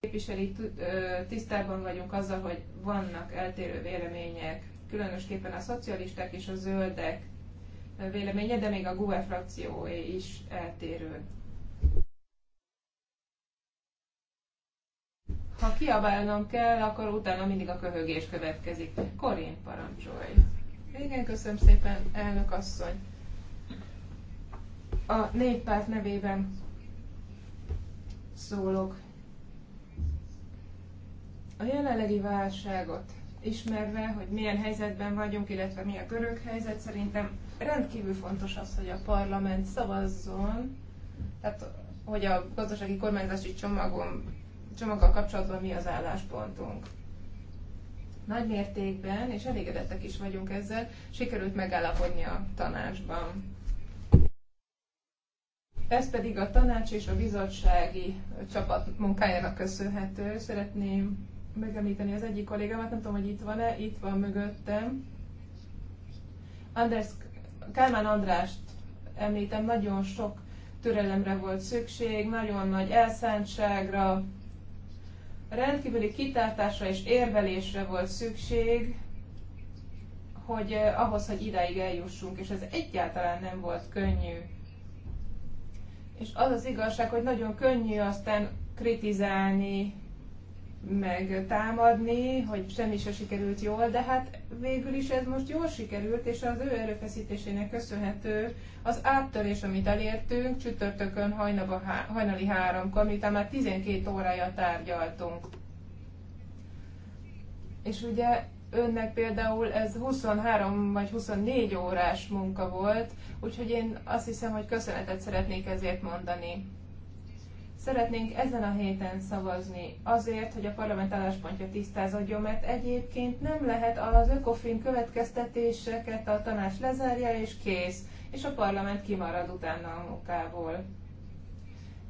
képviseli, tisztában vagyunk azzal, hogy vannak eltérő vélemények, különösképpen a szocialisták és a zöldek véleménye, de még a GUE frakcióé is eltérő. Ha kiabálnom kell, akkor utána mindig a köhögés következik. Korin parancsolj. Igen, köszönöm szépen, elnök asszony. A néppárt nevében szólok a jelenlegi válságot ismerve, hogy milyen helyzetben vagyunk, illetve mi a görög helyzet, szerintem rendkívül fontos az, hogy a parlament szavazzon, tehát hogy a gazdasági kormányzási csomagon, csomaggal kapcsolatban mi az álláspontunk. Nagy mértékben, és elégedettek is vagyunk ezzel, sikerült megállapodni a tanácsban. Ez pedig a tanács és a bizottsági csapat munkájának köszönhető. Szeretném megemlíteni az egyik kollégámat, nem tudom, hogy itt van-e, itt van mögöttem. Anders, Kálmán Andrást említem, nagyon sok türelemre volt szükség, nagyon nagy elszántságra, rendkívüli kitartásra és érvelésre volt szükség, hogy eh, ahhoz, hogy idáig eljussunk, és ez egyáltalán nem volt könnyű. És az az igazság, hogy nagyon könnyű aztán kritizálni, megtámadni, hogy semmi se sikerült jól, de hát végül is ez most jól sikerült, és az ő erőfeszítésének köszönhető az áttörés, amit elértünk csütörtökön hajnaba, hajnali háromkor, miután már 12 órája tárgyaltunk. És ugye önnek például ez 23 vagy 24 órás munka volt, úgyhogy én azt hiszem, hogy köszönetet szeretnék ezért mondani. Szeretnénk ezen a héten szavazni azért, hogy a parlament álláspontja tisztázódjon, mert egyébként nem lehet az ökofin következtetéseket a tanács lezárja és kész, és a parlament kimarad utána a munkából.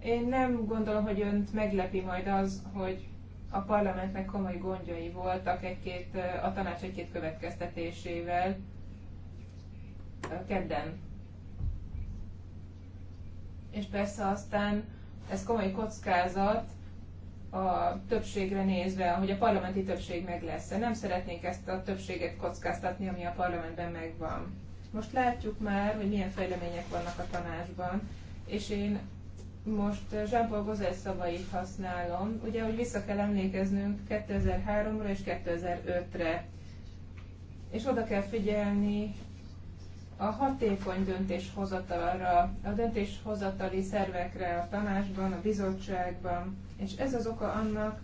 Én nem gondolom, hogy önt meglepi majd az, hogy a parlamentnek komoly gondjai voltak egy-két, a tanács egy-két következtetésével kedden. És persze aztán ez komoly kockázat a többségre nézve, hogy a parlamenti többség meg lesz. Nem szeretnék ezt a többséget kockáztatni, ami a parlamentben megvan. Most látjuk már, hogy milyen fejlemények vannak a tanácsban, és én most Jean-Paul Gozes szavait használom. Ugye, hogy vissza kell emlékeznünk 2003-ra és 2005-re. És oda kell figyelni a hatékony döntéshozatalra, a döntéshozatali szervekre, a tanácsban, a bizottságban, és ez az oka annak,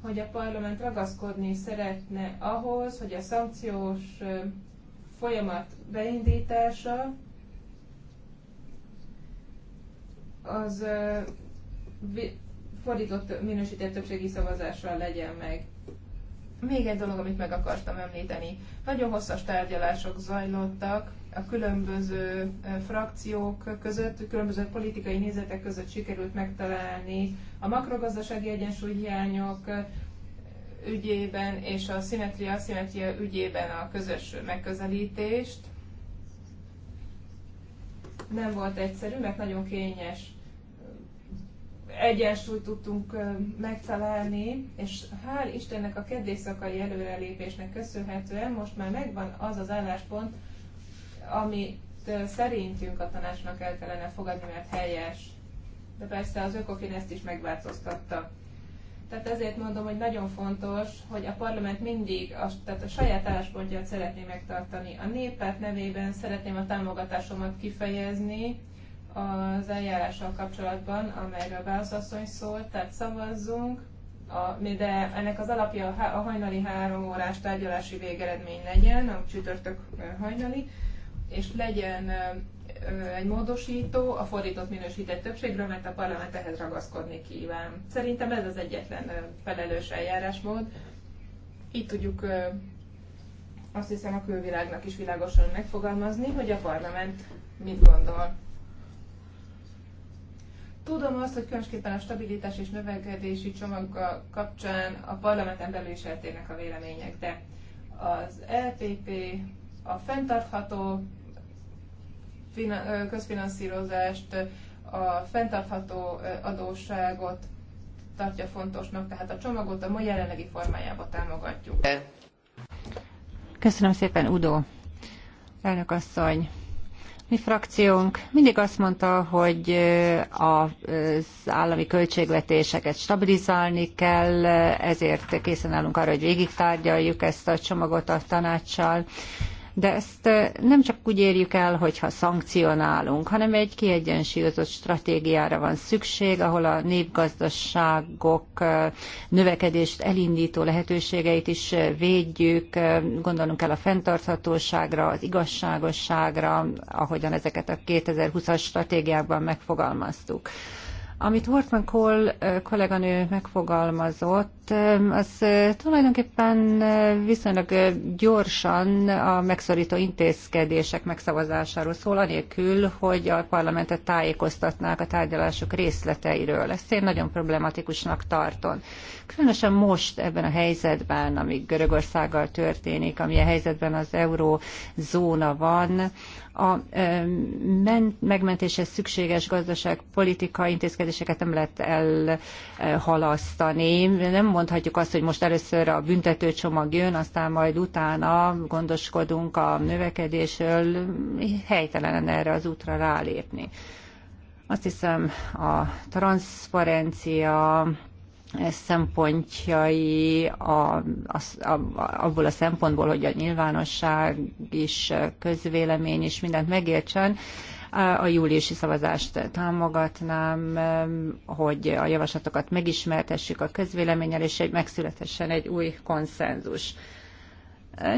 hogy a parlament ragaszkodni szeretne ahhoz, hogy a szankciós folyamat beindítása az fordított minősített többségi szavazással legyen meg. Még egy dolog, amit meg akartam említeni. Nagyon hosszas tárgyalások zajlottak a különböző frakciók között, különböző politikai nézetek között sikerült megtalálni a makrogazdasági hiányok ügyében és a szimetria-aszimetria ügyében a közös megközelítést. Nem volt egyszerű, mert nagyon kényes egyensúlyt tudtunk megtalálni, és hál' Istennek a kedvészakai előrelépésnek köszönhetően most már megvan az az álláspont, amit szerintünk a tanácsnak el kellene fogadni, mert helyes. De persze az Ökofin ezt is megváltoztatta. Tehát ezért mondom, hogy nagyon fontos, hogy a parlament mindig a, tehát a saját álláspontját szeretné megtartani. A néppárt nevében szeretném a támogatásomat kifejezni az eljárással kapcsolatban, amelyről válaszasszony szólt, tehát szavazzunk, a, de ennek az alapja a hajnali három órás tárgyalási végeredmény legyen, a csütörtök hajnali, és legyen egy módosító a fordított minősített többségről, mert a parlament ehhez ragaszkodni kíván. Szerintem ez az egyetlen felelős eljárásmód. Itt tudjuk azt hiszem a külvilágnak is világosan megfogalmazni, hogy a parlament mit gondol. Tudom azt, hogy különösképpen a stabilitás és növekedési csomag kapcsán a parlamenten belül is eltérnek a vélemények, de az LPP e a fenntartható közfinanszírozást, a fenntartható adósságot tartja fontosnak, tehát a csomagot a mai jelenlegi formájába támogatjuk. Köszönöm szépen, Udo. Elnök asszony, mi frakciónk mindig azt mondta, hogy az állami költségvetéseket stabilizálni kell, ezért készen állunk arra, hogy végigtárgyaljuk ezt a csomagot a tanácssal de ezt nem csak úgy érjük el, hogyha szankcionálunk, hanem egy kiegyensúlyozott stratégiára van szükség, ahol a népgazdaságok növekedést elindító lehetőségeit is védjük, gondolunk el a fenntarthatóságra, az igazságosságra, ahogyan ezeket a 2020-as stratégiákban megfogalmaztuk. Amit Hortman Kohl kolléganő megfogalmazott, az tulajdonképpen viszonylag gyorsan a megszorító intézkedések megszavazásáról szól, anélkül, hogy a parlamentet tájékoztatnák a tárgyalások részleteiről. Ezt én nagyon problematikusnak tartom. Különösen most ebben a helyzetben, ami Görögországgal történik, amilyen helyzetben az eurózóna van, a megmentéshez szükséges gazdaságpolitikai intézkedéseket nem lehet elhalasztani. Nem mondhatjuk azt, hogy most először a büntetőcsomag jön, aztán majd utána gondoskodunk a növekedésről. Helytelen erre az útra rálépni. Azt hiszem, a transzparencia, szempontjai a, a, a, abból a szempontból, hogy a nyilvánosság is, közvélemény is mindent megértsen, a júliusi szavazást támogatnám, hogy a javaslatokat megismertessük a közvéleménnyel, és egy megszülethessen egy új konszenzus.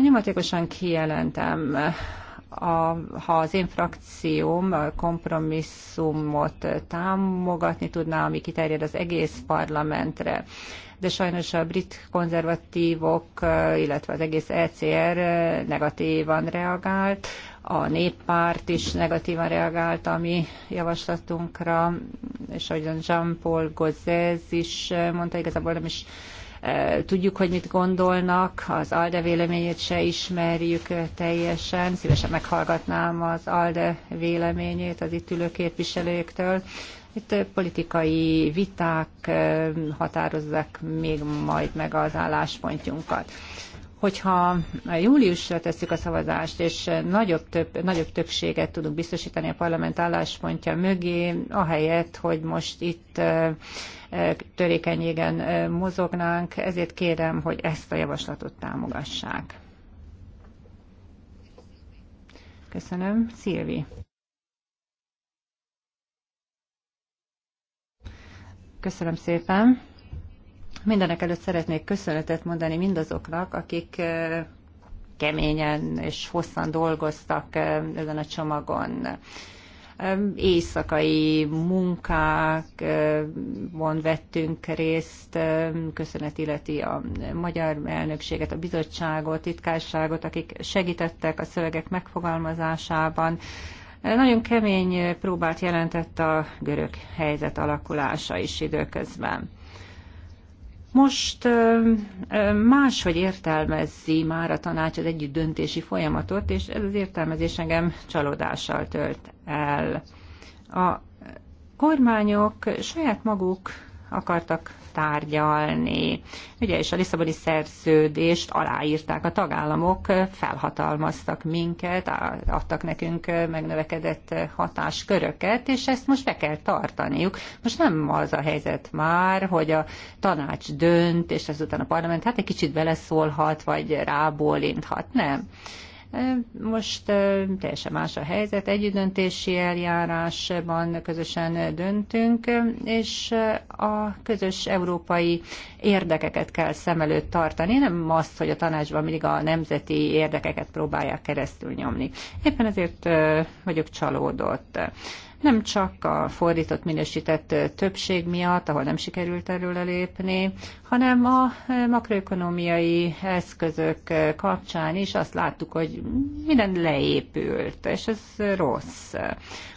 Nyomatékosan kijelentem, a, ha az én frakcióm kompromisszumot támogatni tudná, ami kiterjed az egész parlamentre de sajnos a brit konzervatívok, illetve az egész ECR negatívan reagált, a néppárt is negatívan reagált a mi javaslatunkra, és ahogyan Jean-Paul Gauzès is mondta, igazából nem is tudjuk, hogy mit gondolnak, az ALDE véleményét se ismerjük teljesen, szívesen meghallgatnám az ALDE véleményét az itt ülő képviselőktől. Itt politikai viták határozzák még majd meg az álláspontjunkat hogyha júliusra tesszük a szavazást, és nagyobb, több, nagyobb többséget tudunk biztosítani a parlament álláspontja mögé, ahelyett, hogy most itt törékenyégen mozognánk, ezért kérem, hogy ezt a javaslatot támogassák. Köszönöm. Szilvi. Köszönöm szépen. Mindenek előtt szeretnék köszönetet mondani mindazoknak, akik keményen és hosszan dolgoztak ezen a csomagon éjszakai munkákban vettünk részt, köszönet illeti a magyar elnökséget, a bizottságot, titkárságot, akik segítettek a szövegek megfogalmazásában. Nagyon kemény próbát jelentett a görög helyzet alakulása is időközben. Most máshogy értelmezzi már a tanács az együtt döntési folyamatot, és ez az értelmezés engem csalódással tölt el. A kormányok saját maguk akartak tárgyalni. Ugye, és a Lisszaboni szerződést aláírták a tagállamok, felhatalmaztak minket, adtak nekünk megnövekedett hatásköröket, és ezt most be kell tartaniuk. Most nem az a helyzet már, hogy a tanács dönt, és ezután a parlament hát egy kicsit beleszólhat, vagy rábólinthat, nem most teljesen más a helyzet, együttdöntési eljárásban közösen döntünk, és a közös európai érdekeket kell szem előtt tartani, nem azt, hogy a tanácsban mindig a nemzeti érdekeket próbálják keresztül nyomni. Éppen ezért vagyok csalódott nem csak a fordított minősített többség miatt, ahol nem sikerült előrelépni, hanem a makroökonomiai eszközök kapcsán is azt láttuk, hogy minden leépült, és ez rossz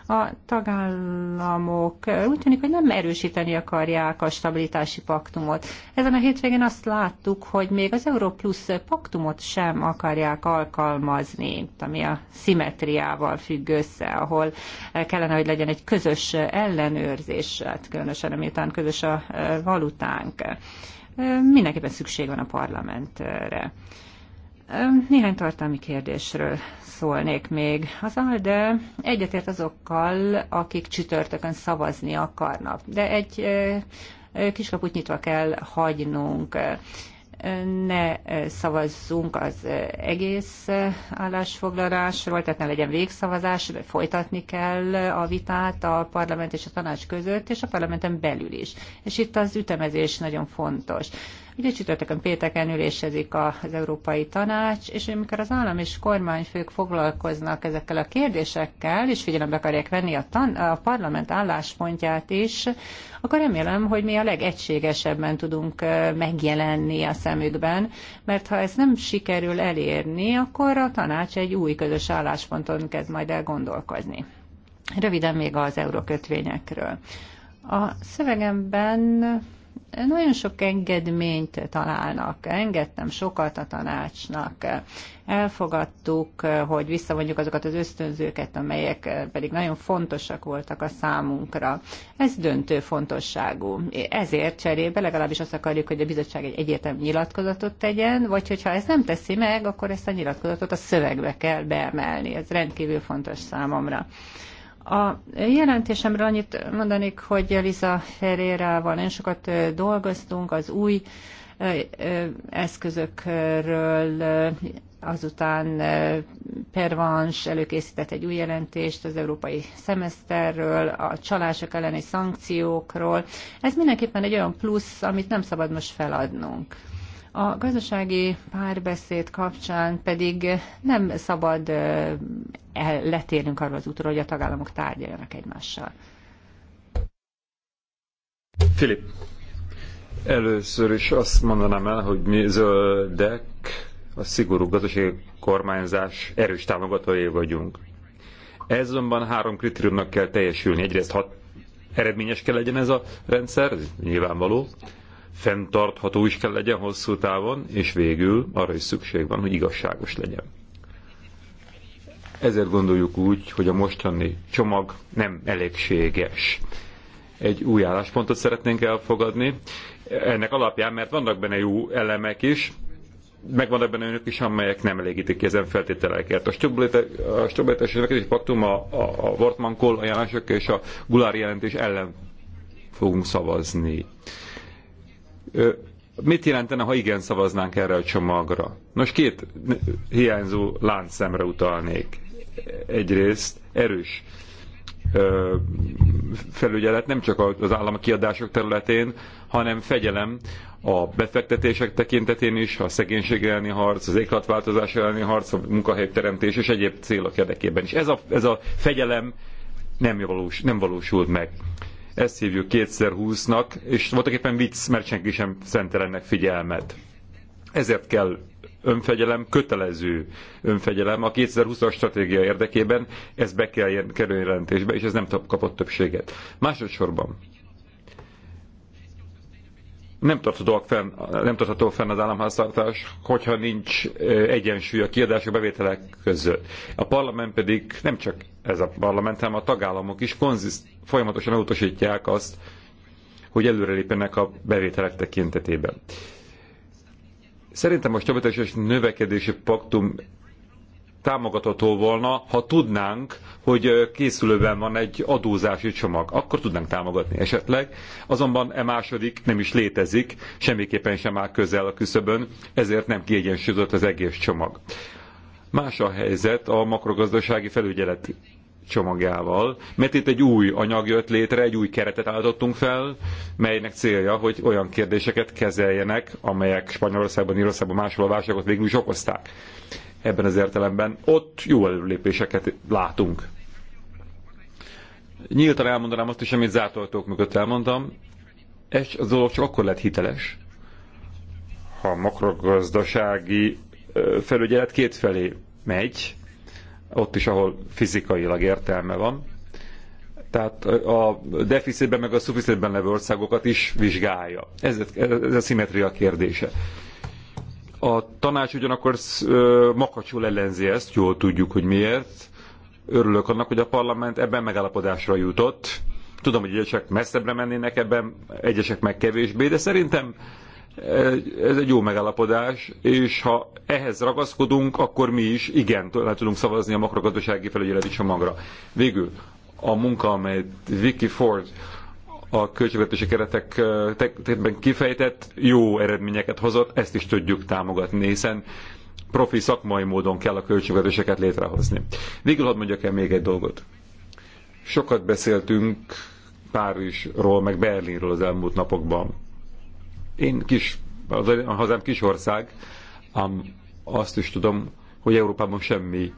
a tagállamok eh, úgy tűnik, hogy nem erősíteni akarják a stabilitási paktumot. Ezen a hétvégén azt láttuk, hogy még az plusz paktumot sem akarják alkalmazni, ami a szimetriával függ össze, ahol eh, kellene, hogy legyen egy közös eh, ellenőrzés, hát különösen amiután közös a valutánk mindenképpen szükség van a parlamentre. Néhány tartalmi kérdésről szólnék még. Az ALDE egyetért azokkal, akik csütörtökön szavazni akarnak, de egy kiskaput nyitva kell hagynunk ne szavazzunk az egész állásfoglalásról, tehát ne legyen végszavazás, folytatni kell a vitát a parlament és a tanács között, és a parlamenten belül is. És itt az ütemezés nagyon fontos. Ugye csütörtökön pénteken ülésezik az Európai Tanács, és amikor az állam és kormányfők foglalkoznak ezekkel a kérdésekkel, és figyelembe akarják venni a, tan- a parlament álláspontját is, akkor remélem, hogy mi a legegységesebben tudunk megjelenni a szemükben, mert ha ez nem sikerül elérni, akkor a tanács egy új közös állásponton kezd majd elgondolkozni. Röviden még az eurókötvényekről. A szövegemben nagyon sok engedményt találnak. Engedtem sokat a tanácsnak. Elfogadtuk, hogy visszavonjuk azokat az ösztönzőket, amelyek pedig nagyon fontosak voltak a számunkra. Ez döntő fontosságú. Ezért cserébe legalábbis azt akarjuk, hogy a bizottság egy egyértelmű nyilatkozatot tegyen, vagy hogyha ezt nem teszi meg, akkor ezt a nyilatkozatot a szövegbe kell beemelni. Ez rendkívül fontos számomra. A jelentésemről annyit mondanék, hogy Eliza Ferrérával nagyon sokat dolgoztunk az új eszközökről, azután Pervans előkészített egy új jelentést az európai szemeszterről, a csalások elleni szankciókról. Ez mindenképpen egy olyan plusz, amit nem szabad most feladnunk. A gazdasági párbeszéd kapcsán pedig nem szabad letérnünk arról az útról, hogy a tagállamok tárgyaljanak egymással. Filip, először is azt mondanám el, hogy mi zöldek a szigorú gazdasági kormányzás erős támogatói vagyunk. Ez azonban három kritériumnak kell teljesülni. Egyrészt hat, eredményes kell legyen ez a rendszer, ez nyilvánvaló fenntartható is kell legyen hosszú távon, és végül arra is szükség van, hogy igazságos legyen. Ezért gondoljuk úgy, hogy a mostani csomag nem elégséges. Egy új álláspontot szeretnénk elfogadni. Ennek alapján, mert vannak benne jó elemek is, meg vannak benne önök is, amelyek nem elégítik ki ezen feltételeket. A és a Paktum, a, a, a wortmann koll ajánlások és a Gulári jelentés ellen fogunk szavazni. Mit jelentene, ha igen szavaznánk erre a csomagra? Nos, két hiányzó láncszemre utalnék. Egyrészt erős felügyelet nem csak az állami kiadások területén, hanem fegyelem a befektetések tekintetén is, a szegénység elleni harc, az éghajlatváltozás elleni harc, a munkahelyteremtés és egyéb célok érdekében is. Ez a, ez a fegyelem nem, valós, nem valósult meg. Ezt hívjuk 2020-nak, és voltak éppen vicc, mert senki sem szentel ennek figyelmet. Ezért kell önfegyelem, kötelező önfegyelem a 2020-as stratégia érdekében, ez be kell kerülni jelentésbe, és ez nem kapott többséget. Másodszorban nem tartható fenn, nem tartható fenn az államháztartás, hogyha nincs egyensúly a kiadások bevételek között. A parlament pedig nem csak ez a parlament, hanem a tagállamok is konziszt, folyamatosan utasítják azt, hogy előrelépjenek a bevételek tekintetében. Szerintem a stabilitás és növekedési paktum támogatható volna, ha tudnánk, hogy készülőben van egy adózási csomag. Akkor tudnánk támogatni esetleg. Azonban e második nem is létezik, semmiképpen sem áll közel a küszöbön, ezért nem kiegyensúlyozott az egész csomag. Más a helyzet a makrogazdasági felügyelet csomagjával, mert itt egy új anyag jött létre, egy új keretet állítottunk fel, melynek célja, hogy olyan kérdéseket kezeljenek, amelyek Spanyolországban, Írországban máshol a válságot végül is okozták ebben az értelemben. Ott jó előlépéseket látunk. Nyíltan elmondanám azt is, amit zártoltók mögött elmondtam. Ez az dolog csak akkor lett hiteles, ha a makrogazdasági felügyelet kétfelé megy, ott is, ahol fizikailag értelme van. Tehát a deficitben meg a szuficitben levő országokat is vizsgálja. Ez, ez a szimetria kérdése. A tanács ugyanakkor makacsul ellenzi ezt, jól tudjuk, hogy miért. Örülök annak, hogy a parlament ebben megállapodásra jutott. Tudom, hogy egyesek messzebbre mennének ebben, egyesek meg kevésbé, de szerintem ez egy jó megállapodás, és ha ehhez ragaszkodunk, akkor mi is igen, le tudunk szavazni a makrogazdasági felügyeleti csomagra. Végül a munka, amelyet Vicky Ford a költségvetési keretek tekintetben kifejtett jó eredményeket hozott, ezt is tudjuk támogatni, hiszen profi szakmai módon kell a költségvetéseket létrehozni. Végül hadd mondjak el még egy dolgot. Sokat beszéltünk Párizsról, meg Berlinről az elmúlt napokban. Én kis, az a hazám kis ország, ám azt is tudom, hogy Európában semmi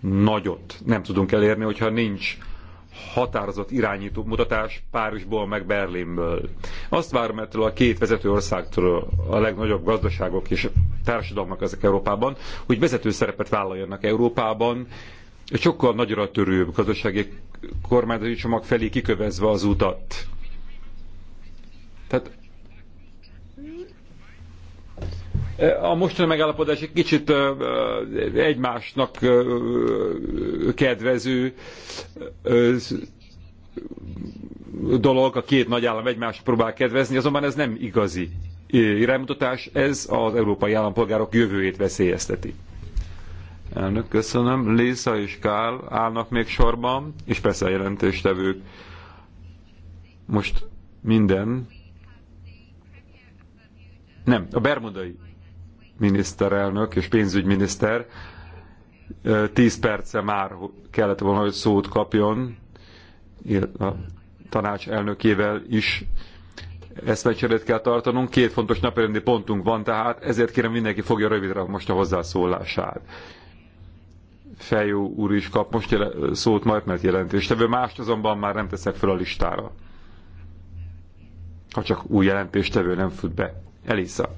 nagyot nem tudunk elérni, hogyha nincs határozott irányító mutatás Párizsból meg Berlinből. Azt várom ettől a két vezető országtól, a legnagyobb gazdaságok és társadalmak ezek Európában, hogy vezető szerepet vállaljanak Európában, egy sokkal nagyra törőbb gazdasági kormányzati csomag felé kikövezve az utat. Tehát A mostani megállapodás egy kicsit egymásnak kedvező dolog, a két nagy állam egymást próbál kedvezni, azonban ez nem igazi iránymutatás, ez az európai állampolgárok jövőjét veszélyezteti. Elnök, köszönöm. Lisa és Kál állnak még sorban, és persze a jelentéstevők. Most minden. Nem, a bermudai miniszterelnök és pénzügyminiszter tíz perce már kellett volna, hogy szót kapjon a tanács elnökével is eszmecserét kell tartanunk. Két fontos napirendi pontunk van, tehát ezért kérem mindenki fogja rövidre most a hozzászólását. Fejó úr is kap most szót majd, mert jelentéstevő. Mást azonban már nem teszek fel a listára. Ha csak új jelentéstevő nem fut be. Elisa.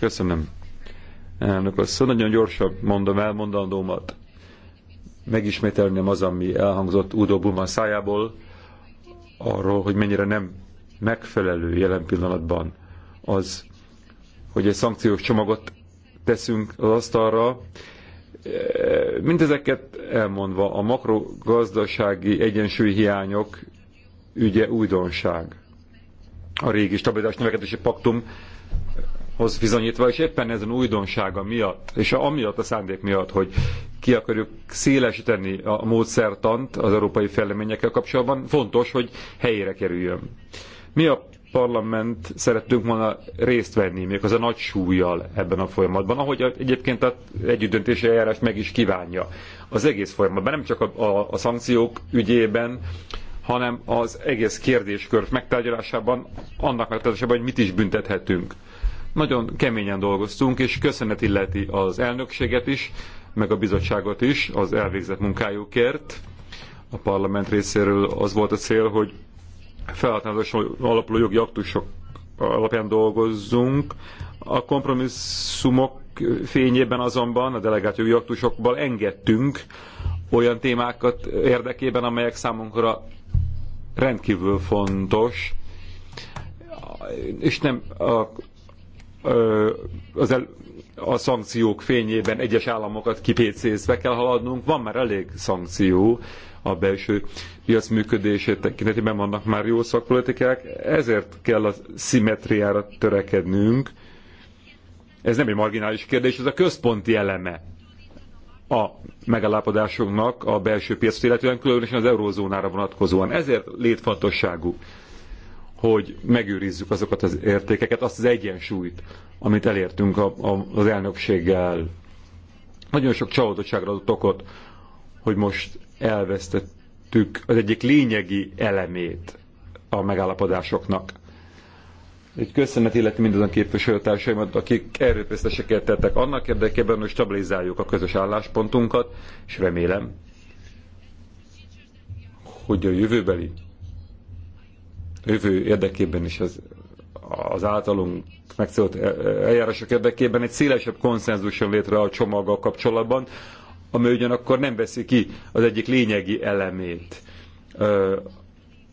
Köszönöm. Elnök asszony, nagyon gyorsabb mondom elmondandómat. Megismételném az, ami elhangzott Udo Buma szájából, arról, hogy mennyire nem megfelelő jelen pillanatban az, hogy egy szankciós csomagot teszünk az asztalra. Mindezeket elmondva, a makrogazdasági hiányok, ügye újdonság. A régi stabilitás növekedési paktum hoz bizonyítva, és éppen ezen újdonsága miatt, és amiatt a szándék miatt, hogy ki akarjuk szélesíteni a módszertant az európai fejleményekkel kapcsolatban, fontos, hogy helyére kerüljön. Mi a parlament szerettünk volna részt venni, az a nagy súlyjal ebben a folyamatban, ahogy egyébként az együttdöntési eljárás meg is kívánja. Az egész folyamatban, nem csak a, a, a szankciók ügyében, hanem az egész kérdéskör megtárgyalásában, annak megtárgyalásában, hogy mit is büntethetünk nagyon keményen dolgoztunk, és köszönet illeti az elnökséget is, meg a bizottságot is az elvégzett munkájukért. A parlament részéről az volt a cél, hogy felhasználáson alapuló jogi aktusok alapján dolgozzunk. A kompromisszumok fényében azonban a delegált jogi aktusokból engedtünk olyan témákat érdekében, amelyek számunkra rendkívül fontos, és nem a az el, a szankciók fényében egyes államokat kipécézve kell haladnunk. Van már elég szankció a belső piac működését tekintetében vannak már jó szakpolitikák, ezért kell a szimetriára törekednünk. Ez nem egy marginális kérdés, ez a központi eleme a megállapodásunknak a belső piacot, illetően különösen az eurózónára vonatkozóan. Ezért létfontosságú hogy megőrizzük azokat az értékeket, azt az egyensúlyt, amit elértünk a, a, az elnökséggel. Nagyon sok csalódottságra adott okot, hogy most elvesztettük az egyik lényegi elemét a megállapodásoknak. Egy köszönet illeti mindazon képviselőtársaimat, akik erőpésztesekért tettek annak érdekében, hogy stabilizáljuk a közös álláspontunkat, és remélem, hogy a jövőbeli jövő érdekében is az, az általunk megszólt e- eljárások érdekében egy szélesebb konszenzuson létre a csomaggal kapcsolatban, ami ugyanakkor nem veszi ki az egyik lényegi elemét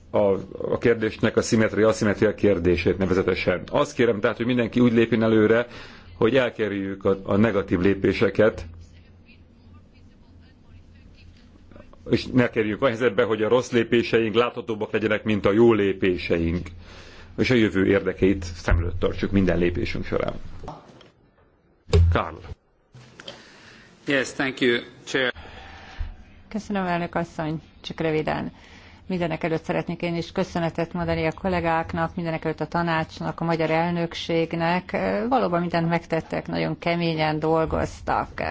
a, a kérdésnek a szimmetria, kérdését nevezetesen. Azt kérem tehát, hogy mindenki úgy lépjen előre, hogy elkerüljük a, a negatív lépéseket, és ne kerüljünk a helyzetbe, hogy a rossz lépéseink láthatóbbak legyenek, mint a jó lépéseink. És a jövő érdekeit szem előtt tartsuk minden lépésünk során. Karl. Yes, thank you, Chair. Köszönöm, elnök asszony. Csak röviden. Mindenek előtt szeretnék én is köszönetet mondani a kollégáknak, mindenek előtt a tanácsnak, a magyar elnökségnek. Valóban mindent megtettek, nagyon keményen dolgoztak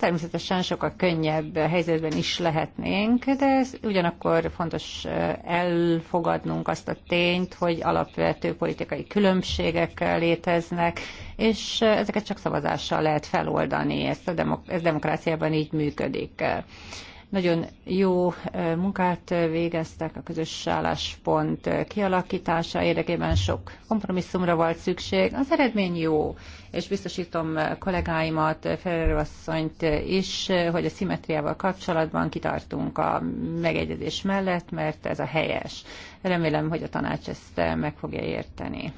természetesen sokkal könnyebb helyzetben is lehetnénk, de ez ugyanakkor fontos elfogadnunk azt a tényt, hogy alapvető politikai különbségek léteznek, és ezeket csak szavazással lehet feloldani, ezt a demok- ez demokráciában így működik. Nagyon jó munkát végeztek a közös álláspont kialakítása érdekében, sok kompromisszumra volt szükség, az eredmény jó és biztosítom eh, kollégáimat, Ferrer asszonyt is, hogy a szimetriával kapcsolatban kitartunk a megegyezés mellett, mert ez a helyes. Remélem, hogy a tanács ezt eh, meg fogja érteni.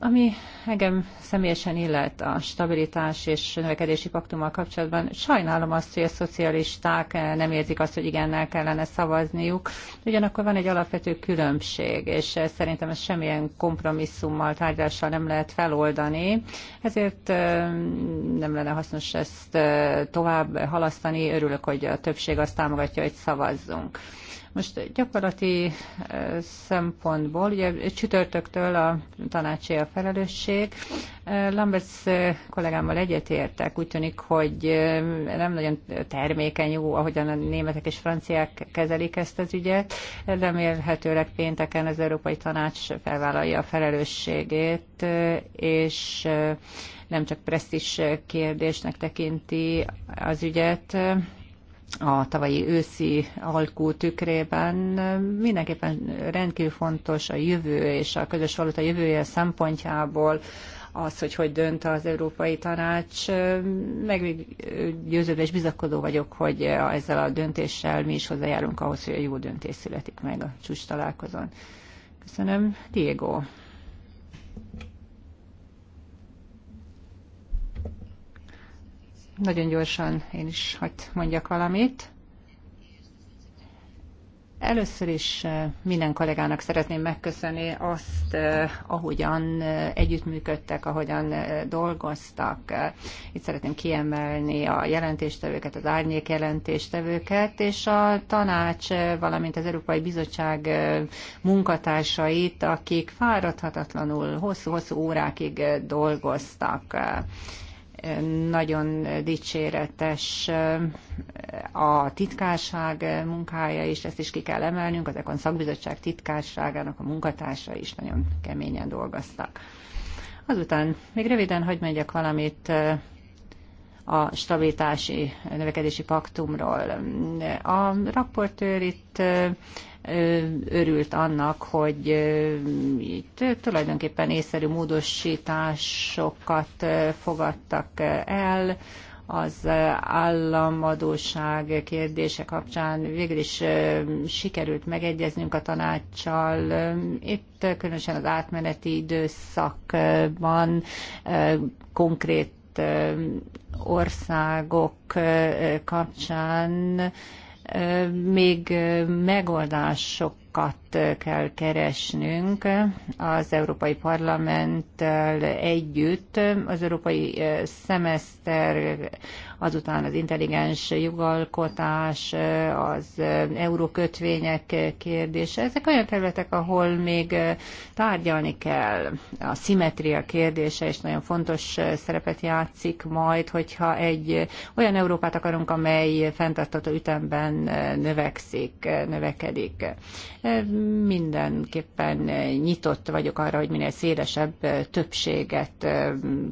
Ami engem személyesen illet a stabilitás és növekedési paktummal kapcsolatban. Sajnálom azt, hogy a szocialisták eh, nem érzik azt, hogy igennel kellene szavazniuk. Ugyanakkor van egy alapvető különbség, és eh, szerintem ezt semmilyen kompromisszummal, tárgyalással nem lehet feloldani. Ezért eh, nem lenne hasznos ezt tovább halasztani. Örülök, hogy a többség azt támogatja, hogy szavazzunk. Most gyakorlati szempontból, ugye csütörtöktől a tanácsé a felelősség, szükség. Lamberts eh, kollégámmal egyetértek, úgy tűnik, hogy eh, nem nagyon termékeny jó, ahogyan a németek és franciák kezelik ezt az ügyet. Remélhetőleg pénteken az Európai Tanács felvállalja a felelősségét, eh, és nem csak presztis kérdésnek tekinti az ügyet, a tavalyi őszi alkú tükrében mindenképpen rendkívül fontos a jövő és a közös valuta jövője szempontjából az, hogy hogy dönt az Európai Tanács. Meggyőződve és bizakodó vagyok, hogy ezzel a döntéssel mi is hozzájárunk ahhoz, hogy a jó döntés születik meg a csúcs találkozón. Köszönöm. Diego. Nagyon gyorsan én is hagyd mondjak valamit. Először is eh, minden kollégának szeretném megköszönni azt, eh, ahogyan eh, együttműködtek, ahogyan dolgoztak. Itt szeretném kiemelni a jelentéstevőket, az árnyék jelentéstevőket, és a tanács, valamint az Európai Bizottság munkatársait, akik fáradhatatlanul hosszú-hosszú órákig dolgoztak nagyon dicséretes a titkárság munkája, és ezt is ki kell emelnünk, az Ekon szakbizottság titkárságának a munkatársa is nagyon keményen dolgoztak. Azután még röviden hagyd megyek valamit a stabilitási növekedési paktumról. A raportőr itt örült annak, hogy itt tulajdonképpen észszerű módosításokat fogadtak el, az államadóság kérdése kapcsán végül is sikerült megegyeznünk a tanácssal. Itt különösen az átmeneti időszakban konkrét országok kapcsán még megoldásokat kell keresnünk az Európai Parlamenttel együtt. Az Európai Szemeszter azután az intelligens jogalkotás, az eurókötvények kérdése. Ezek olyan területek, ahol még tárgyalni kell. A szimetria kérdése is nagyon fontos szerepet játszik majd, hogyha egy olyan Európát akarunk, amely fenntartató ütemben növekszik, növekedik. Mindenképpen nyitott vagyok arra, hogy minél szélesebb többséget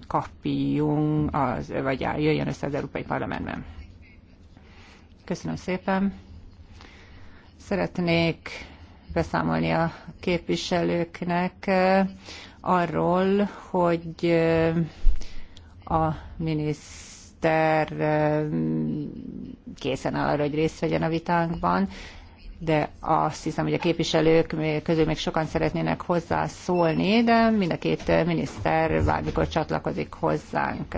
kapjunk, az, vagy jöjjön össze az Európai Európai Parlamentben. Köszönöm szépen. Szeretnék beszámolni a képviselőknek eh, arról, hogy eh, a miniszter eh, készen áll arra, hogy részt vegyen a vitánkban, de azt hiszem, hogy a képviselők közül még sokan szeretnének hozzászólni, de mind a két miniszter bármikor csatlakozik hozzánk.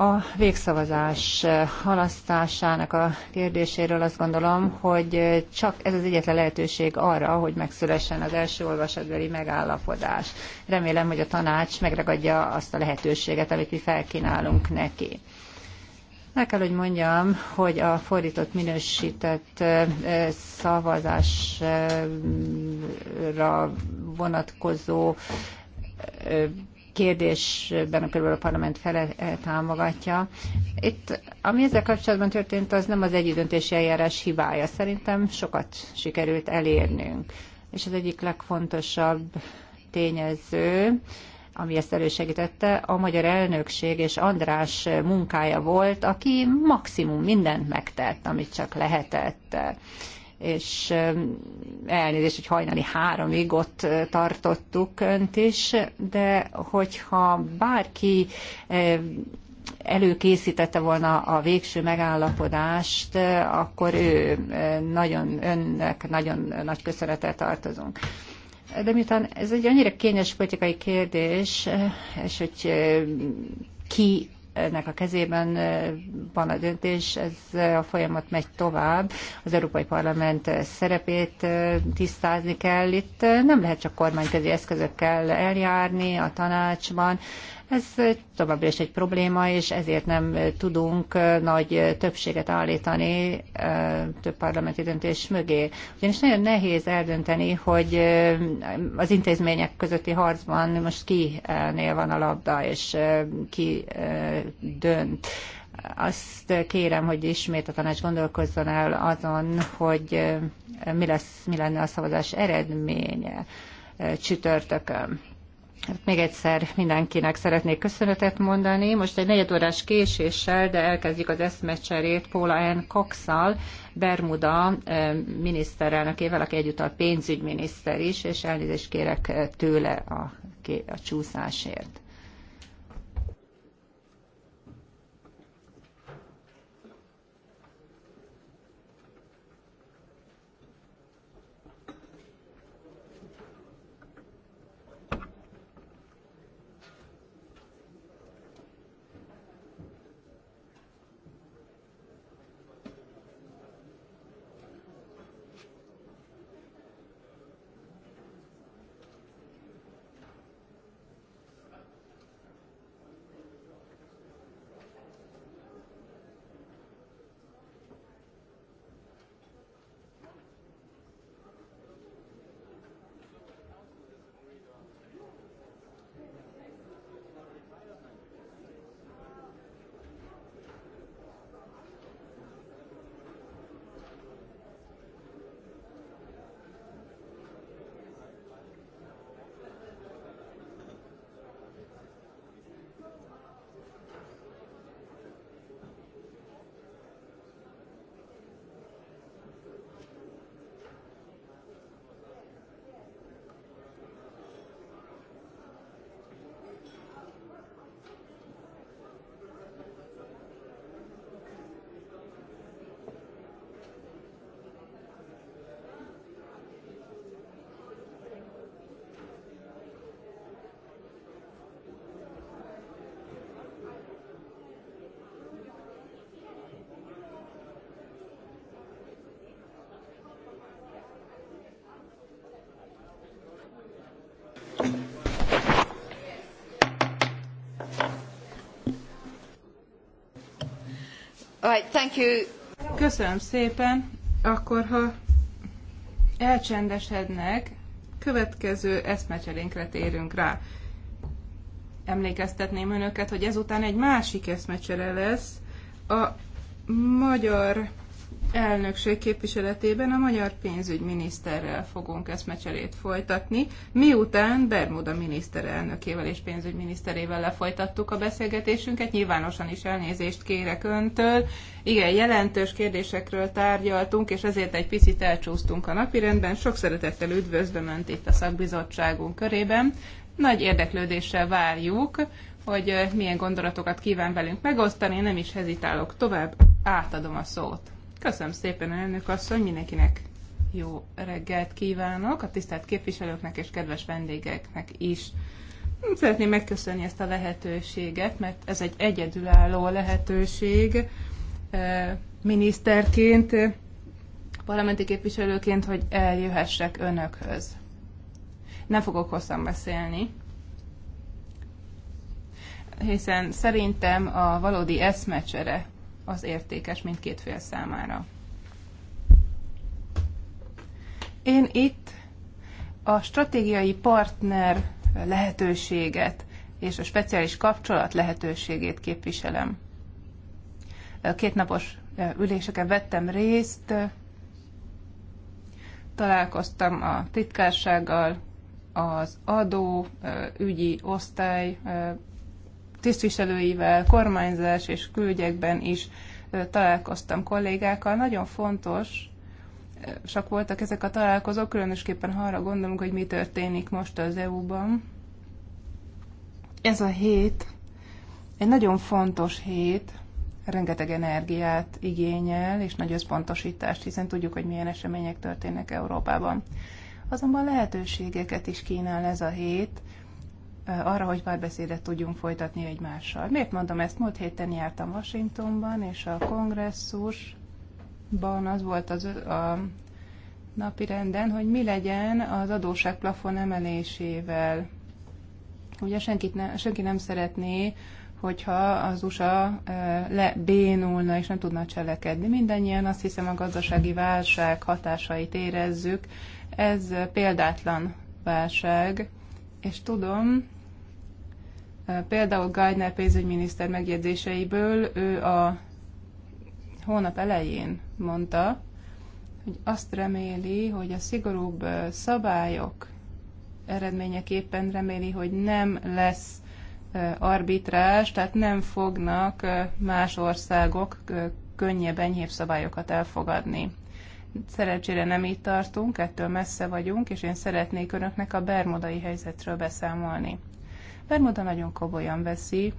A végszavazás eh, halasztásának a kérdéséről azt gondolom, hogy eh, csak ez az egyetlen lehetőség arra, hogy megszülessen az első olvasatbeli megállapodás. Remélem, hogy a tanács megragadja azt a lehetőséget, amit mi felkínálunk neki. El kell, hogy mondjam, hogy a fordított minősített eh, szavazásra vonatkozó kérdésben körülbelül a parlament fele eh, támogatja. Itt, ami ezzel kapcsolatban történt, az nem az egyidöntési eljárás hibája. Szerintem sokat sikerült elérnünk. És az egyik legfontosabb tényező, ami ezt elősegítette, a magyar elnökség és András munkája volt, aki maximum mindent megtett, amit csak lehetett és elnézést, hogy hajnali háromig ott eh, tartottuk önt is, de hogyha bárki előkészítette volna a végső megállapodást, eh, akkor ő eh, nagyon, önnek nagyon nagy köszönetet tartozunk. De miután ez egy annyira kényes politikai kérdés, és hogy ki nek a kezében van a döntés, ez a folyamat megy tovább. Az Európai Parlament szerepét tisztázni kell. Itt nem lehet csak kormányközi eszközökkel eljárni a tanácsban. Ez továbbra is egy probléma, és ezért nem tudunk nagy többséget állítani több parlamenti döntés mögé. Ugyanis nagyon nehéz eldönteni, hogy az intézmények közötti harcban most kinél van a labda, és ki dönt azt kérem, hogy ismét a tanács gondolkozzon el azon, hogy mi, lesz, mi lenne a szavazás eredménye csütörtökön. Hát még egyszer mindenkinek szeretnék köszönetet mondani. Most egy negyedórás késéssel, de elkezdjük az eszmecserét Paula N. cox Bermuda miniszterelnökével, aki egyúttal pénzügyminiszter is, és elnézést kérek tőle a, a csúszásért. Köszönöm szépen. Akkor, ha elcsendesednek, következő eszmecserénkre térünk rá. Emlékeztetném önöket, hogy ezután egy másik eszmecsere lesz a magyar elnökség képviseletében a magyar pénzügyminiszterrel fogunk eszmecserét folytatni, miután Bermuda miniszterelnökével és pénzügyminiszterével lefolytattuk a beszélgetésünket. Nyilvánosan is elnézést kérek öntől. Igen, jelentős kérdésekről tárgyaltunk, és ezért egy picit elcsúsztunk a napirendben. Sok szeretettel üdvözlöm Önt itt a szakbizottságunk körében. Nagy érdeklődéssel várjuk, hogy eh, milyen gondolatokat kíván velünk megosztani, nem is hezitálok tovább, átadom a szót. Köszönöm szépen, elnök asszony, mindenkinek jó reggelt kívánok, a tisztelt képviselőknek és kedves vendégeknek is. Szeretném megköszönni ezt a lehetőséget, mert ez egy egyedülálló lehetőség eh, miniszterként, parlamenti képviselőként, hogy eljöhessek önökhöz. Nem fogok hosszan beszélni, hiszen szerintem a valódi eszmecsere az értékes mindkét fél számára. Én itt a stratégiai partner lehetőséget és a speciális kapcsolat lehetőségét képviselem. Kétnapos üléseken vettem részt, találkoztam a titkársággal, az adó ügyi osztály tisztviselőivel, kormányzás és külügyekben is találkoztam kollégákkal. Nagyon fontos, csak voltak ezek a találkozók, különösképpen ha arra gondolunk, hogy mi történik most az EU-ban. Ez a hét egy nagyon fontos hét, rengeteg energiát igényel, és nagy összpontosítást, hiszen tudjuk, hogy milyen események történnek Európában. Azonban lehetőségeket is kínál ez a hét, arra, hogy párbeszédet tudjunk folytatni egymással. Miért mondom ezt? Múlt héten jártam Washingtonban, és a kongresszusban az volt az, a napi renden, hogy mi legyen az plafon emelésével. Ugye senkit ne, senki nem szeretné, hogyha az USA lebénulna és nem tudna cselekedni. Mindennyian azt hiszem a gazdasági válság hatásait érezzük. Ez példátlan válság, és tudom, Például Geithner pénzügyminiszter megjegyzéseiből ő a hónap elején mondta, hogy azt reméli, hogy a szigorúbb szabályok eredményeképpen reméli, hogy nem lesz arbitrás, tehát nem fognak más országok könnyebb, enyhébb szabályokat elfogadni. Szerencsére nem így tartunk, ettől messze vagyunk, és én szeretnék önöknek a bermudai helyzetről beszámolni. Bermuda nagyon komolyan veszi,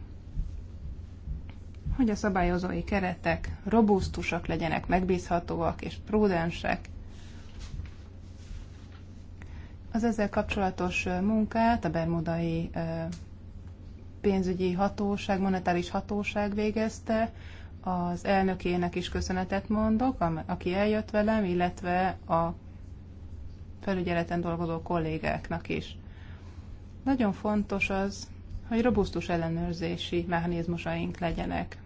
hogy a szabályozói keretek robusztusak legyenek, megbízhatóak és prudensek. Az ezzel kapcsolatos munkát a bermudai pénzügyi hatóság, monetáris hatóság végezte, az elnökének is köszönetet mondok, aki eljött velem, illetve a felügyeleten dolgozó kollégáknak is. Nagyon fontos az, hogy robusztus ellenőrzési mechanizmusaink legyenek.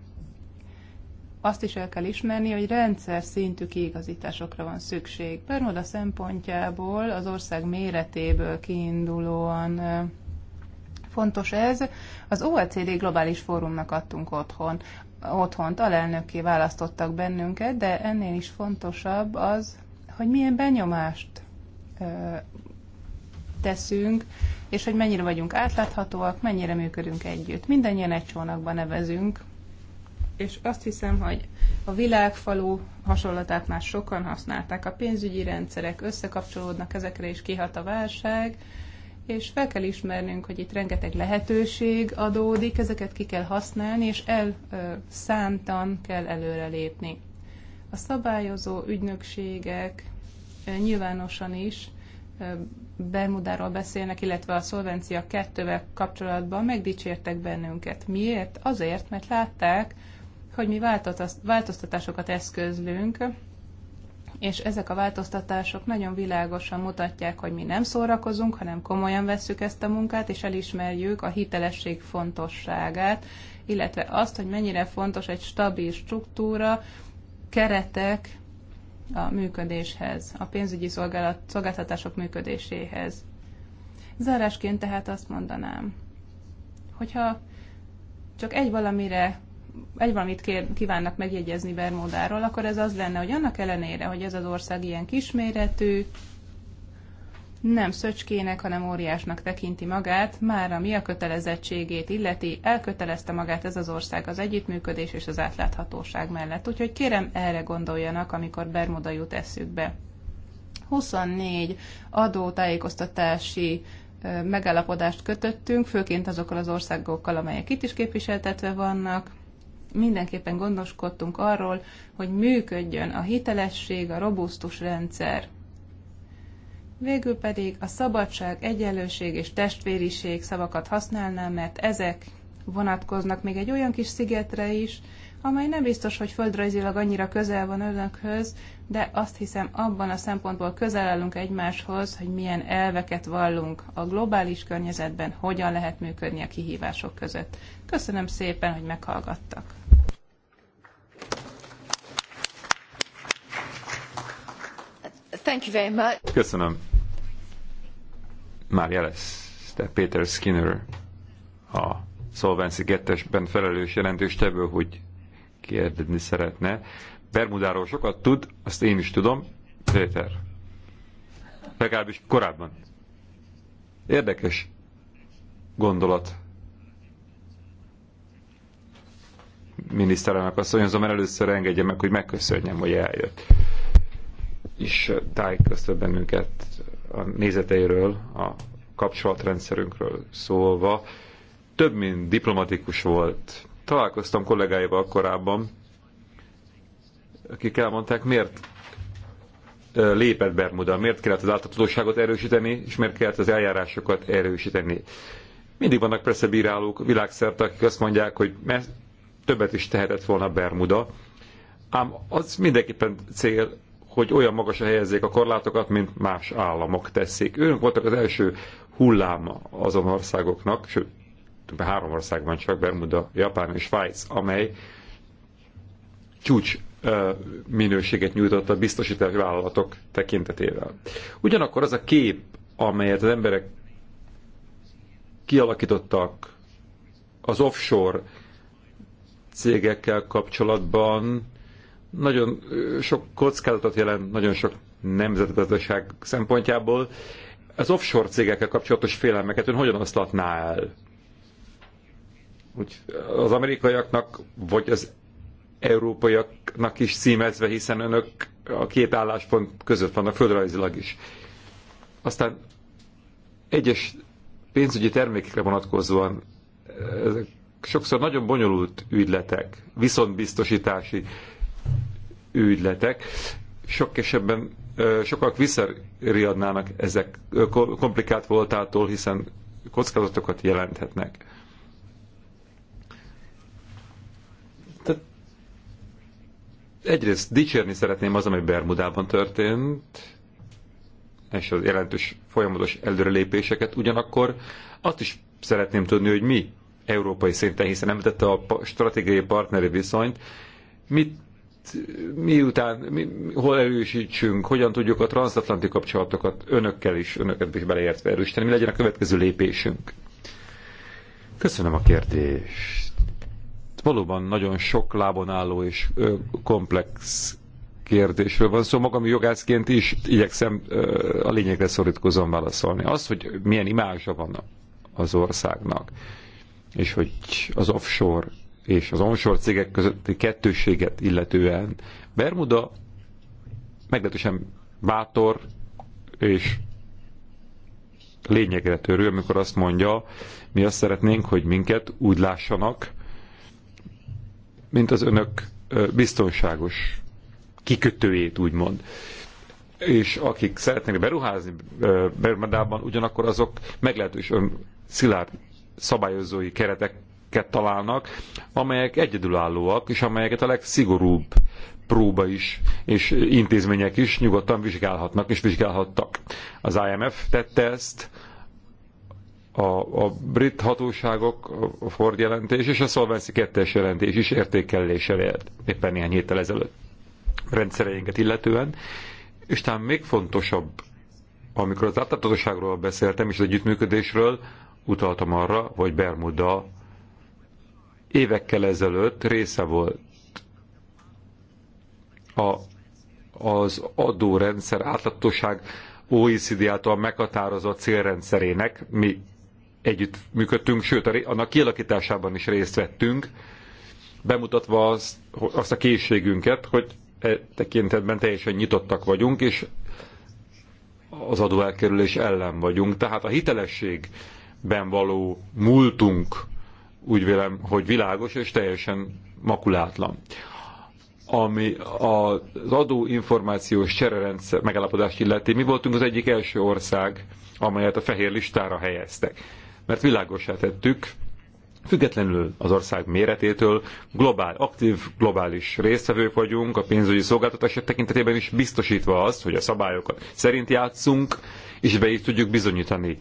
Azt is el kell ismerni, hogy rendszer szintű kiigazításokra van szükség. Bermuda szempontjából az ország méretéből kiindulóan fontos ez. Az OECD globális fórumnak adtunk otthon, otthont, alelnökké választottak bennünket, de ennél is fontosabb az, hogy milyen benyomást teszünk, és hogy mennyire vagyunk átláthatóak, mennyire működünk együtt. Mindennyien egy csónakban nevezünk, és azt hiszem, hogy a világfalú hasonlatát már sokan használták. A pénzügyi rendszerek összekapcsolódnak, ezekre is kihat a válság, és fel kell ismernünk, hogy itt rengeteg lehetőség adódik, ezeket ki kell használni, és elszántan kell előrelépni. A szabályozó ügynökségek nyilvánosan is Bermudáról beszélnek, illetve a szolvencia kettővel kapcsolatban megdicsértek bennünket. Miért? Azért, mert látták, hogy mi változtatásokat eszközlünk, és ezek a változtatások nagyon világosan mutatják, hogy mi nem szórakozunk, hanem komolyan vesszük ezt a munkát, és elismerjük a hitelesség fontosságát, illetve azt, hogy mennyire fontos egy stabil struktúra, keretek, a működéshez, a pénzügyi szolgálat, szolgáltatások működéséhez. Zárásként tehát azt mondanám, hogyha csak egy valamire egy valamit kér, kívánnak megjegyezni Bermudáról, akkor ez az lenne, hogy annak ellenére, hogy ez az ország ilyen kisméretű, nem szöcskének, hanem óriásnak tekinti magát, már ami a kötelezettségét illeti, elkötelezte magát ez az ország az együttműködés és az átláthatóság mellett. Úgyhogy kérem erre gondoljanak, amikor Bermuda jut eszükbe. 24 adótájékoztatási megállapodást kötöttünk, főként azokkal az országokkal, amelyek itt is képviseltetve vannak. Mindenképpen gondoskodtunk arról, hogy működjön a hitelesség, a robusztus rendszer Végül pedig a szabadság, egyenlőség és testvériség szavakat használnám, mert ezek vonatkoznak még egy olyan kis szigetre is, amely nem biztos, hogy földrajzilag annyira közel van önökhöz, de azt hiszem abban a szempontból közel állunk egymáshoz, hogy milyen elveket vallunk a globális környezetben, hogyan lehet működni a kihívások között. Köszönöm szépen, hogy meghallgattak. Köszönöm. Már de Peter Skinner a Solvency 2-esben felelős jelentős tevő, hogy kérdezni szeretne. Bermudáról sokat tud, azt én is tudom. Péter. Legalábbis korábban. Érdekes gondolat. Miniszterelnök asszony, azonban először engedje meg, hogy megköszönjem, hogy eljött is tájékoztat bennünket a nézeteiről, a kapcsolatrendszerünkről szólva. Több, mint diplomatikus volt. Találkoztam kollégáival korábban, akik elmondták, miért lépett Bermuda, miért kellett az áltatudóságot erősíteni, és miért kellett az eljárásokat erősíteni. Mindig vannak persze bírálók világszerte, akik azt mondják, hogy többet is tehetett volna Bermuda, ám az mindenképpen cél, hogy olyan magasra helyezzék a korlátokat, mint más államok teszik. Ők voltak az első hulláma azon országoknak, sőt, három országban csak, Bermuda, Japán és Svájc, amely csúcs minőséget nyújtott a biztosítási vállalatok tekintetével. Ugyanakkor az a kép, amelyet az emberek kialakítottak az offshore cégekkel kapcsolatban, nagyon sok kockázatot jelent, nagyon sok nemzetgazdaság szempontjából. Az offshore cégekkel kapcsolatos félelmeket ön hogyan oszlatná el? Úgy, az amerikaiaknak, vagy az európaiaknak is címezve, hiszen önök a két álláspont között vannak földrajzilag is. Aztán egyes pénzügyi termékekre vonatkozóan ezek sokszor nagyon bonyolult ügyletek, viszontbiztosítási ügyletek. Sok esetben sokak visszariadnának ezek komplikált voltától, hiszen kockázatokat jelenthetnek. Tehát egyrészt dicsérni szeretném az, ami Bermudában történt, és az jelentős folyamatos előrelépéseket, ugyanakkor azt is szeretném tudni, hogy mi európai szinten, hiszen említette a stratégiai partneri viszonyt, mit miután, mi, hol erősítsünk, hogyan tudjuk a transatlanti kapcsolatokat önökkel is, önöket is beleértve erősíteni, mi legyen a következő lépésünk. Köszönöm a kérdést. Valóban nagyon sok lábon álló és ö, komplex kérdésről van szó. Szóval magam jogászként is igyekszem ö, a lényegre szorítkozom válaszolni. Az, hogy milyen imázsa van az országnak, és hogy az offshore és az onshore cégek közötti kettősséget illetően Bermuda meglehetősen bátor és lényegre törő, amikor azt mondja, mi azt szeretnénk, hogy minket úgy lássanak, mint az önök biztonságos kikötőjét, úgymond. És akik szeretnének beruházni Bermudában, ugyanakkor azok meglehetősen szilárd szabályozói keretek értékeket találnak, amelyek egyedülállóak, és amelyeket a legszigorúbb próba is, és intézmények is nyugodtan vizsgálhatnak, és vizsgálhattak. Az IMF tette ezt, a, a brit hatóságok, a Ford jelentés és a Solvency 2-es jelentés is értékelése élt éppen néhány héttel ezelőtt rendszereinket illetően. És talán még fontosabb, amikor az átláthatóságról beszéltem és az együttműködésről, utaltam arra, hogy Bermuda évekkel ezelőtt része volt a, az adórendszer átlatosság OECD által meghatározott célrendszerének. Mi együtt működtünk, sőt, annak kialakításában is részt vettünk, bemutatva azt, azt a készségünket, hogy e tekintetben teljesen nyitottak vagyunk, és az adóelkerülés ellen vagyunk. Tehát a hitelességben való múltunk úgy vélem, hogy világos és teljesen makulátlan. Ami az adóinformációs csererendszer megállapodást illeti, mi voltunk az egyik első ország, amelyet a fehér listára helyeztek. Mert világosá tettük, Függetlenül az ország méretétől globál, aktív globális résztvevők vagyunk, a pénzügyi szolgáltatások tekintetében is biztosítva azt, hogy a szabályokat szerint játszunk, és be is tudjuk bizonyítani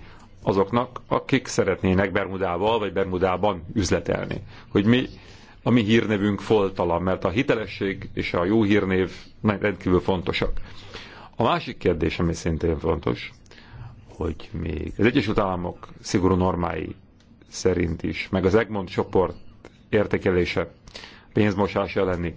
azoknak, akik szeretnének Bermudával vagy Bermudában üzletelni. Hogy mi, a mi hírnevünk foltalan, mert a hitelesség és a jó hírnév rendkívül fontosak. A másik kérdés, ami szintén fontos, hogy még az Egyesült Államok szigorú normái szerint is, meg az Egmont csoport értékelése pénzmosás elleni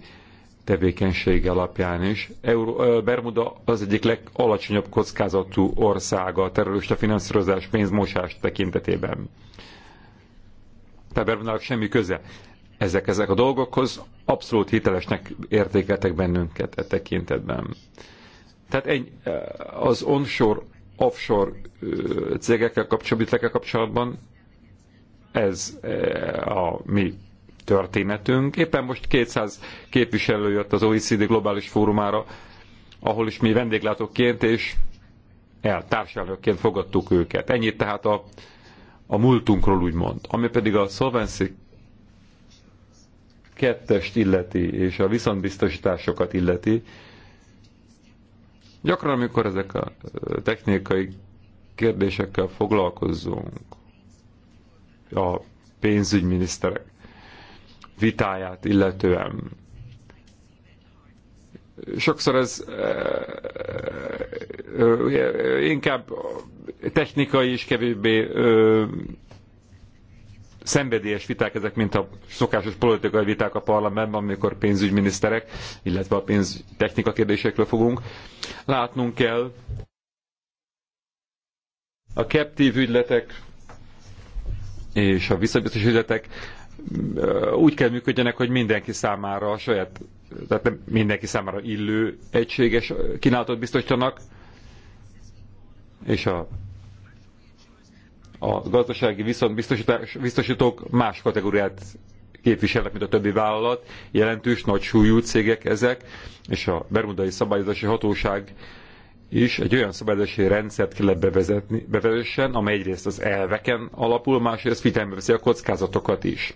tevékenysége alapján is. Euró, Bermuda az egyik legalacsonyabb kockázatú országa a terrorista finanszírozás pénzmosás tekintetében. Tehát Bermudának semmi köze ezek, ezek a dolgokhoz. Abszolút hitelesnek értékeltek bennünket e tekintetben. Tehát egy, az onshore, offshore cégekkel kapcsolatban, kapcsolatban ez a mi történetünk. Éppen most 200 képviselő jött az OECD globális fórumára, ahol is mi vendéglátóként és el, társelnökként fogadtuk őket. Ennyit tehát a, a múltunkról úgymond. Ami pedig a Solvency kettest illeti, és a viszontbiztosításokat illeti, gyakran, amikor ezek a technikai kérdésekkel foglalkozzunk, a pénzügyminiszterek vitáját illetően. Sokszor ez inkább technikai és kevésbé szenvedélyes viták ezek, mint a szokásos politikai viták a parlamentben, amikor pénzügyminiszterek, illetve a pénztechnika kérdésekről fogunk. Látnunk kell a captív ügyletek és a visszabiztos ügyletek úgy kell működjenek, hogy mindenki számára a saját, tehát nem mindenki számára illő egységes kínálatot biztosítanak, és a, a gazdasági viszont biztosítók más kategóriát képviselnek, mint a többi vállalat, jelentős, nagy súlyú cégek ezek, és a bermudai szabályozási hatóság is egy olyan szabályozási rendszert kellett bevezetni, bevezessen, amely egyrészt az elveken alapul, másrészt figyelembe veszi a kockázatokat is.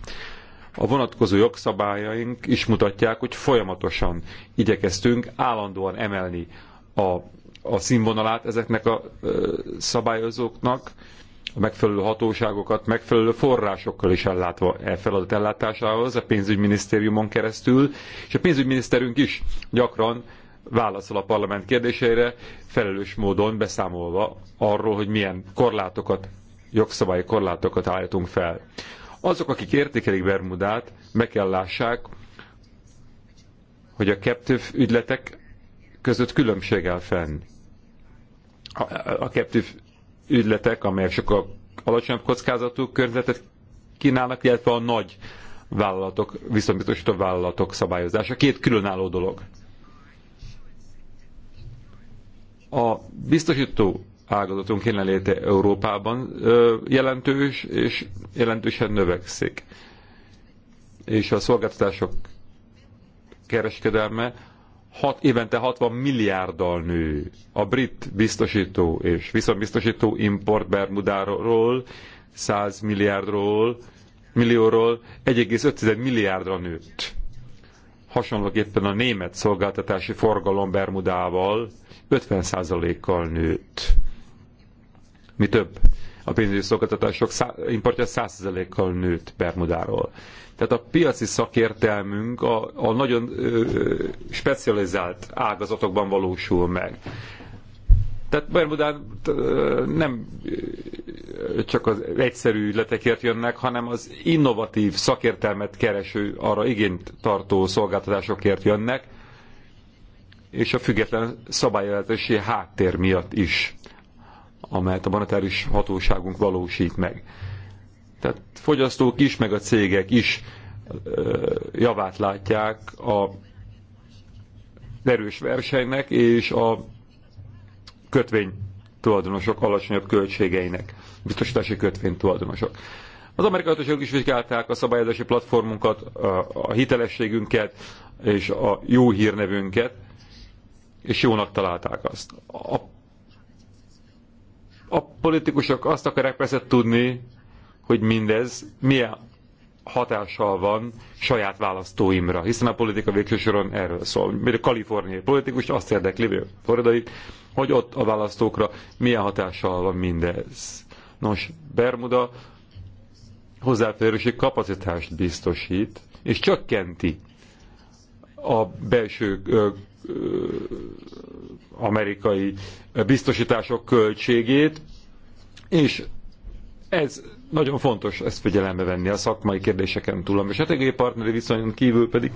A vonatkozó jogszabályaink is mutatják, hogy folyamatosan igyekeztünk állandóan emelni a, a színvonalát ezeknek a ö, szabályozóknak, a megfelelő hatóságokat megfelelő forrásokkal is ellátva e feladat ellátásához a pénzügyminisztériumon keresztül, és a pénzügyminiszterünk is gyakran válaszol a parlament kérdéseire, felelős módon beszámolva arról, hogy milyen korlátokat, jogszabályi korlátokat állítunk fel. Azok, akik értékelik Bermudát, meg kell lássák, hogy a captive ügyletek között különbség áll fenn. A, a captive ügyletek, amelyek sokkal alacsonyabb kockázatú környezetet kínálnak, illetve a nagy vállalatok, viszonyítosító vállalatok szabályozása. Két különálló dolog. A biztosító ágazatunk jelenléte Európában jelentős és jelentősen növekszik. És a szolgáltatások kereskedelme hat, évente 60 milliárddal nő. A brit biztosító és viszonbiztosító import Bermudáról 100 milliárdról, millióról 1,5 milliárdra nőtt hasonlóképpen a német szolgáltatási forgalom Bermudával 50%-kal nőtt. Mi több, a pénzügyi szolgáltatások importja 100%-kal nőtt Bermudáról. Tehát a piaci szakértelmünk a, a nagyon ö, specializált ágazatokban valósul meg. Tehát Bermudán nem csak az egyszerű ügyletekért jönnek, hanem az innovatív szakértelmet kereső, arra igényt tartó szolgáltatásokért jönnek, és a független szabályozási háttér miatt is, amelyet a monetáris hatóságunk valósít meg. Tehát fogyasztók is, meg a cégek is javát látják a erős versenynek és a kötvény tulajdonosok alacsonyabb költségeinek, biztosítási kötvény tulajdonosok. Az amerikai hatóságok is vizsgálták a szabályozási platformunkat, a hitelességünket és a jó hírnevünket, és jónak találták azt. A, a politikusok azt akarják persze tudni, hogy mindez milyen hatással van saját választóimra, hiszen a politika végső soron erről szól. Mert a kaliforniai politikus azt érdekli, hogy, hogy ott a választókra milyen hatással van mindez. Nos, Bermuda hozzáférési kapacitást biztosít, és csökkenti a belső ö, ö, amerikai biztosítások költségét, és ez nagyon fontos ezt figyelembe venni a szakmai kérdéseken túl, a stratégiai partneri viszonyon kívül pedig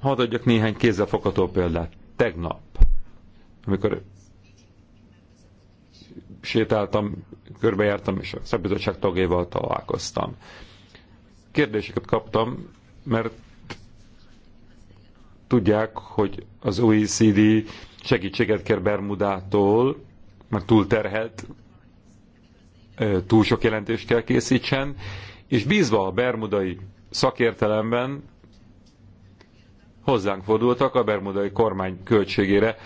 hadd adjak néhány kézzelfogható példát. Tegnap, amikor sétáltam, körbejártam, és a szakbizottság tagjával találkoztam. Kérdéseket kaptam, mert tudják, hogy az OECD segítséget kér Bermudától, meg túlterhelt túl sok jelentést kell készítsen, és bízva a bermudai szakértelemben hozzánk fordultak a bermudai kormány költségére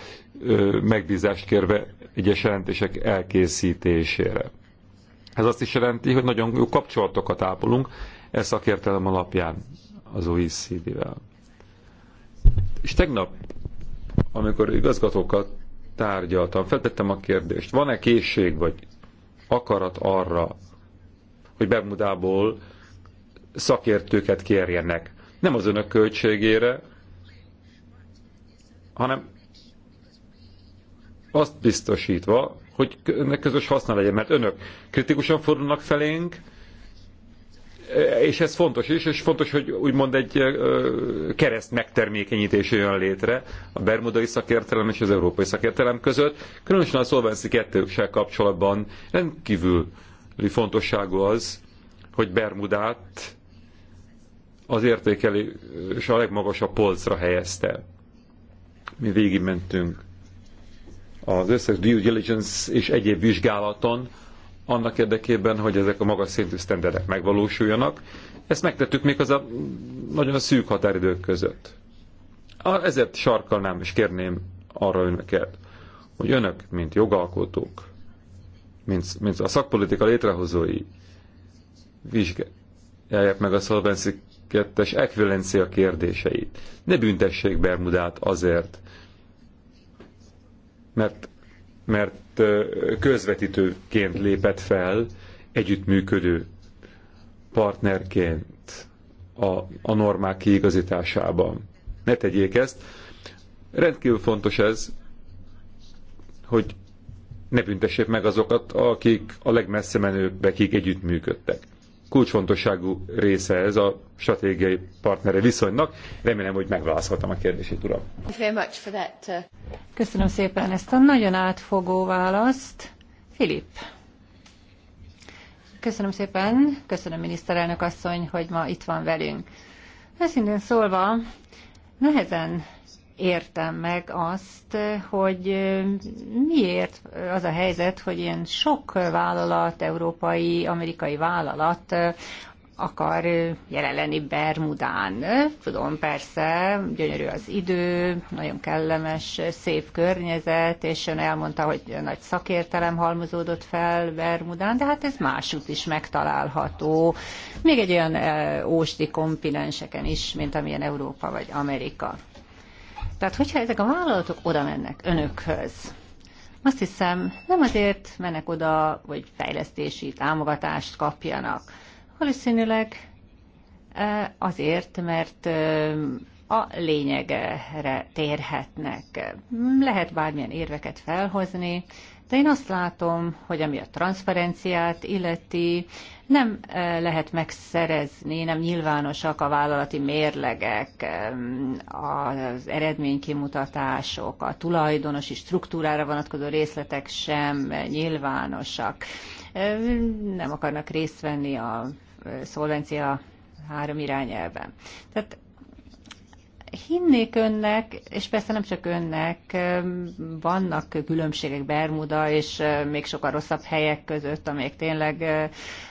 megbízást kérve egyes jelentések elkészítésére. Ez azt is jelenti, hogy nagyon jó kapcsolatokat ápolunk e szakértelem alapján az OECD-vel. És tegnap, amikor igazgatókat tárgyaltam, feltettem a kérdést, van-e készség vagy akarat arra, hogy Bermudából szakértőket kérjenek. Nem az önök költségére, hanem azt biztosítva, hogy ennek közös haszna legyen, mert önök kritikusan fordulnak felénk, és ez fontos is, és fontos, hogy úgymond egy kereszt megtermékenyítés jön létre a bermudai szakértelem és az európai szakértelem között. Különösen a szolvenszi 2 kapcsolatban rendkívül fontosságú az, hogy Bermudát az értékelés a legmagasabb polcra helyezte. Mi végigmentünk az összes due diligence és egyéb vizsgálaton, annak érdekében, hogy ezek a magas szintű sztenderek megvalósuljanak. Ezt megtettük még az a nagyon szűk határidők között. Ezért sarkalnám és kérném arra önöket, hogy önök, mint jogalkotók, mint, mint a szakpolitika létrehozói, vizsgálják meg a Solvency 2-es ekvivalencia kérdéseit. Ne büntessék Bermudát azért, mert mert közvetítőként lépett fel, együttműködő partnerként a, a normák kiigazításában. Ne tegyék ezt. Rendkívül fontos ez, hogy ne büntessék meg azokat, akik a legmessze menőbbekig együttműködtek kulcsfontosságú része ez a stratégiai partnere viszonynak. Remélem, hogy megválaszoltam a kérdését, uram. Uh, köszönöm szépen ezt a nagyon átfogó választ. Filip. Köszönöm szépen, köszönöm miniszterelnök asszony, hogy ma itt van velünk. Őszintén szólva, nehezen értem meg azt, hogy miért az a helyzet, hogy ilyen sok vállalat, európai, amerikai vállalat akar jelen lenni Bermudán. Tudom, persze, gyönyörű az idő, nagyon kellemes, szép környezet, és ön elmondta, hogy nagy szakértelem halmozódott fel Bermudán, de hát ez másút is megtalálható. Még egy olyan eh, ósti kompinenseken is, mint amilyen Európa vagy Amerika. Tehát, hogyha ezek a vállalatok oda mennek önökhöz, azt hiszem, nem azért mennek oda, hogy fejlesztési támogatást kapjanak. Valószínűleg e, azért, mert e, a lényegre térhetnek. Lehet bármilyen érveket felhozni, de én azt látom, hogy ami a transzparenciát illeti, nem eh, lehet megszerezni, nem nyilvánosak a vállalati mérlegek, az eredménykimutatások, a tulajdonosi struktúrára vonatkozó részletek sem nyilvánosak. Nem akarnak részt venni a eh, szolvencia három irányelven. Tehát hinnék önnek, és persze nem csak önnek, vannak különbségek Bermuda és még sokkal rosszabb helyek között, amelyek tényleg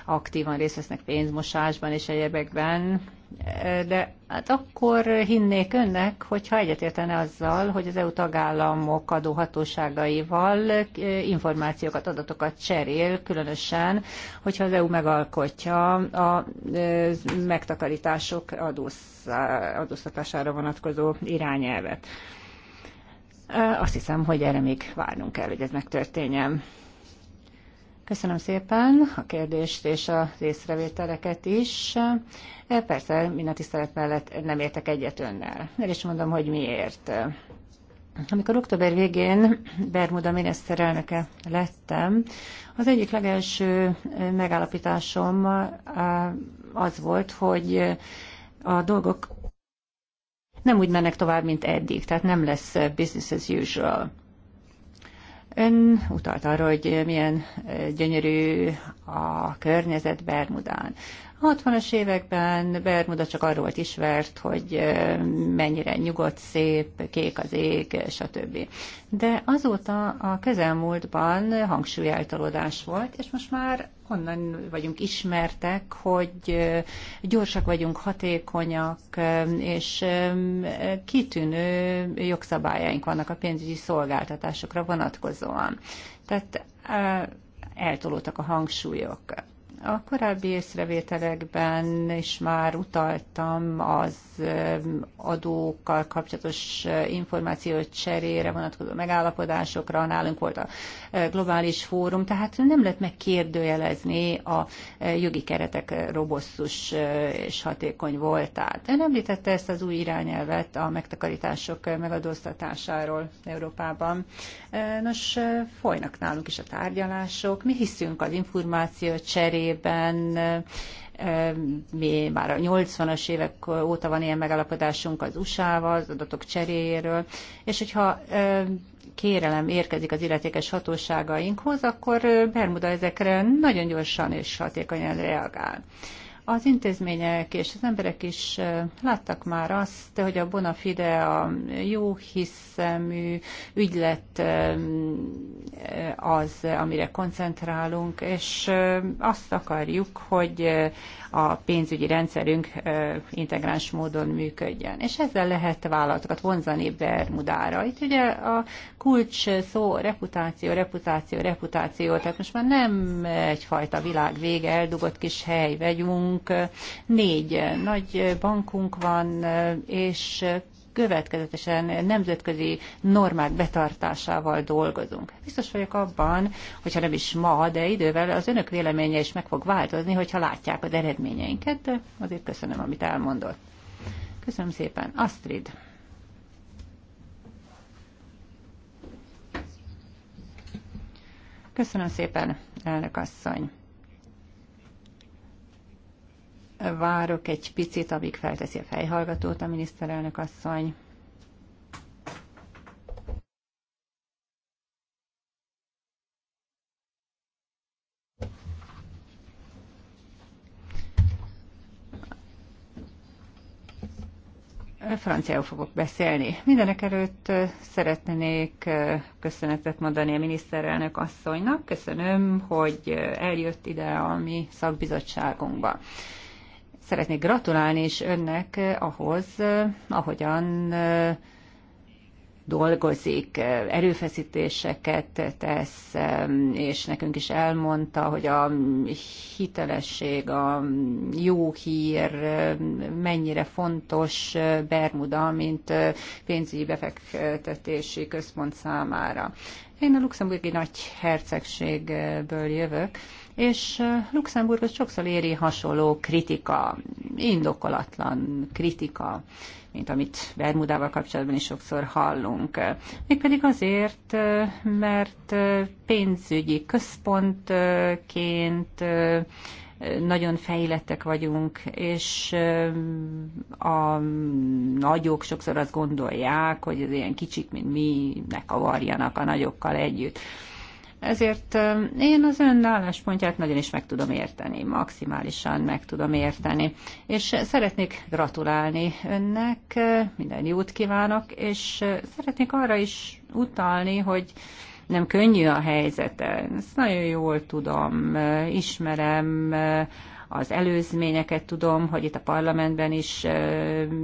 aktívan részt vesznek pénzmosásban és egyebekben de hát akkor hinnék önnek, hogyha egyetértene azzal, hogy az EU tagállamok adóhatóságaival eh, információkat, adatokat cserél, különösen, hogyha az EU megalkotja a eh, megtakarítások adóztatására vonatkozó irányelvet. Eh, azt hiszem, hogy erre még várnunk kell, hogy ez megtörténjen. Köszönöm szépen a kérdést és a részrevételeket is. E, persze, minden tisztelet mellett nem értek egyet önnel. El is mondom, hogy miért. Amikor október végén Bermuda miniszterelnöke lettem, az egyik legelső megállapításom e, az volt, hogy a dolgok nem úgy mennek tovább, mint eddig, tehát nem lesz business as usual. Ön utalt arra, hogy milyen eh, gyönyörű a környezet Bermudán. 60-as években Bermuda csak arról volt ismert, hogy mennyire nyugodt, szép, kék az ég, stb. De azóta a közelmúltban hangsúlyeltolódás volt, és most már onnan vagyunk ismertek, hogy gyorsak vagyunk, hatékonyak, és kitűnő jogszabályaink vannak a pénzügyi szolgáltatásokra vonatkozóan. Tehát eltolódtak a hangsúlyok. A korábbi észrevételekben is már utaltam az eh, adókkal kapcsolatos eh, információ cserére vonatkozó megállapodásokra, nálunk volt a eh, globális fórum, tehát nem lehet megkérdőjelezni a jogi keretek robosztus és hatékony voltát. Ön említette ezt az új irányelvet a megtakarítások megadóztatásáról Európában. Nos, folynak nálunk is a tárgyalások, mi hiszünk az információ cserére, esetében eh, mi már a 80-as évek óta van ilyen megalapodásunk az USA-val, az adatok cseréjéről, és hogyha eh, kérelem érkezik az illetékes hatóságainkhoz, akkor eh, Bermuda ezekre nagyon gyorsan és hatékonyan reagál. Az intézmények és az emberek is láttak már azt, hogy a Bonafide a jó hiszemű ügylet az, amire koncentrálunk, és azt akarjuk, hogy a pénzügyi rendszerünk integráns módon működjön. És ezzel lehet vállalatokat vonzani Bermudára. Itt ugye a kulcs szó reputáció, reputáció, reputáció, tehát most már nem egyfajta világ vége, eldugott kis hely vagyunk, bankunk, négy nagy bankunk van, és következetesen nemzetközi normák betartásával dolgozunk. Biztos vagyok abban, hogyha nem is ma, de idővel az önök véleménye is meg fog változni, hogyha látják az eredményeinket, de azért köszönöm, amit elmondott. Köszönöm szépen. Astrid. Köszönöm szépen, elnök asszony. Várok egy picit, amíg felteszi a fejhallgatót a miniszterelnök asszony. franciául fogok beszélni. Mindenek előtt szeretnék köszönetet mondani a miniszterelnök asszonynak. Köszönöm, hogy eljött ide a mi szakbizottságunkba. Szeretnék gratulálni is önnek eh, ahhoz, eh, ahogyan eh, dolgozik, erőfeszítéseket tesz, és nekünk is elmondta, hogy a hitelesség, a jó hír mennyire fontos Bermuda, mint pénzügyi befektetési központ számára. Én a luxemburgi nagy hercegségből jövök, és Luxemburgot sokszor éri hasonló kritika, indokolatlan kritika, mint amit Bermudával kapcsolatban is sokszor hallunk. Mégpedig azért, mert pénzügyi központként nagyon fejlettek vagyunk, és a nagyok sokszor azt gondolják, hogy az ilyen kicsik, mint mi, ne kavarjanak a nagyokkal együtt. Ezért um, én az ön álláspontját nagyon is meg tudom érteni, maximálisan meg tudom érteni. És szeretnék gratulálni önnek, uh, minden jót kívánok, és uh, szeretnék arra is utalni, hogy nem könnyű a helyzete. Ezt nagyon jól tudom, uh, ismerem, az előzményeket tudom, hogy itt a parlamentben is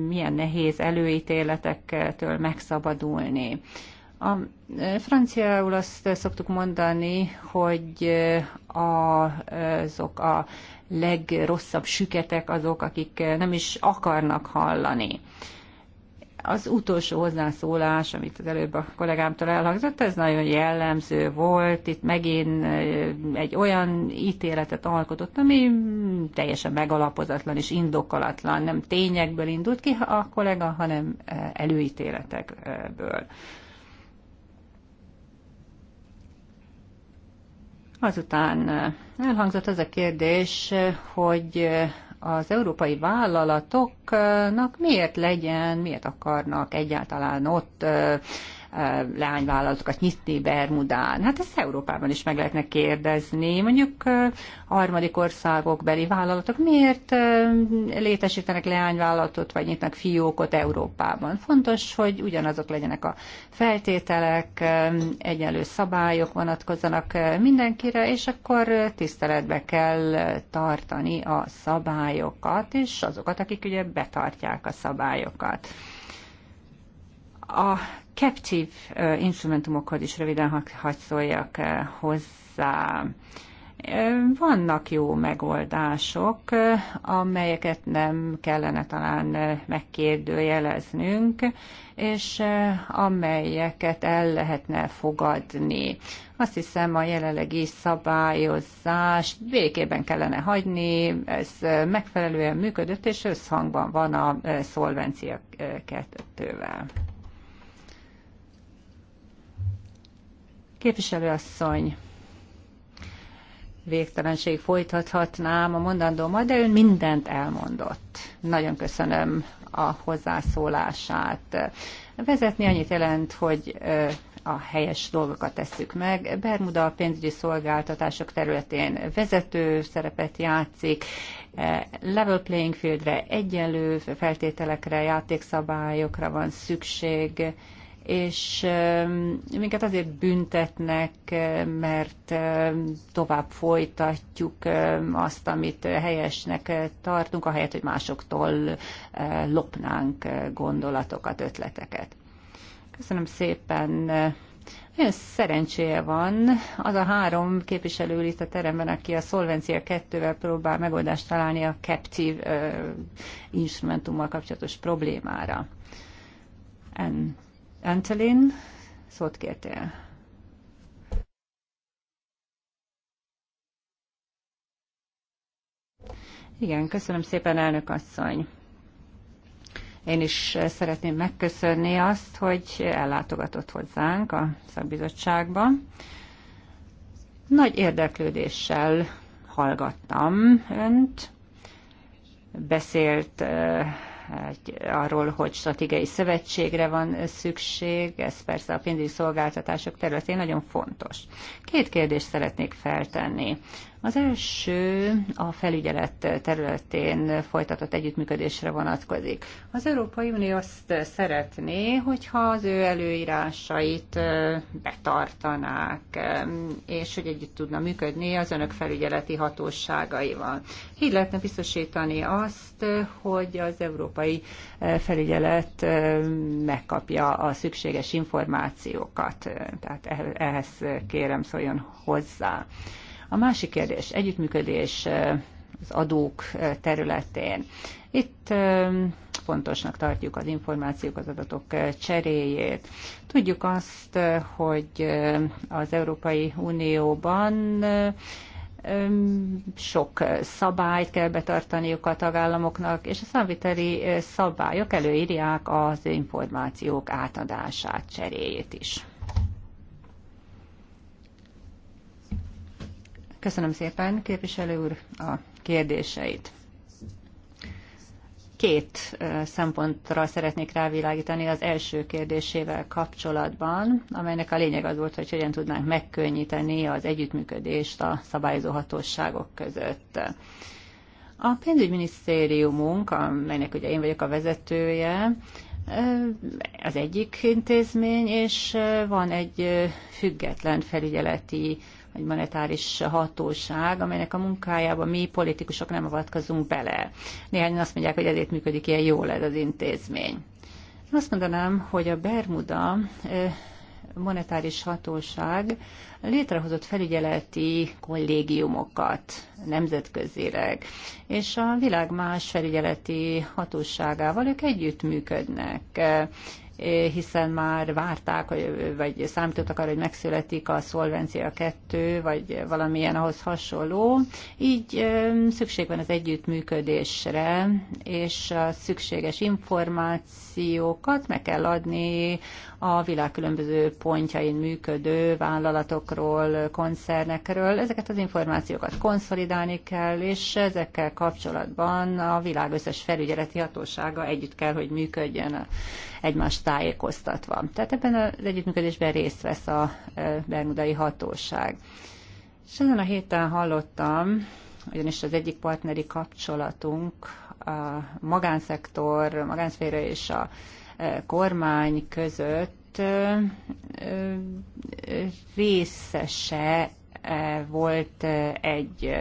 milyen nehéz előítéletektől megszabadulni. A e, franciául azt szoktuk mondani, hogy e, e, azok a legrosszabb süketek azok, akik nem is akarnak hallani. Az utolsó hozzászólás, amit az előbb a kollégámtól elhangzott, ez nagyon jellemző volt. Itt megint egy olyan ítéletet alkotott, ami teljesen megalapozatlan és indokolatlan. Nem tényekből indult ki a kollega, hanem előítéletekből. Azután elhangzott az a kérdés, hogy az európai vállalatoknak miért legyen, miért akarnak egyáltalán ott leányvállalatokat nyitni Bermudán. Hát ezt Európában is meg lehetne kérdezni. Mondjuk a harmadik országok beli vállalatok miért létesítenek leányvállalatot, vagy nyitnak fiókot Európában. Fontos, hogy ugyanazok legyenek a feltételek, egyenlő szabályok vonatkozzanak mindenkire, és akkor tiszteletbe kell tartani a szabályokat, és azokat, akik ugye betartják a szabályokat a captive instrumentumokhoz is röviden hagy szóljak hozzá. Vannak jó megoldások, amelyeket nem kellene talán megkérdőjeleznünk, és amelyeket el lehetne fogadni. Azt hiszem a jelenlegi szabályozást békében kellene hagyni, ez megfelelően működött, és összhangban van a szolvencia kettővel. Képviselőasszony, végtelenség folytathatnám a mondandómat, de ön mindent elmondott. Nagyon köszönöm a hozzászólását. Vezetni annyit jelent, hogy a helyes dolgokat tesszük meg. Bermuda a pénzügyi szolgáltatások területén vezető szerepet játszik, level playing fieldre, egyenlő feltételekre, játékszabályokra van szükség, és minket azért büntetnek, mert tovább folytatjuk azt, amit helyesnek eh, tartunk, ahelyett, hogy másoktól eh, lopnánk eh, gondolatokat, ötleteket. Köszönöm szépen. Nagyon szerencséje van. Az a három képviselő itt a teremben, aki a Szolvencia 2-vel próbál megoldást találni a captive uh, instrumentummal kapcsolatos problémára. And Antolin, szót kértél. Igen, köszönöm szépen, elnök asszony. Én is szeretném megköszönni azt, hogy ellátogatott hozzánk a szakbizottságba. Nagy érdeklődéssel hallgattam önt, beszélt arról, hogy stratégiai szövetségre van szükség, ez persze a pénzügyi szolgáltatások területén nagyon fontos. Két kérdést szeretnék feltenni. Az első a felügyelet területén folytatott együttműködésre vonatkozik. Az Európai Unió azt szeretné, hogyha az ő előírásait betartanák, és hogy együtt tudna működni az önök felügyeleti hatóságaival. Így lehetne biztosítani azt, hogy az európai felügyelet megkapja a szükséges információkat. Tehát eh-, ehhez kérem szóljon hozzá. A másik kérdés, együttműködés az adók területén. Itt fontosnak tartjuk az információk, az adatok cseréjét. Tudjuk azt, hogy az Európai Unióban sok szabályt kell betartaniuk a tagállamoknak, és a számviteli szabályok előírják az információk átadását, cseréjét is. Köszönöm szépen, képviselő úr, a kérdéseit. Két szempontra szeretnék rávilágítani az első kérdésével kapcsolatban, amelynek a lényeg az volt, hogy hogyan tudnánk megkönnyíteni az együttműködést a szabályozó hatóságok között. A pénzügyminisztériumunk, amelynek ugye én vagyok a vezetője, az egyik intézmény, és van egy független felügyeleti egy monetáris hatóság, amelynek a munkájába mi politikusok nem avatkozunk bele. Néhányan azt mondják, hogy ezért működik ilyen jól ez az intézmény. Azt mondanám, hogy a Bermuda monetáris hatóság létrehozott felügyeleti kollégiumokat nemzetközileg, és a világ más felügyeleti hatóságával ők együttműködnek, hiszen már várták, vagy számítottak arra, hogy megszületik a szolvencia 2, vagy valamilyen ahhoz hasonló. Így szükség van az együttműködésre, és a szükséges információkat meg kell adni a világ különböző pontjain működő vállalatokról, koncernekről. Ezeket az információkat konszolidálni kell, és ezekkel kapcsolatban a világ összes felügyeleti hatósága együtt kell, hogy működjön egymást tájékoztatva. Tehát ebben az együttműködésben részt vesz a e, bermudai hatóság. És ezen a héten hallottam, ugyanis az egyik partneri kapcsolatunk a magánszektor, a magánszféra és a kormány között részese volt egy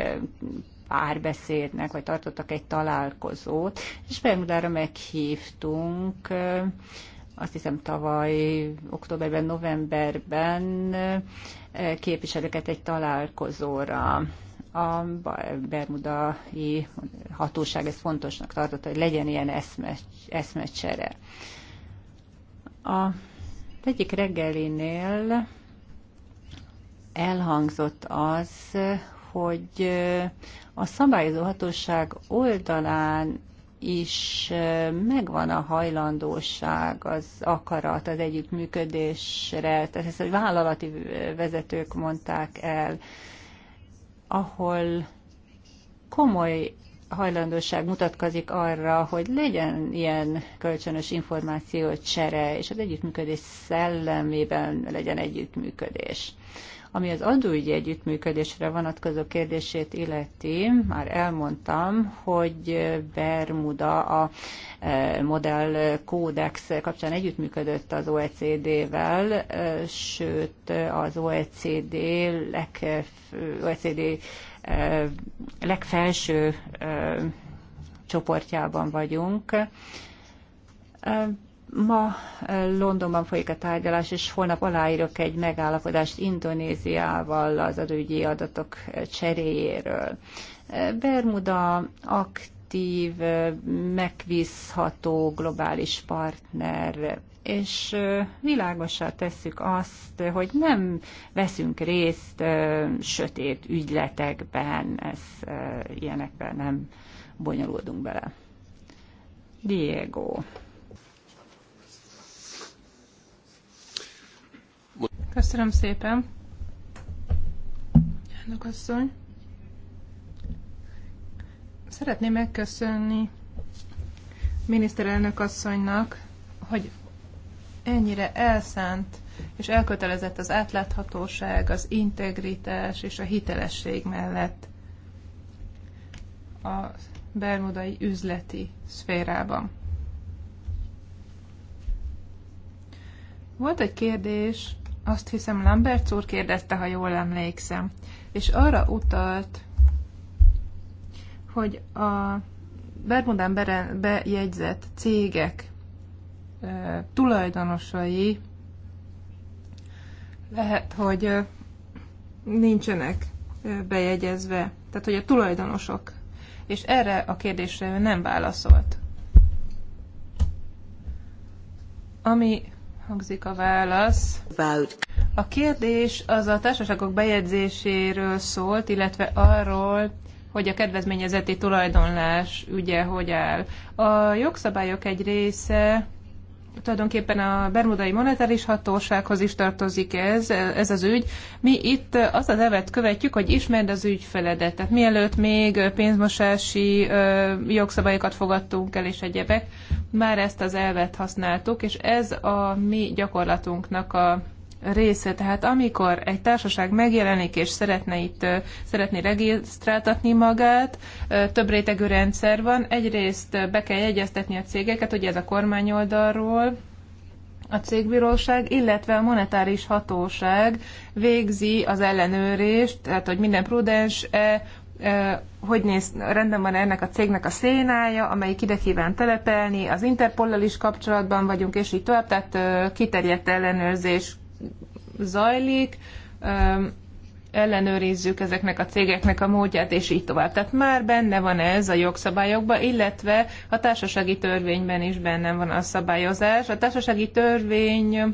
párbeszédnek, vagy tartottak egy találkozót, és Bermudára meghívtunk, azt hiszem tavaly októberben, novemberben képviselőket egy találkozóra a bermudai hatóság ezt fontosnak tartotta, hogy legyen ilyen eszme, eszmecsere. A egyik reggelinél elhangzott az, hogy a szabályozó hatóság oldalán is megvan a hajlandóság, az akarat, az együttműködésre, tehát ezt a vállalati vezetők mondták el, ahol komoly hajlandóság mutatkozik arra, hogy legyen ilyen kölcsönös információ csere, és az együttműködés szellemében legyen együttműködés. Ami az adóügyi együttműködésre vonatkozó kérdését illeti, már elmondtam, hogy Bermuda a e, modell kódex kapcsán együttműködött az OECD-vel, e, sőt az OECD, leg, OECD legfelső csoportjában vagyunk. Ma Londonban folyik a tárgyalás, és holnap aláírok egy megállapodást Indonéziával az adőgyi adatok cseréjéről. Bermuda aktív, megbízható globális partner és világosá tesszük azt, hogy nem veszünk részt sötét ügyletekben, ez ilyenekben nem bonyolódunk bele. Diego. Köszönöm szépen. Elnök asszony. Szeretném megköszönni miniszterelnök asszonynak, hogy ennyire elszánt és elkötelezett az átláthatóság, az integritás és a hitelesség mellett a bermudai üzleti szférában. Volt egy kérdés, azt hiszem Lambert úr kérdezte, ha jól emlékszem, és arra utalt, hogy a Bermudán bejegyzett cégek tulajdonosai lehet, hogy nincsenek bejegyezve, tehát hogy a tulajdonosok. És erre a kérdésre ő nem válaszolt. Ami hangzik a válasz. A kérdés az a társaságok bejegyzéséről szólt, illetve arról, hogy a kedvezményezeti tulajdonlás ügye hogy áll. A jogszabályok egy része tulajdonképpen a Bermudai Monetáris Hatósághoz is tartozik ez, ez az ügy. Mi itt azt az elvet követjük, hogy ismerd az ügyfeledet. Tehát mielőtt még pénzmosási jogszabályokat fogadtunk el és egyebek, már ezt az elvet használtuk, és ez a mi gyakorlatunknak a része. Tehát amikor egy társaság megjelenik és szeretne itt szeretné regisztráltatni magát, több rétegű rendszer van. Egyrészt be kell jegyeztetni a cégeket, ugye ez a kormány oldalról, a cégbíróság, illetve a monetáris hatóság végzi az ellenőrést, tehát hogy minden prudens -e, hogy néz, rendben van ennek a cégnek a szénája, amelyik ide kíván telepelni, az Interpollal is kapcsolatban vagyunk, és így tovább, tehát kiterjedt ellenőrzés zajlik, ellenőrizzük ezeknek a cégeknek a módját, és így tovább. Tehát már benne van ez a jogszabályokban, illetve a társasági törvényben is benne van a szabályozás. A társasági törvény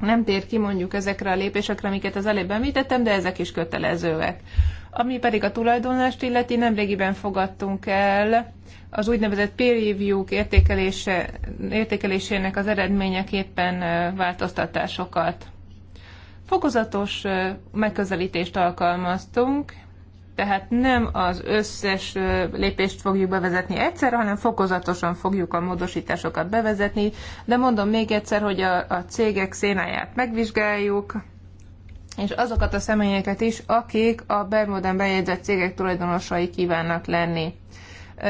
nem tér ki mondjuk ezekre a lépésekre, amiket az előbb említettem, de ezek is kötelezőek. Ami pedig a tulajdonlást illeti, nemrégiben fogadtunk el az úgynevezett peer review értékelése, értékelésének az eredményeképpen változtatásokat. Fokozatos megközelítést alkalmaztunk, tehát nem az összes lépést fogjuk bevezetni egyszer, hanem fokozatosan fogjuk a módosításokat bevezetni, de mondom még egyszer, hogy a, a cégek szénáját megvizsgáljuk, és azokat a személyeket is, akik a Bermudán bejegyzett cégek tulajdonosai kívánnak lenni.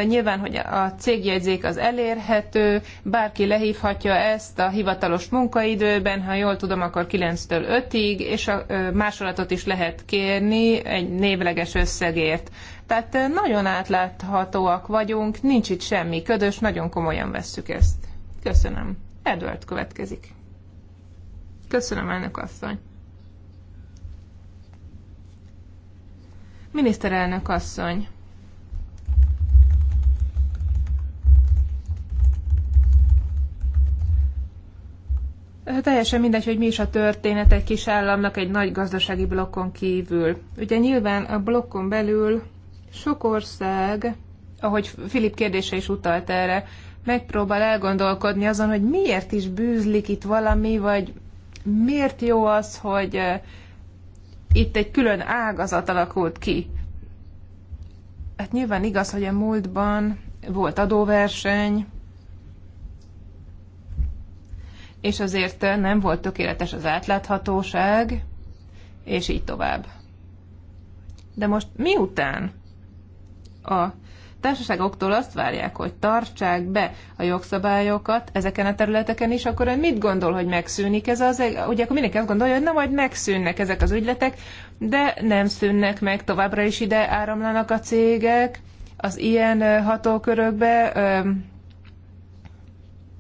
Nyilván, hogy a cégjegyzék az elérhető, bárki lehívhatja ezt a hivatalos munkaidőben, ha jól tudom, akkor 9-től 5-ig, és a másolatot is lehet kérni egy névleges összegért. Tehát nagyon átláthatóak vagyunk, nincs itt semmi ködös, nagyon komolyan vesszük ezt. Köszönöm. Edward következik. Köszönöm, elnök asszony. Miniszterelnök asszony, Teljesen mindegy, hogy mi is a történet egy kis államnak egy nagy gazdasági blokkon kívül. Ugye nyilván a blokkon belül sok ország, ahogy Filip kérdése is utalt erre, megpróbál elgondolkodni azon, hogy miért is bűzlik itt valami, vagy miért jó az, hogy itt egy külön ágazat alakult ki. Hát nyilván igaz, hogy a múltban volt adóverseny, és azért nem volt tökéletes az átláthatóság, és így tovább. De most miután a társaságoktól azt várják, hogy tartsák be a jogszabályokat ezeken a területeken is, akkor ön mit gondol, hogy megszűnik ez az? Ugye akkor mindenki azt gondolja, hogy na majd megszűnnek ezek az ügyletek, de nem szűnnek meg, továbbra is ide áramlanak a cégek, az ilyen hatókörökbe,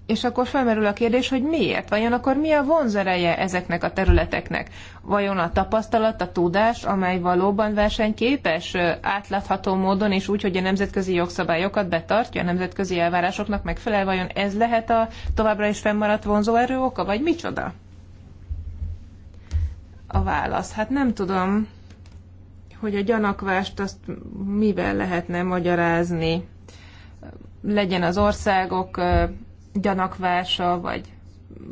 és akkor felmerül a kérdés, hogy miért? Vajon akkor mi a vonzereje ezeknek a területeknek? Vajon a tapasztalat, a tudás, amely valóban versenyképes, átlátható módon és úgy, hogy a nemzetközi jogszabályokat betartja, a nemzetközi elvárásoknak megfelel, vajon ez lehet a továbbra is fennmaradt vonzó erő oka, vagy micsoda? A válasz. Hát nem tudom, hogy a gyanakvást azt mivel lehetne magyarázni legyen az országok gyanakvása, vagy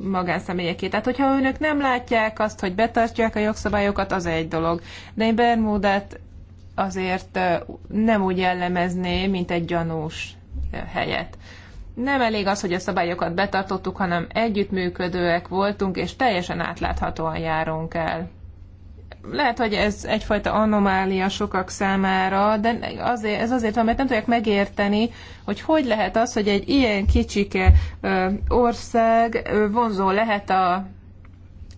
magánszemélyeké. Tehát, hogyha önök nem látják azt, hogy betartják a jogszabályokat, az egy dolog. De én Bermúdát azért nem úgy jellemezném, mint egy gyanús helyet. Nem elég az, hogy a szabályokat betartottuk, hanem együttműködőek voltunk, és teljesen átláthatóan járunk el lehet, hogy ez egyfajta anomália sokak számára, de azért, ez azért van, mert nem tudják megérteni, hogy hogy lehet az, hogy egy ilyen kicsike ország vonzó lehet a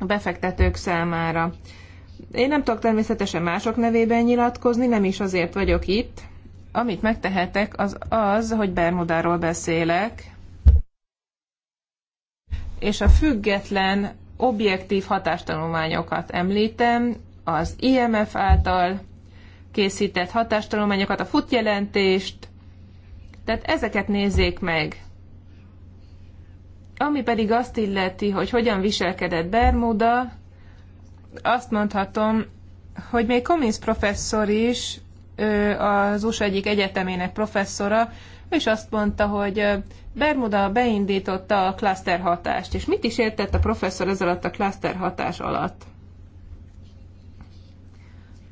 befektetők számára. Én nem tudok természetesen mások nevében nyilatkozni, nem is azért vagyok itt. Amit megtehetek, az az, hogy Bermudáról beszélek, és a független objektív hatástanulmányokat említem, az IMF által készített hatástalományokat, a futjelentést, tehát ezeket nézzék meg. Ami pedig azt illeti, hogy hogyan viselkedett Bermuda, azt mondhatom, hogy még komins professzor is, az USA egyik egyetemének professzora, és azt mondta, hogy Bermuda beindította a cluster hatást. És mit is értett a professzor ez alatt a cluster hatás alatt?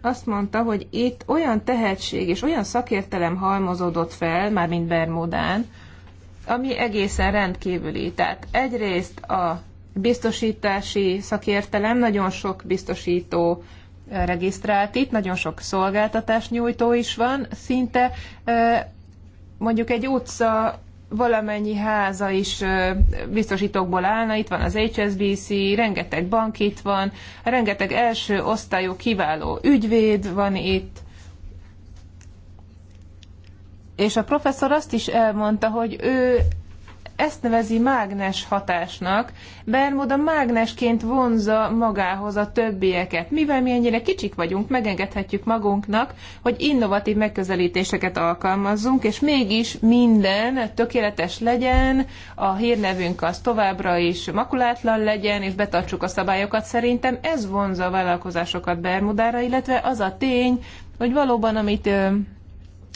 azt mondta, hogy itt olyan tehetség és olyan szakértelem halmozódott fel, már mint Bermudán, ami egészen rendkívüli. Tehát egyrészt a biztosítási szakértelem, nagyon sok biztosító eh, regisztrált itt, nagyon sok szolgáltatás nyújtó is van, szinte eh, mondjuk egy utca valamennyi háza is biztosítókból állna, itt van az HSBC, rengeteg bank itt van, rengeteg első osztályú kiváló ügyvéd van itt, és a professzor azt is elmondta, hogy ő ezt nevezi mágnes hatásnak. Bermuda mágnesként vonza magához a többieket. Mivel mi ennyire kicsik vagyunk, megengedhetjük magunknak, hogy innovatív megközelítéseket alkalmazzunk, és mégis minden tökéletes legyen, a hírnevünk az továbbra is makulátlan legyen, és betartsuk a szabályokat. Szerintem ez vonza a vállalkozásokat Bermudára, illetve az a tény, hogy valóban, amit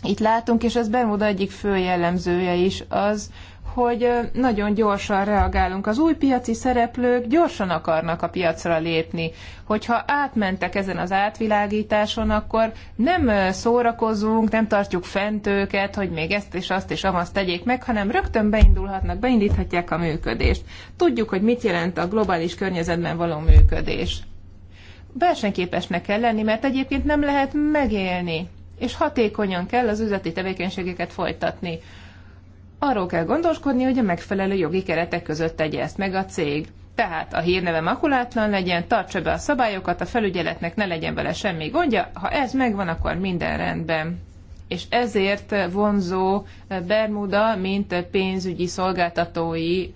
itt látunk, és ez Bermuda egyik fő jellemzője is az, hogy nagyon gyorsan reagálunk. Az új piaci szereplők gyorsan akarnak a piacra lépni. Hogyha átmentek ezen az átvilágításon, akkor nem szórakozunk, nem tartjuk fent őket, hogy még ezt és azt és amazt tegyék meg, hanem rögtön beindulhatnak, beindíthatják a működést. Tudjuk, hogy mit jelent a globális környezetben való működés. Versenyképesnek kell lenni, mert egyébként nem lehet megélni, és hatékonyan kell az üzleti tevékenységeket folytatni arról kell gondoskodni, hogy a megfelelő jogi keretek között tegye ezt meg a cég. Tehát a hírneve makulátlan legyen, tartsa be a szabályokat, a felügyeletnek ne legyen vele semmi gondja, ha ez megvan, akkor minden rendben. És ezért vonzó Bermuda, mint pénzügyi szolgáltatói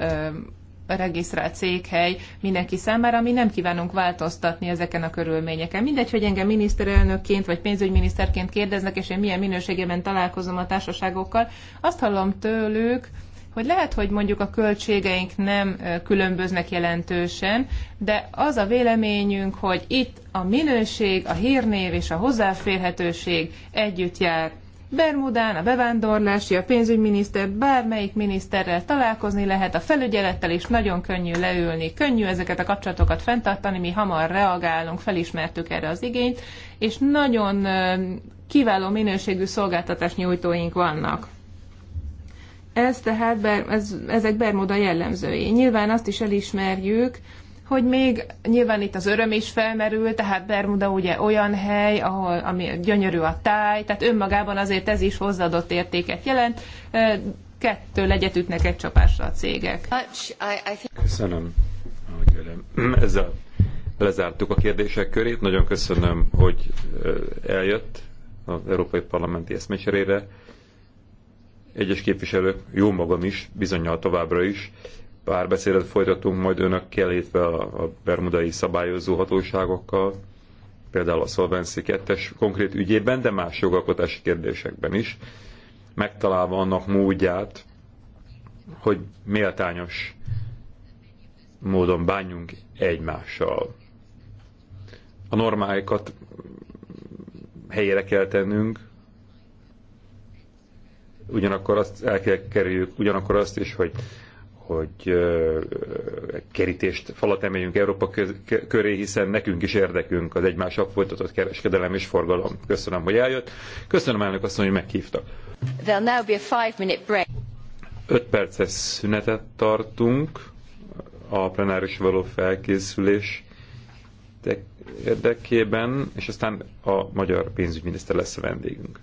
regisztrált székhely mindenki számára, mi nem kívánunk változtatni ezeken a körülményeken. Mindegy, hogy engem miniszterelnökként vagy pénzügyminiszterként kérdeznek, és én milyen minőségében találkozom a társaságokkal, azt hallom tőlük, hogy lehet, hogy mondjuk a költségeink nem különböznek jelentősen, de az a véleményünk, hogy itt a minőség, a hírnév és a hozzáférhetőség együtt jár Bermudán a bevándorlási, a pénzügyminiszter, bármelyik miniszterrel találkozni lehet, a felügyelettel is nagyon könnyű leülni, könnyű ezeket a kapcsolatokat fenntartani, mi hamar reagálunk, felismertük erre az igényt, és nagyon kiváló minőségű szolgáltatás nyújtóink vannak. Ez tehát, ez, ezek Bermuda jellemzői. Nyilván azt is elismerjük, hogy még nyilván itt az öröm is felmerül, tehát Bermuda ugye olyan hely, ahol ami gyönyörű a táj, tehát önmagában azért ez is hozzáadott értéket jelent. Kettő legyet ütnek egy csapásra a cégek. Köszönöm, Ezzel lezártuk a kérdések körét. Nagyon köszönöm, hogy eljött az Európai Parlamenti eszmecserére. Egyes képviselők, jó magam is, bizonyal továbbra is párbeszédet folytatunk majd önökkel, illetve a bermudai szabályozó hatóságokkal, például a Solvency 2 konkrét ügyében, de más jogalkotási kérdésekben is, megtalálva annak módját, hogy méltányos módon bánjunk egymással. A normáikat helyére kell tennünk, ugyanakkor azt el kell kerüljük, ugyanakkor azt is, hogy hogy kerítést, falat emeljünk Európa köré, hiszen nekünk is érdekünk az egymással folytatott kereskedelem és forgalom. Köszönöm, hogy eljött. Köszönöm elnök azt, hogy meghívtak. now be a break. Öt perces szünetet tartunk a plenáris való felkészülés érdekében, és aztán a magyar pénzügyminiszter lesz a vendégünk.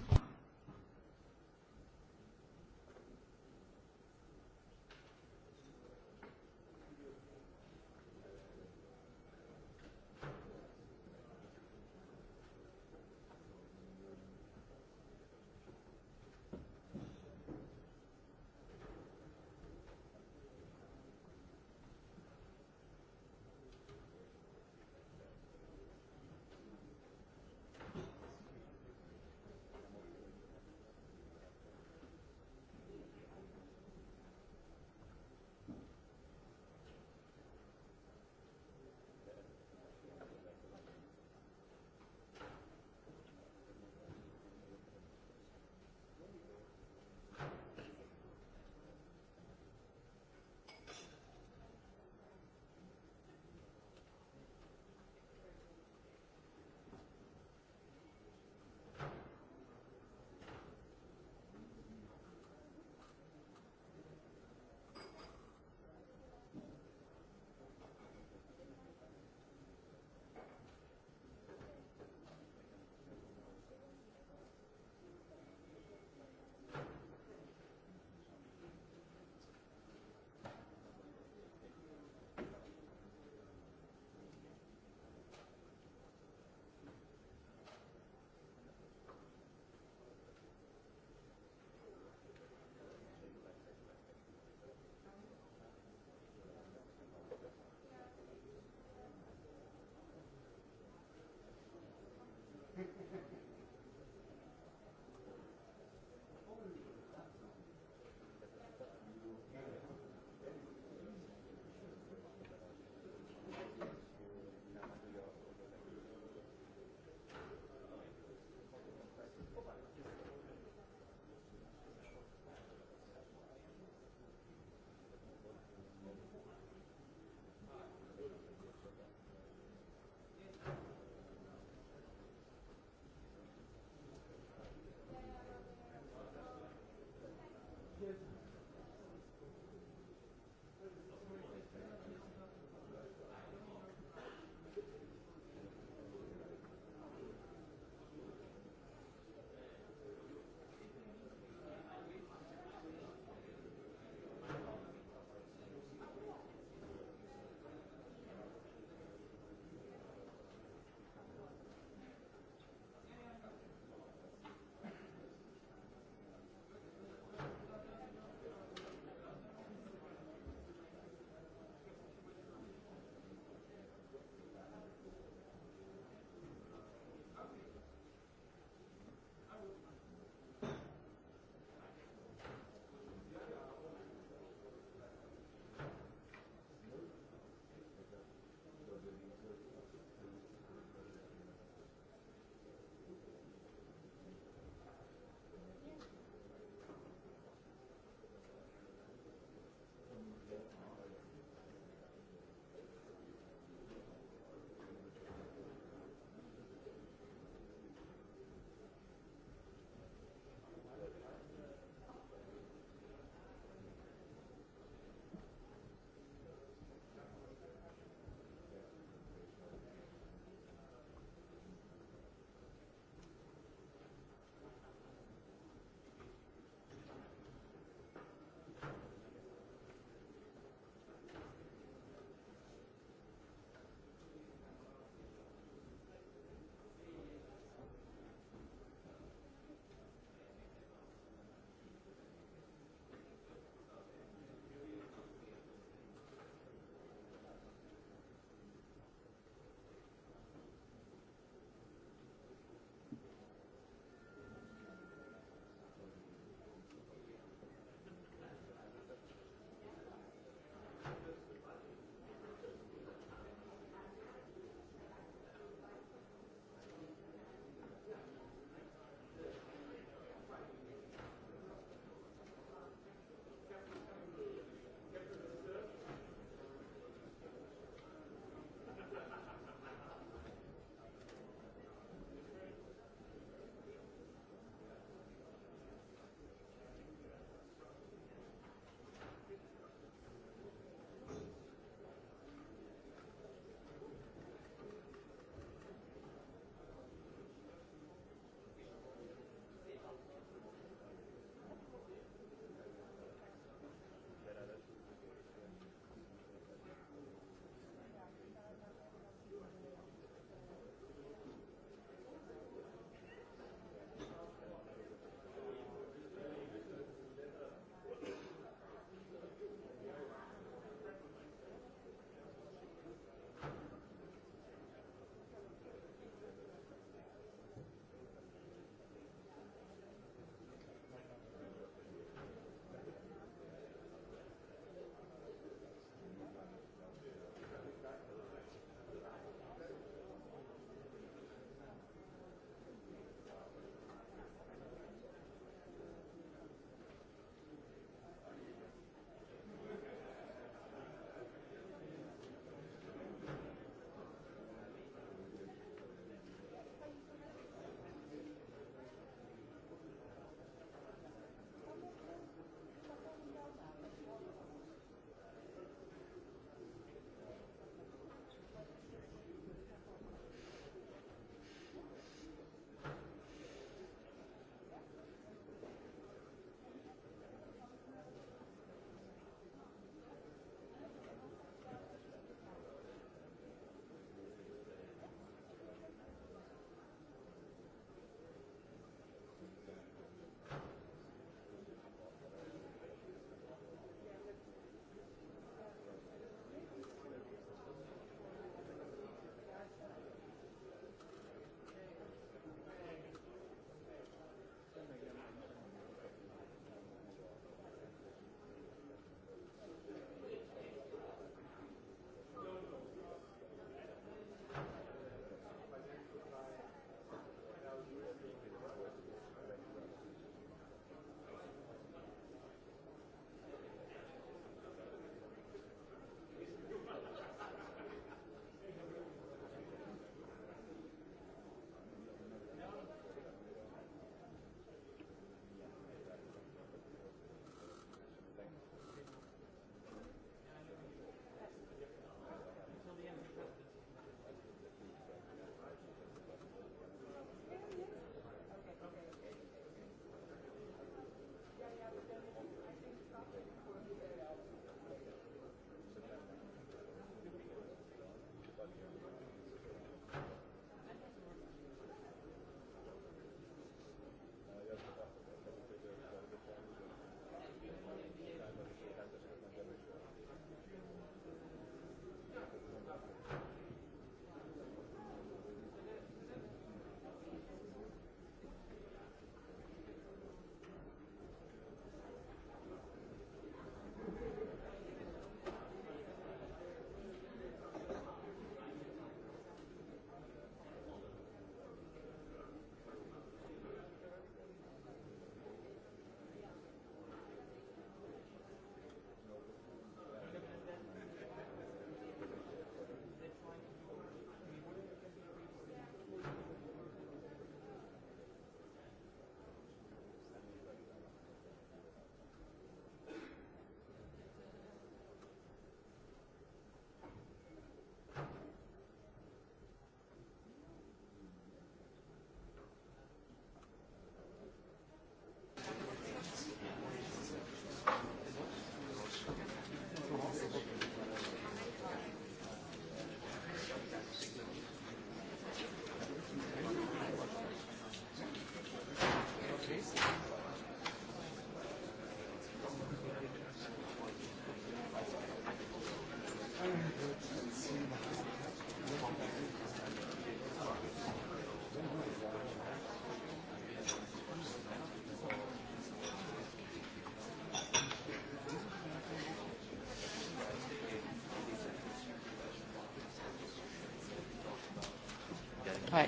Uh,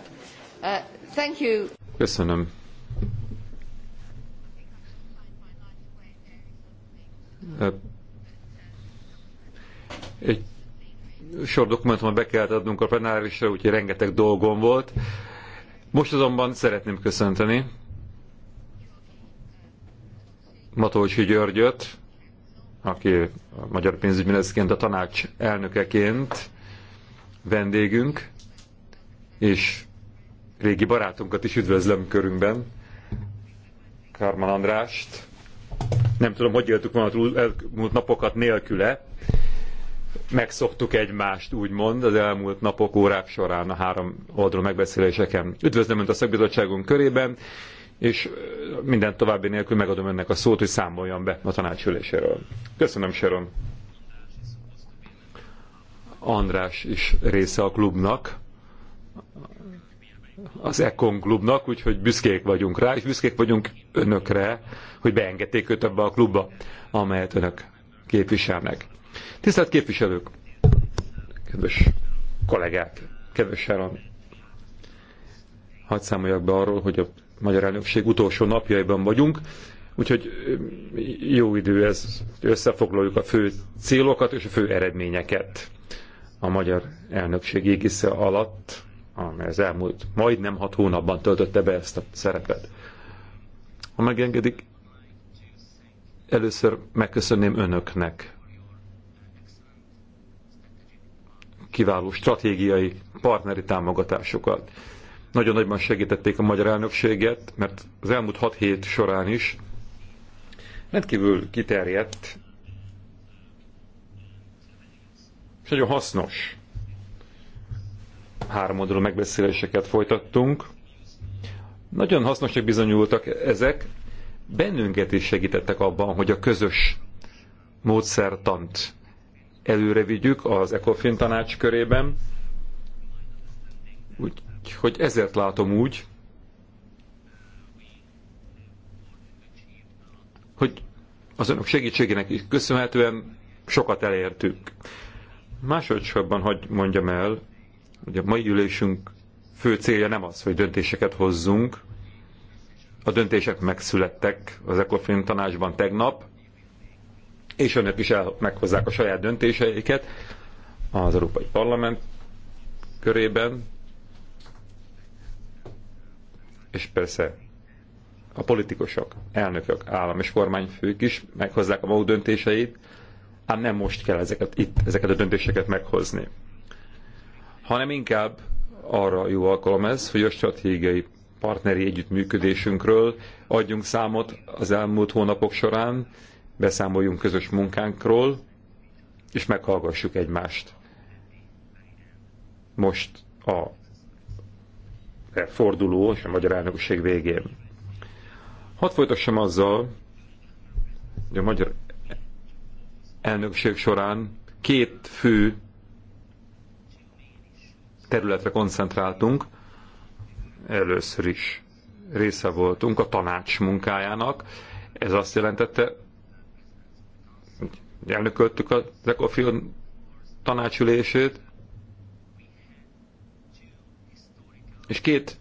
Köszönöm. Egy sor dokumentumot be kellett adnunk a plenárisra, úgyhogy rengeteg dolgom volt. Most azonban szeretném köszönteni Matolcsi Györgyöt, aki a magyar pénzügyminiszterként, a tanács elnökeként vendégünk és régi barátunkat is üdvözlöm körünkben, Karman Andrást. Nem tudom, hogy éltük volna elmúlt napokat nélküle. Megszoktuk egymást, úgymond, az elmúlt napok, órák során a három oldalú megbeszéléseken. Üdvözlöm Önt a szakbizottságunk körében, és minden további nélkül megadom Önnek a szót, hogy számoljon be a tanácsüléséről. Köszönöm, Sharon. András is része a klubnak az Econ klubnak, úgyhogy büszkék vagyunk rá, és büszkék vagyunk önökre, hogy beengedték őt ebbe a klubba, amelyet önök képviselnek. Tisztelt képviselők, kedves kollégák, kedves Sáron, hadd számoljak be arról, hogy a magyar elnökség utolsó napjaiban vagyunk, úgyhogy eh, jó idő ez, összefoglaljuk a fő célokat és a fő eredményeket a magyar elnökség égisze alatt amely ah, az elmúlt majdnem hat hónapban töltötte be ezt a szerepet. Ha megengedik, először megköszönném önöknek kiváló stratégiai partneri támogatásokat. Nagyon nagyban segítették a magyar elnökséget, mert az elmúlt hat hét során is rendkívül kiterjedt és nagyon hasznos háromoldalú megbeszéléseket folytattunk. Nagyon hasznosak bizonyultak ezek, bennünket is segítettek abban, hogy a közös módszertant előre vigyük az ECOFIN tanács körében. Úgyhogy ezért látom úgy, hogy az önök segítségének is köszönhetően sokat elértünk. Másodszorban, hogy mondjam el, Ugye a mai ülésünk fő célja nem az, hogy döntéseket hozzunk. A döntések megszülettek az ECOFIN tanácsban tegnap, és önök is el, meghozzák a saját döntéseiket az Európai Parlament körében, és persze a politikusok, elnökök, állam és kormányfők is meghozzák a maguk döntéseit, ám nem most kell ezeket, itt, ezeket a döntéseket meghozni hanem inkább arra jó alkalom ez, hogy a stratégiai partneri együttműködésünkről adjunk számot az elmúlt hónapok során, beszámoljunk közös munkánkról, és meghallgassuk egymást. Most a forduló és a magyar elnökség végén. Hadd folytassam azzal, hogy a magyar elnökség során két fő területre koncentráltunk, először is része voltunk a tanács munkájának. Ez azt jelentette, hogy elnököltük a Ecofield tanácsülését, és két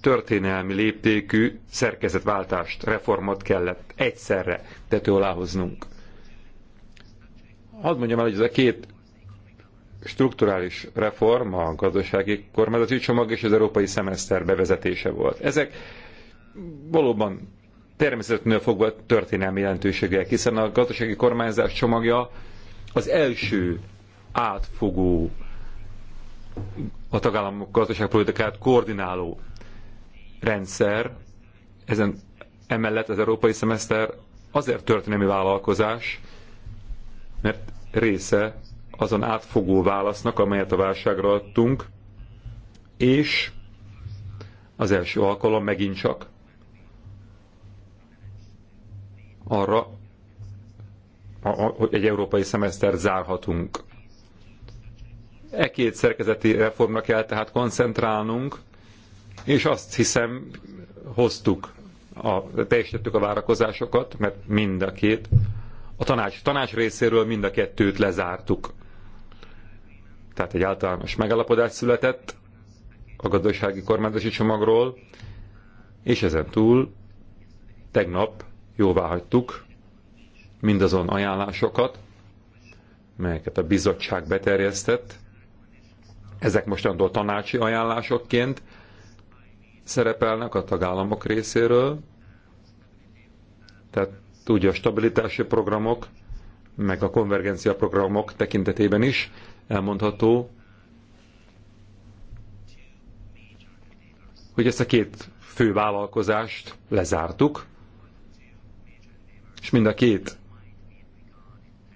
történelmi léptékű szerkezetváltást, reformot kellett egyszerre tető aláhoznunk. Hadd mondjam el, hogy ez a két strukturális reform, a gazdasági kormányzati csomag és az európai szemeszter bevezetése volt. Ezek valóban természetnél fogva történelmi jelentőségűek, hiszen a gazdasági kormányzás csomagja az első átfogó a tagállamok gazdaságpolitikát koordináló rendszer, ezen emellett az európai szemeszter azért történelmi vállalkozás, mert része azon átfogó válasznak, amelyet a válságra adtunk, és az első alkalom megint csak arra, hogy egy európai szemeszter zárhatunk. E két szerkezeti reformra kell tehát koncentrálnunk, és azt hiszem hoztuk, a, teljesítettük a várakozásokat, mert mind a két, a tanács, tanács részéről mind a kettőt lezártuk tehát egy általános megalapodás született a gazdasági kormányzási csomagról, és ezen túl tegnap jóvá hagytuk mindazon ajánlásokat, melyeket a bizottság beterjesztett. Ezek mostantól tanácsi ajánlásokként szerepelnek a tagállamok részéről, tehát úgy a stabilitási programok, meg a konvergencia programok tekintetében is elmondható, hogy ezt a két fő vállalkozást lezártuk, és mind a két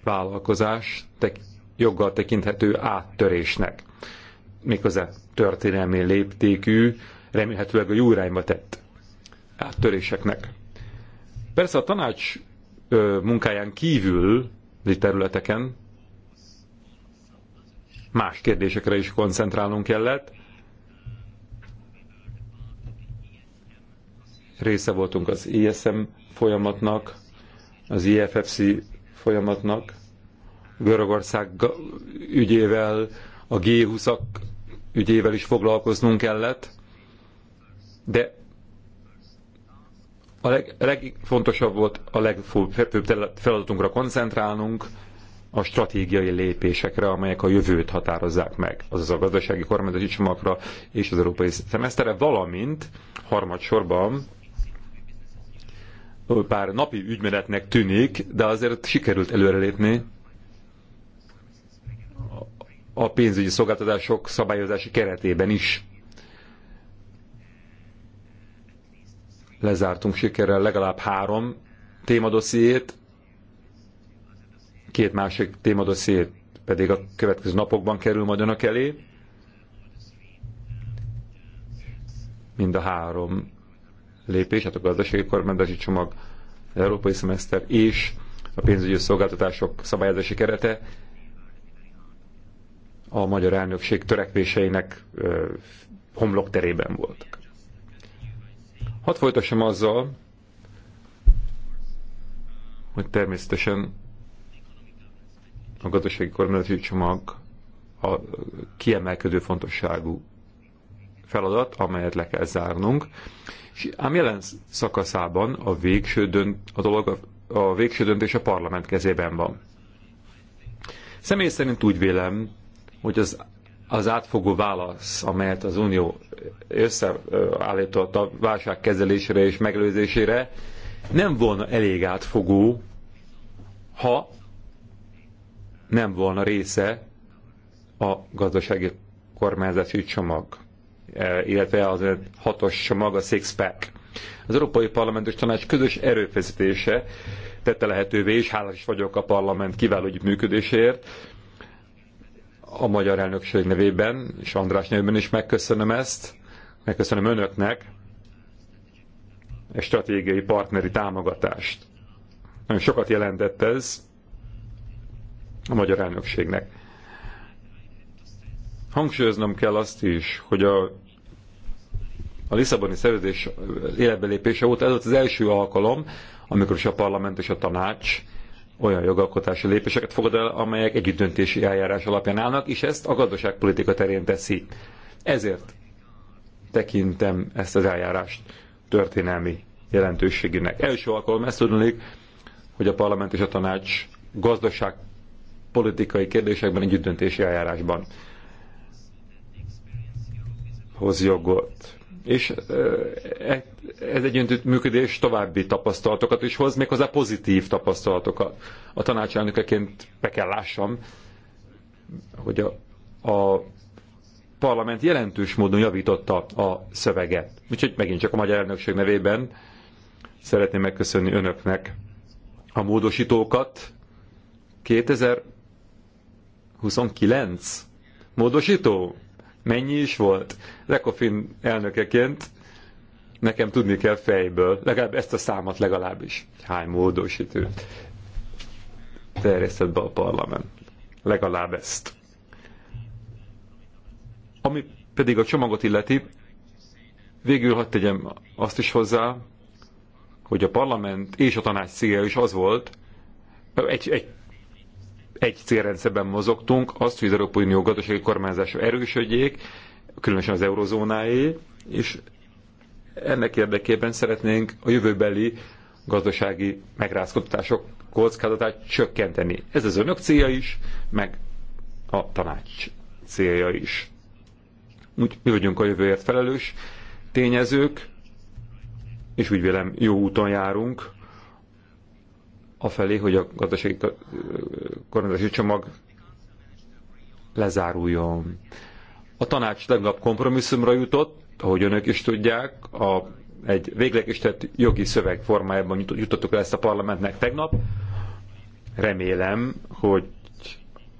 vállalkozás tek, joggal tekinthető áttörésnek, méghozzá történelmi léptékű, remélhetőleg a jó irányba tett áttöréseknek. Persze a tanács ö, munkáján kívül területeken más kérdésekre is koncentrálnunk kellett. Része voltunk az ISM folyamatnak, az IFFC folyamatnak, Görögország ügyével, a G20-ak ügyével is foglalkoznunk kellett, de a leg, legfontosabb volt, a legfőbb feladatunkra koncentrálnunk, a stratégiai lépésekre, amelyek a jövőt határozzák meg, azaz a gazdasági kormányzati csomagra és az európai szemeszterre, valamint harmadsorban pár napi ügymenetnek tűnik, de azért sikerült előrelépni a pénzügyi szolgáltatások szabályozási keretében is. Lezártunk sikerrel legalább három témadossziét, Két másik témadossziét pedig a következő napokban kerül majd önök elé. Mind a három lépés, hát a gazdasági kormányzási csomag, az európai szemeszter és a pénzügyi szolgáltatások szabályozási kerete a magyar elnökség törekvéseinek homlokterében voltak. Hadd folytassam azzal, hogy természetesen a gazdasági kormányzati csomag a kiemelkedő fontosságú feladat, amelyet le kell zárnunk. És ám jelen szakaszában a végső, dönt, a dolog, a végső döntés a parlament kezében van. Személy szerint úgy vélem, hogy az, az átfogó válasz, amelyet az Unió összeállított a kezelésére és megelőzésére, nem volna elég átfogó, ha nem volna része a gazdasági kormányzási csomag, e, illetve az hatos csomag, a six-pack. Az Európai Parlamentos Tanács közös erőfeszítése tette lehetővé, és hálás is vagyok a parlament kiváló működéséért, a magyar elnökség nevében, és András nevében is megköszönöm ezt, megköszönöm önöknek a stratégiai partneri támogatást. Nagyon sokat jelentett ez, a magyar elnökségnek. Hangsúlyoznom kell azt is, hogy a, a Lisszaboni szerződés életbelépése óta ez volt az első alkalom, amikor is a parlament és a tanács olyan jogalkotási lépéseket fogad el, amelyek együttdöntési eljárás alapján állnak, és ezt a gazdaságpolitika terén teszi. Ezért tekintem ezt az eljárást történelmi jelentőségének. Első alkalom ezt tudnék, hogy a parlament és a tanács gazdaság politikai kérdésekben együttdöntési eljárásban hoz jogot. És e, ez egy működés további tapasztalatokat is hoz, méghozzá pozitív tapasztalatokat. A tanácselnökeként be kell lássam, hogy a, a parlament jelentős módon javította a szöveget. Úgyhogy megint csak a magyar elnökség nevében szeretném megköszönni önöknek a módosítókat. 2000 29 módosító? Mennyi is volt? Lekofin elnökeként nekem tudni kell fejből, legalább ezt a számot legalábbis. Hány módosító? terjesztett be a parlament. Legalább ezt. Ami pedig a csomagot illeti, végül hadd tegyem azt is hozzá, hogy a parlament és a tanács célja is az volt, egy, egy egy célrendszerben mozogtunk, azt, hogy az Európai Unió gazdasági kormányzása erősödjék, különösen az eurozónáé, és ennek érdekében szeretnénk a jövőbeli gazdasági megrázkodások kockázatát csökkenteni. Ez az önök célja is, meg a tanács célja is. Úgy mi vagyunk a jövőért felelős tényezők, és úgy vélem jó úton járunk, afelé, hogy a gazdasági kormányzási csomag lezáruljon. A tanács legnagyobb kompromisszumra jutott, ahogy önök is tudják, a, egy véglegesített jogi szöveg formájában jutottuk el ezt a parlamentnek tegnap. Remélem, hogy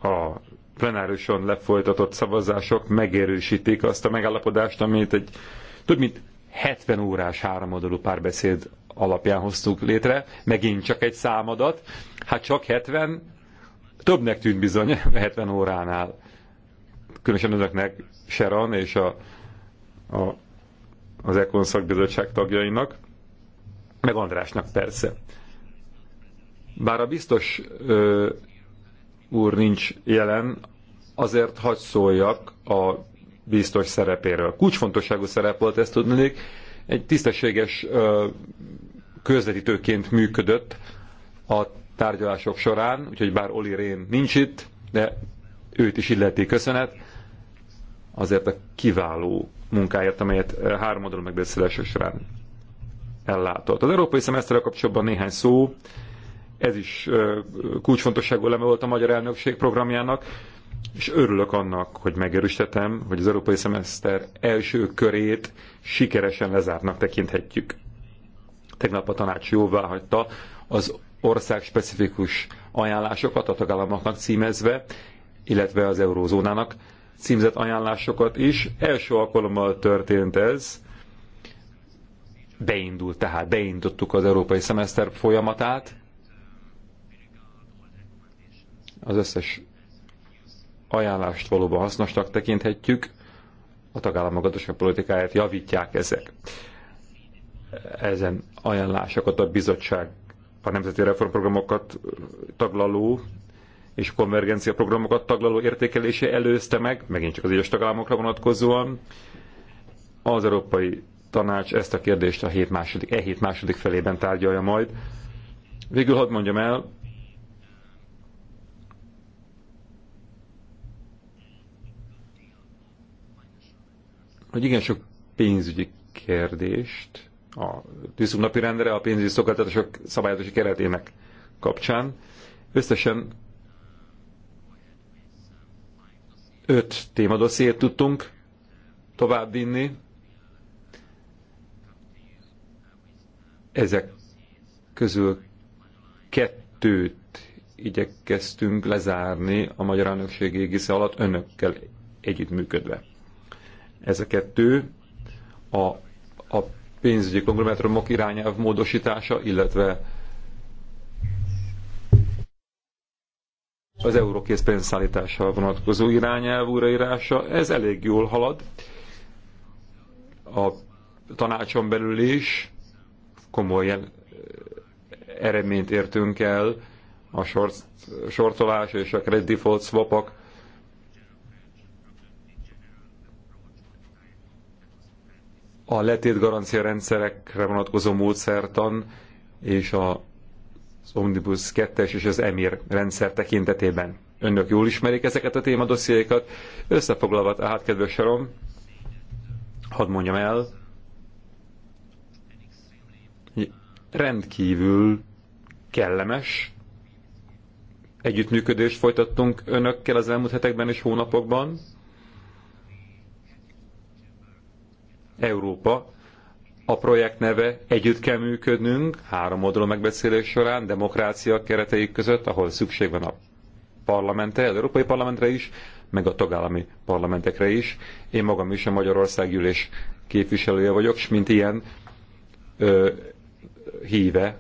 a plenárison lefolytatott szavazások megerősítik azt a megállapodást, amit egy több mint 70 órás háromoldalú párbeszéd alapján hoztuk létre, megint csak egy számadat, hát csak 70, többnek tűnt bizony 70 óránál. Különösen önöknek, Sharon és a, a, az Ekon szakbizottság tagjainak, meg Andrásnak persze. Bár a biztos ö, úr nincs jelen, azért hagy szóljak a biztos szerepéről. Kulcsfontosságú szerep volt, ezt tudnék, egy tisztességes közvetítőként működött a tárgyalások során, úgyhogy bár Oli Rén nincs itt, de őt is illeti köszönet azért a kiváló munkáért, amelyet három oldalon megbeszélések során ellátott. Az európai szemeszterrel kapcsolatban néhány szó, ez is kulcsfontosságú eleme volt a magyar elnökség programjának és örülök annak, hogy megerősítettem, hogy az európai szemeszter első körét sikeresen lezártnak tekinthetjük. Tegnap a tanács jóvá hagyta az ország specifikus ajánlásokat a tagállamoknak címezve, illetve az eurózónának címzett ajánlásokat is. Első alkalommal történt ez, beindult tehát, beindultuk az európai szemeszter folyamatát, az összes ajánlást valóban hasznosnak tekinthetjük, a tagállamok gazdaság politikáját javítják ezek. Ezen ajánlásokat a bizottság a nemzeti reformprogramokat taglaló és konvergencia programokat taglaló értékelése előzte meg, megint csak az egyes tagállamokra vonatkozóan. Az Európai Tanács ezt a kérdést a hét második, e hét második felében tárgyalja majd. Végül hadd mondjam el, hogy igen sok pénzügyi kérdést a tűzszum napi rendre a pénzügyi szolgáltatások szabályozási keretének kapcsán. Összesen öt témadossziét tudtunk továbbvinni. Ezek közül kettőt igyekeztünk lezárni a magyar elnökség égisze alatt önökkel együttműködve. Ez a kettő a, a pénzügyi konglomerátumok irányelv módosítása, illetve az eurókész pénzszállítással vonatkozó irányelv újraírása, ez elég jól halad. A tanácson belül is komoly eredményt értünk el a short, shortolás és a credit default swapok a letét garancia rendszerekre vonatkozó módszertan és a, az Omnibus 2 és az EMIR rendszer tekintetében. Önök jól ismerik ezeket a témadossziékat. Összefoglalva, hát kedves Sarom, hadd mondjam el, rendkívül kellemes együttműködést folytattunk önökkel az elmúlt hetekben és hónapokban Európa, a projekt neve együtt kell működnünk, három oldalú megbeszélés során, demokrácia keretei között, ahol szükség van a parlamentre, az Európai Parlamentre is, meg a tagállami parlamentekre is. Én magam is a Magyarország gyűlés képviselője vagyok, és mint ilyen ö, híve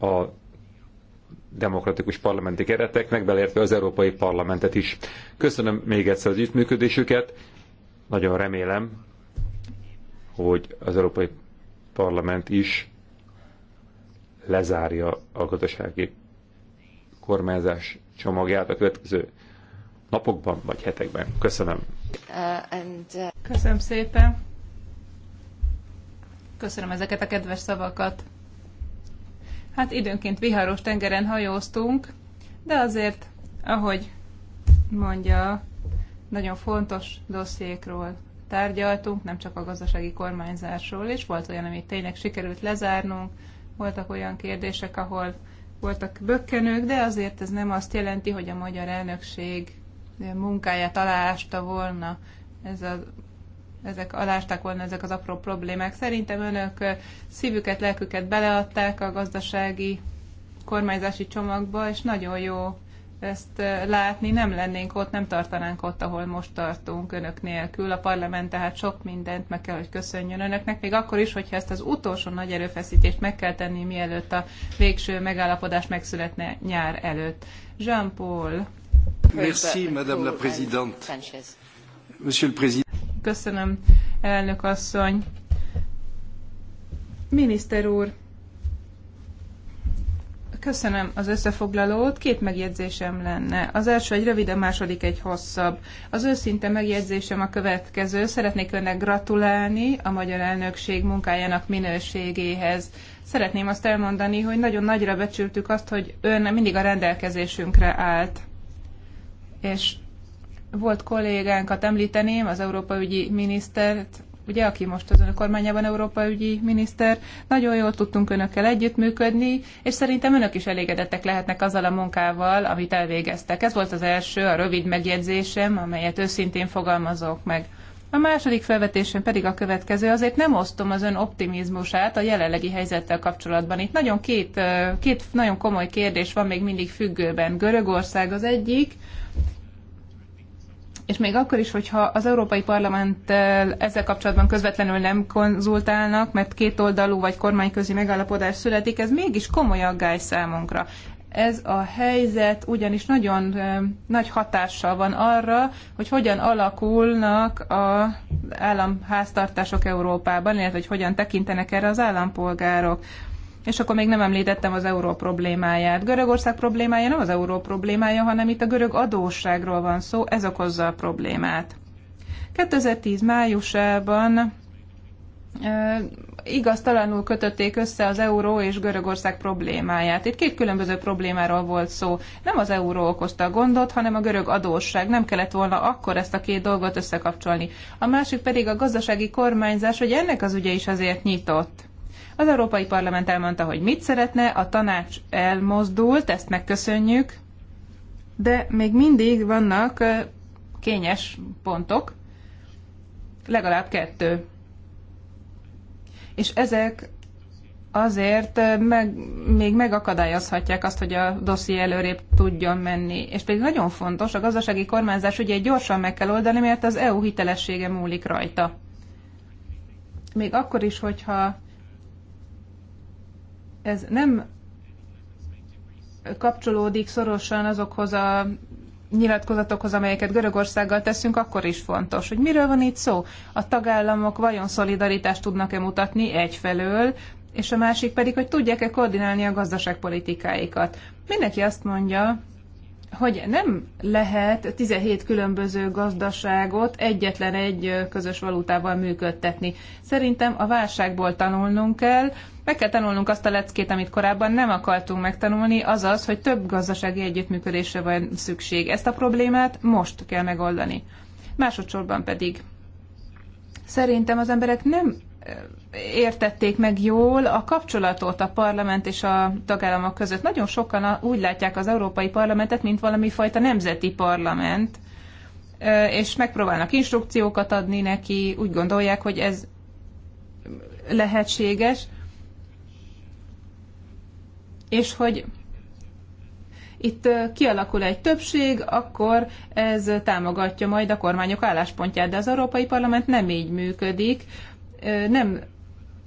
a demokratikus parlamenti kereteknek, beleértve az Európai Parlamentet is. Köszönöm még egyszer az együttműködésüket, nagyon remélem, hogy az Európai Parlament is lezárja a gazdasági kormányzás csomagját a következő napokban vagy hetekben. Köszönöm. Uh, uh, Köszönöm szépen. Köszönöm ezeket a kedves szavakat. Hát időnként viharos tengeren hajóztunk, de azért, ahogy mondja, nagyon fontos dossziékról tárgyaltunk, nem csak a gazdasági kormányzásról is, volt olyan, amit tényleg sikerült lezárnunk, voltak olyan kérdések, ahol voltak bökkenők, de azért ez nem azt jelenti, hogy a magyar elnökség munkáját aláásta volna ez a ezek alásták volna ezek az apró problémák. Szerintem önök szívüket, lelküket beleadták a gazdasági kormányzási csomagba, és nagyon jó ezt eh, látni, nem lennénk ott, nem tartanánk ott, ahol most tartunk önök nélkül. A parlament tehát sok mindent meg kell, hogy köszönjön önöknek, még akkor is, hogyha ezt az utolsó nagy erőfeszítést meg kell tenni, mielőtt a végső megállapodás megszületne nyár előtt. Jean-Paul. Merci, Madame la Présidente. Monsieur le Président. Köszönöm, elnök asszony. Miniszter úr, Köszönöm az összefoglalót. Két megjegyzésem lenne. Az első egy rövid, a második egy hosszabb. Az őszinte megjegyzésem a következő. Szeretnék önnek gratulálni a magyar elnökség munkájának minőségéhez. Szeretném azt elmondani, hogy nagyon nagyra becsültük azt, hogy ön mindig a rendelkezésünkre állt. És volt kollégánkat említeném, az Európa ügyi minisztert, ugye, aki most az önök kormányában Európa ügyi miniszter, nagyon jól tudtunk önökkel együttműködni, és szerintem önök is elégedettek lehetnek azzal a munkával, amit elvégeztek. Ez volt az első, a rövid megjegyzésem, amelyet őszintén fogalmazok meg. A második felvetésem pedig a következő, azért nem osztom az ön optimizmusát a jelenlegi helyzettel kapcsolatban. Itt nagyon két, két nagyon komoly kérdés van még mindig függőben. Görögország az egyik, és még akkor is, hogyha az Európai parlament ezzel kapcsolatban közvetlenül nem konzultálnak, mert kétoldalú vagy kormányközi megállapodás születik, ez mégis komoly aggály számunkra. Ez a helyzet ugyanis nagyon nagy hatással van arra, hogy hogyan alakulnak az államháztartások Európában, illetve hogy hogyan tekintenek erre az állampolgárok. És akkor még nem említettem az euró problémáját. Görögország problémája nem az euró problémája, hanem itt a görög adósságról van szó, ez okozza a problémát. 2010 májusában e, igaztalanul kötötték össze az euró és Görögország problémáját. Itt két különböző problémáról volt szó. Nem az euró okozta a gondot, hanem a görög adósság. Nem kellett volna akkor ezt a két dolgot összekapcsolni. A másik pedig a gazdasági kormányzás, hogy ennek az ügye is azért nyitott az Európai Parlament elmondta, hogy mit szeretne, a tanács elmozdult, ezt megköszönjük, de még mindig vannak kényes pontok, legalább kettő. És ezek azért meg, még megakadályozhatják azt, hogy a dosszi előrébb tudjon menni. És pedig nagyon fontos, a gazdasági kormányzás ugye gyorsan meg kell oldani, mert az EU hitelessége múlik rajta. Még akkor is, hogyha ez nem kapcsolódik szorosan azokhoz a nyilatkozatokhoz, amelyeket Görögországgal teszünk, akkor is fontos, hogy miről van itt szó. A tagállamok vajon szolidaritást tudnak-e mutatni egyfelől, és a másik pedig, hogy tudják-e koordinálni a gazdaságpolitikáikat. Mindenki azt mondja, hogy nem lehet 17 különböző gazdaságot egyetlen egy közös valutával működtetni. Szerintem a válságból tanulnunk kell, meg kell tanulnunk azt a leckét, amit korábban nem akartunk megtanulni, azaz, hogy több gazdasági együttműködésre van szükség. Ezt a problémát most kell megoldani. Másodszorban pedig szerintem az emberek nem eh, értették meg jól a kapcsolatot a parlament és a tagállamok között. Nagyon sokan úgy látják az Európai Parlamentet, mint valami fajta nemzeti parlament, eh, és megpróbálnak instrukciókat adni neki, úgy gondolják, hogy ez lehetséges, és hogy itt kialakul egy többség, akkor ez támogatja majd a kormányok álláspontját, de az Európai Parlament nem így működik, nem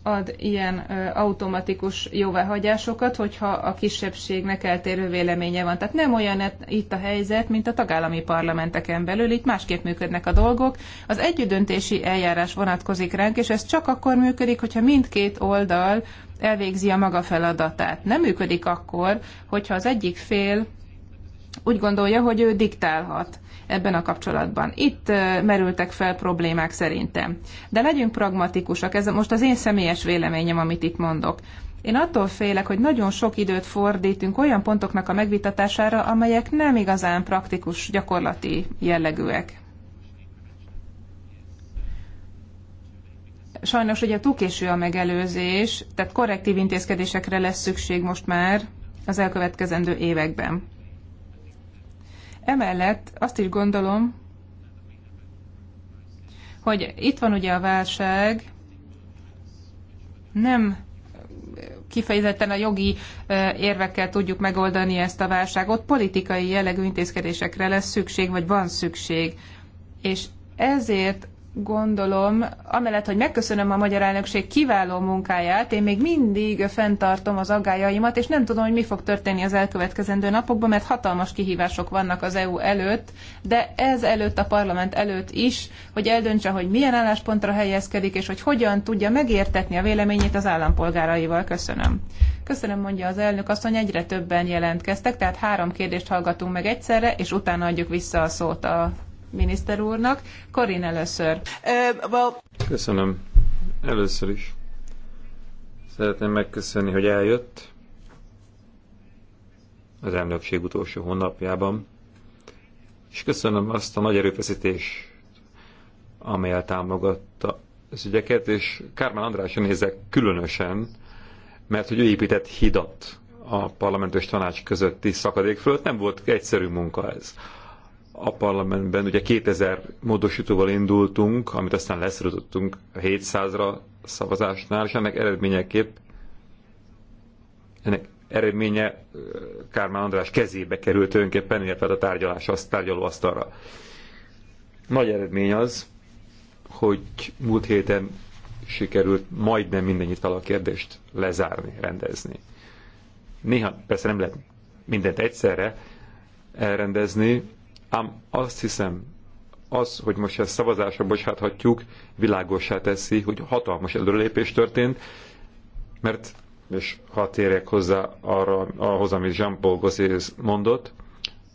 ad ilyen automatikus jóváhagyásokat, hogyha a kisebbségnek eltérő véleménye van. Tehát nem olyan itt a helyzet, mint a tagállami parlamenteken belül, itt másképp működnek a dolgok. Az együttdöntési eljárás vonatkozik ránk, és ez csak akkor működik, hogyha mindkét oldal elvégzi a maga feladatát. Nem működik akkor, hogyha az egyik fél úgy gondolja, hogy ő diktálhat ebben a kapcsolatban. Itt merültek fel problémák szerintem. De legyünk pragmatikusak, ez most az én személyes véleményem, amit itt mondok. Én attól félek, hogy nagyon sok időt fordítunk olyan pontoknak a megvitatására, amelyek nem igazán praktikus, gyakorlati jellegűek. Sajnos ugye túl késő a megelőzés, tehát korrektív intézkedésekre lesz szükség most már az elkövetkezendő években. Emellett azt is gondolom, hogy itt van ugye a válság, nem kifejezetten a jogi érvekkel tudjuk megoldani ezt a válságot, politikai jellegű intézkedésekre lesz szükség, vagy van szükség. És ezért gondolom, amellett, hogy megköszönöm a magyar elnökség kiváló munkáját, én még mindig fenntartom az aggájaimat, és nem tudom, hogy mi fog történni az elkövetkezendő napokban, mert hatalmas kihívások vannak az EU előtt, de ez előtt a parlament előtt is, hogy eldöntse, hogy milyen álláspontra helyezkedik, és hogy hogyan tudja megértetni a véleményét az állampolgáraival. Köszönöm. Köszönöm, mondja az elnök asszony, egyre többen jelentkeztek, tehát három kérdést hallgatunk meg egyszerre, és utána adjuk vissza a szót a miniszter úrnak. Karin először. Köszönöm. Először is. Szeretném megköszönni, hogy eljött az elnökség utolsó hónapjában, és köszönöm azt a nagy erőfeszítést, amelyel támogatta az ügyeket, és Kármán Andrásra nézek különösen, mert hogy ő épített hidat a parlamentős tanács közötti szakadék fölött, nem volt egyszerű munka ez a parlamentben ugye 2000 módosítóval indultunk, amit aztán leszerűtöttünk 700-ra szavazásnál, és ennek eredményeképp ennek eredménye Kármán András kezébe került önképpen, illetve hát a tárgyalás azt asztalra. Nagy eredmény az, hogy múlt héten sikerült majdnem minden a kérdést lezárni, rendezni. Néha persze nem lehet mindent egyszerre elrendezni, Ám azt hiszem, az, hogy most ezt szavazásra bocsáthatjuk, világossá teszi, hogy hatalmas előrelépés történt, mert, és ha térjek hozzá arra, ahhoz, amit Jean-Paul Gossés mondott,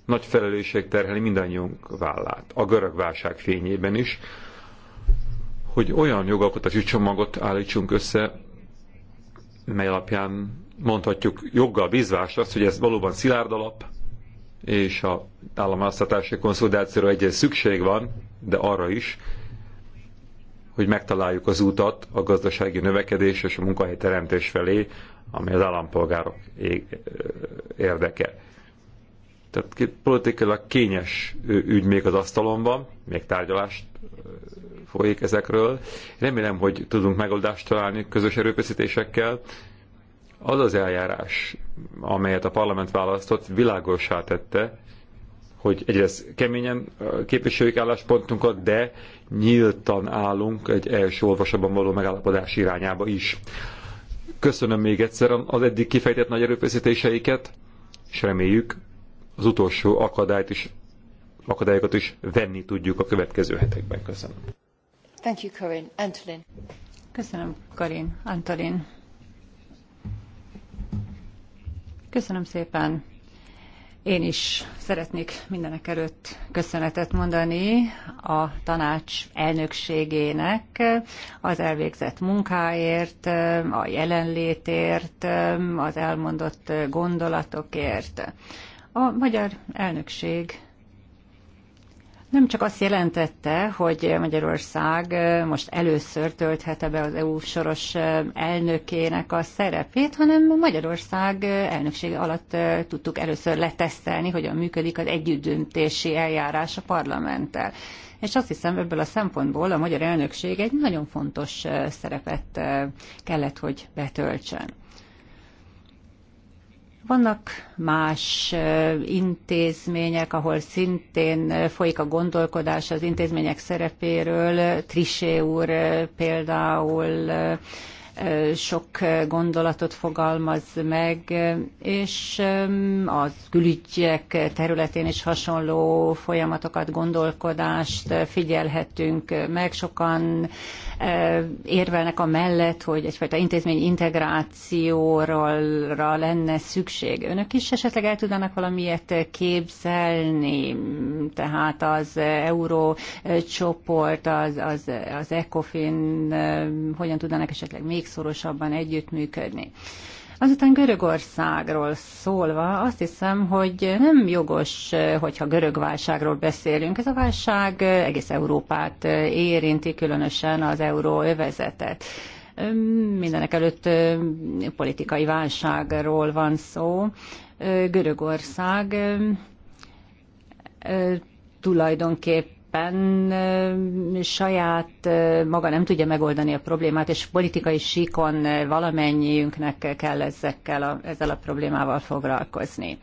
nagy felelősség terheli mindannyiunk vállát, a görög válság fényében is, hogy olyan jogalkotási csomagot állítsunk össze, mely alapján mondhatjuk joggal bízvást azt, hogy ez valóban szilárd alap, és a államháztatási konszolidációra egyes szükség van, de arra is, hogy megtaláljuk az útat a gazdasági növekedés és a munkahely teremtés felé, ami az állampolgárok érdeke. Tehát politikailag kényes ügy még az asztalon van, még tárgyalást folyik ezekről. Remélem, hogy tudunk megoldást találni közös erőpeszítésekkel. Az az eljárás, amelyet a parlament választott, világosá tette, hogy egyrészt keményen képviseljük álláspontunkat, de nyíltan állunk egy első olvasatban való megállapodás irányába is. Köszönöm még egyszer az eddig kifejtett nagy erőfeszítéseiket, és reméljük az utolsó akadályt is, akadályokat is venni tudjuk a következő hetekben. Köszönöm. Thank you, Karin Antolin. Köszönöm, Karin. Antolin. Köszönöm szépen. Én is szeretnék mindenek előtt köszönetet mondani a tanács elnökségének az elvégzett munkáért, a jelenlétért, az elmondott gondolatokért. A magyar elnökség nem csak azt jelentette, hogy Magyarország most először tölthette be az EU soros elnökének a szerepét, hanem Magyarország elnöksége alatt tudtuk először letesztelni, hogyan működik az együttdöntési eljárás a parlamenttel. És azt hiszem, ebből a szempontból a magyar elnökség egy nagyon fontos szerepet kellett, hogy betöltsön. Vannak más intézmények, ahol szintén folyik a gondolkodás az intézmények szerepéről. Trisé úr például sok gondolatot fogalmaz meg, és az külügyek területén is hasonló folyamatokat, gondolkodást figyelhetünk meg. Sokan érvelnek a mellett, hogy egyfajta intézmény integrációra lenne szükség. Önök is esetleg el tudnának valamilyet képzelni, tehát az euró csoport, az, az, az ECOFIN hogyan tudnának esetleg még szorosabban együttműködni. Azután Görögországról szólva azt hiszem, hogy nem jogos, hogyha görög válságról beszélünk. Ez a válság egész Európát érinti, különösen az euróövezetet. Mindenek előtt politikai válságról van szó. Görögország tulajdonképpen éppen saját maga nem tudja megoldani a problémát, és politikai síkon valamennyiünknek kell ezekkel a, ezzel a problémával foglalkozni.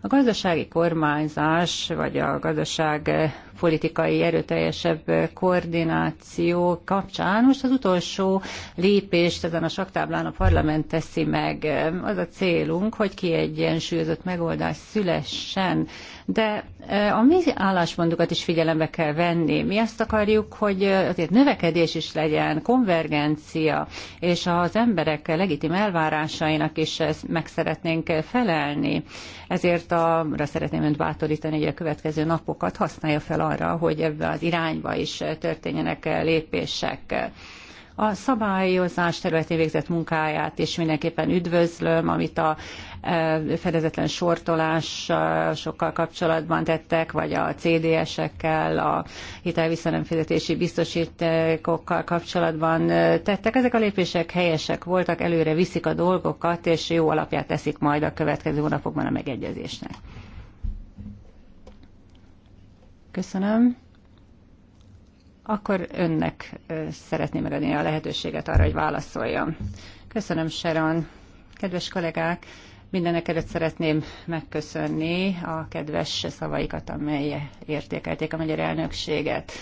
A gazdasági kormányzás, vagy a gazdaság politikai erőteljesebb koordináció kapcsán. Most az utolsó lépést ezen a saktáblán a parlament teszi meg. Az a célunk, hogy kiegyensúlyozott megoldás szülessen, de e, a mi álláspontokat is figyelembe kell venni. Mi azt akarjuk, hogy e, azért növekedés is legyen, konvergencia, és az emberek legitim elvárásainak is meg szeretnénk felelni. Ezért arra szeretném önt bátorítani, hogy a következő napokat használja fel arra, hogy ebbe az irányba is történjenek lépések. A szabályozás területén végzett munkáját is mindenképpen üdvözlöm, amit a e, fedezetlen sortolásokkal kapcsolatban tettek, vagy a CDS-ekkel, a hitelvisszanemfizetési biztosítékokkal kapcsolatban e, tettek. Ezek a lépések helyesek voltak, előre viszik a dolgokat, és jó alapját teszik majd a következő hónapokban a megegyezésnek. Köszönöm. Akkor önnek szeretném megadni a lehetőséget arra, hogy válaszoljon. Köszönöm, Sharon. Kedves kollégák, mindenek előtt szeretném megköszönni a kedves szavaikat, amely értékelték a magyar elnökséget.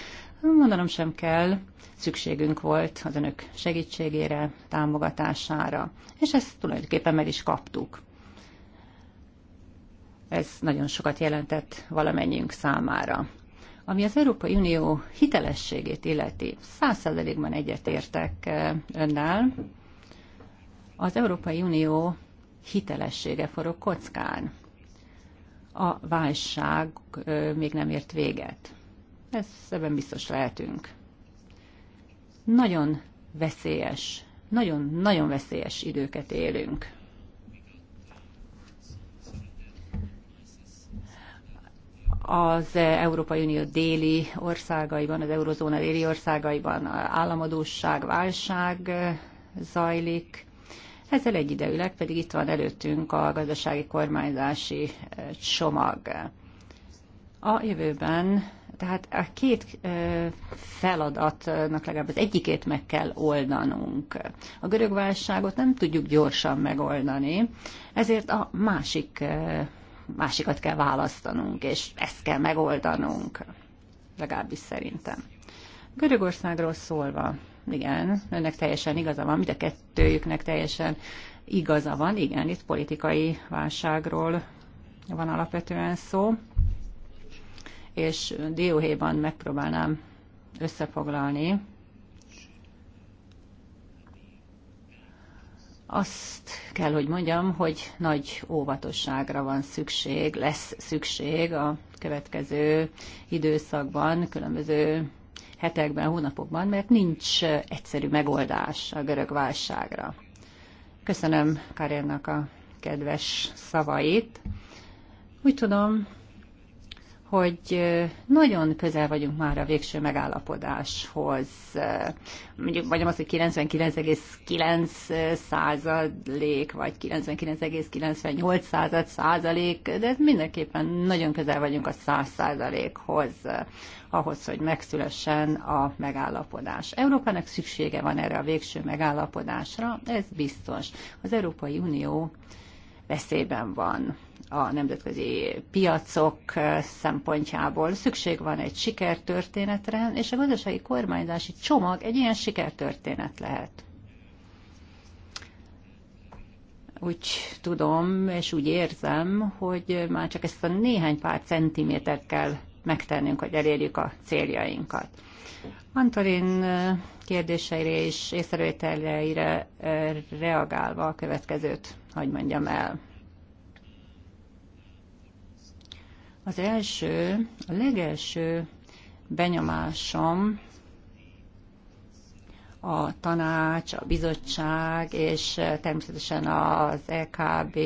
Mondanom sem kell, szükségünk volt az önök segítségére, támogatására, és ezt tulajdonképpen meg is kaptuk. Ez nagyon sokat jelentett valamennyiünk számára. Ami az Európai Unió hitelességét illeti, száz százalékban egyetértek eh, önnel, az Európai Unió hitelessége forog kockán. A válság eh, még nem ért véget. Ez ebben biztos lehetünk. Nagyon veszélyes, nagyon-nagyon veszélyes időket élünk. az Európai Unió déli országaiban, az eurozóna déli országaiban államadóság, válság zajlik. Ezzel egyidejűleg pedig itt van előttünk a gazdasági kormányzási eh, csomag. A jövőben tehát a két eh, feladatnak legalább az egyikét meg kell oldanunk. A görög válságot nem tudjuk gyorsan megoldani, ezért a másik eh, másikat kell választanunk, és ezt kell megoldanunk, legalábbis szerintem. Görögországról szólva, igen, önnek teljesen igaza van, mind a kettőjüknek teljesen igaza van, igen, itt politikai válságról van alapvetően szó, és dióhéjban megpróbálnám összefoglalni azt kell, hogy mondjam, hogy nagy óvatosságra van szükség, lesz szükség a következő időszakban, különböző hetekben, hónapokban, mert nincs egyszerű megoldás a görög válságra. Köszönöm Karennak a kedves szavait. Úgy tudom, hogy nagyon közel vagyunk már a végső megállapodáshoz. Mondjuk mondjam azt, hogy 99,9 százalék, vagy 99,98 század százalék, de mindenképpen nagyon közel vagyunk a 100 százalékhoz, ahhoz, hogy megszülessen a megállapodás. Európának szüksége van erre a végső megállapodásra, ez biztos. Az Európai Unió veszélyben van a nemzetközi piacok eh, szempontjából. Szükség van egy sikertörténetre, és a gazdasági kormányzási csomag egy ilyen sikertörténet lehet. úgy tudom, és úgy érzem, hogy már csak ezt a néhány pár centimétert kell megtennünk, hogy elérjük a céljainkat. Antolin eh, kérdéseire és észrevételeire reagálva a következőt, hogy mondjam el. Az első, a legelső benyomásom a tanács, a bizottság és eh, természetesen az EKB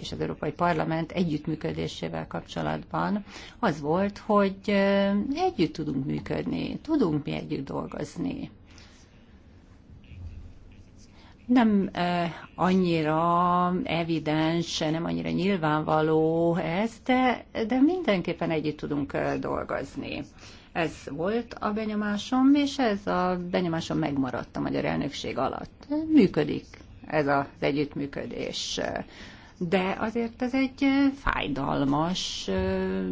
és az Európai Parlament együttműködésével kapcsolatban az volt, hogy eh, együtt tudunk működni, tudunk mi együtt dolgozni nem eh, annyira evidens, nem annyira nyilvánvaló ez, de, de mindenképpen együtt tudunk eh, dolgozni. Ez volt a benyomásom, és ez a benyomásom megmaradt a magyar elnökség alatt. Működik ez az együttműködés de azért ez egy fájdalmas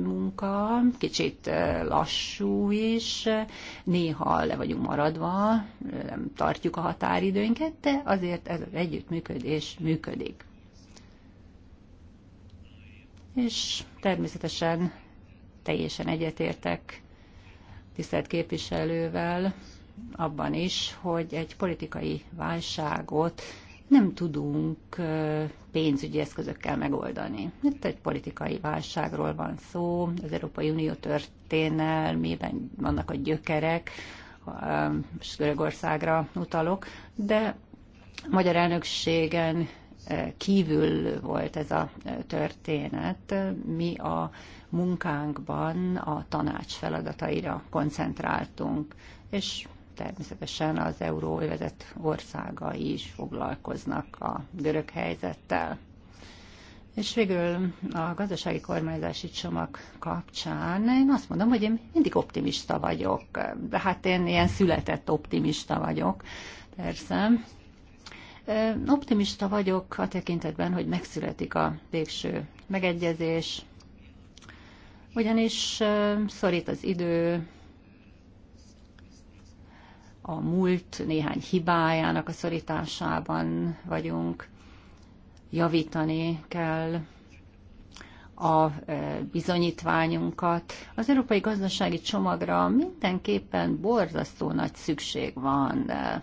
munka, kicsit lassú is, néha le vagyunk maradva, nem tartjuk a határidőnket, de azért ez az együttműködés működik. És természetesen teljesen egyetértek tisztelt képviselővel abban is, hogy egy politikai válságot nem tudunk pénzügyi eszközökkel megoldani. Itt egy politikai válságról van szó, az Európai Unió történelmében vannak a gyökerek, és Görögországra utalok, de magyar elnökségen kívül volt ez a történet. Mi a munkánkban a tanács feladataira koncentráltunk, és természetesen az euróövezet országai is foglalkoznak a görög helyzettel. És végül a gazdasági kormányzási csomag kapcsán én azt mondom, hogy én mindig optimista vagyok. De hát én ilyen született optimista vagyok, persze. Optimista vagyok a tekintetben, hogy megszületik a végső megegyezés, ugyanis szorít az idő, a múlt néhány hibájának a szorításában vagyunk, javítani kell a e, bizonyítványunkat. Az európai gazdasági csomagra mindenképpen borzasztó nagy szükség van. De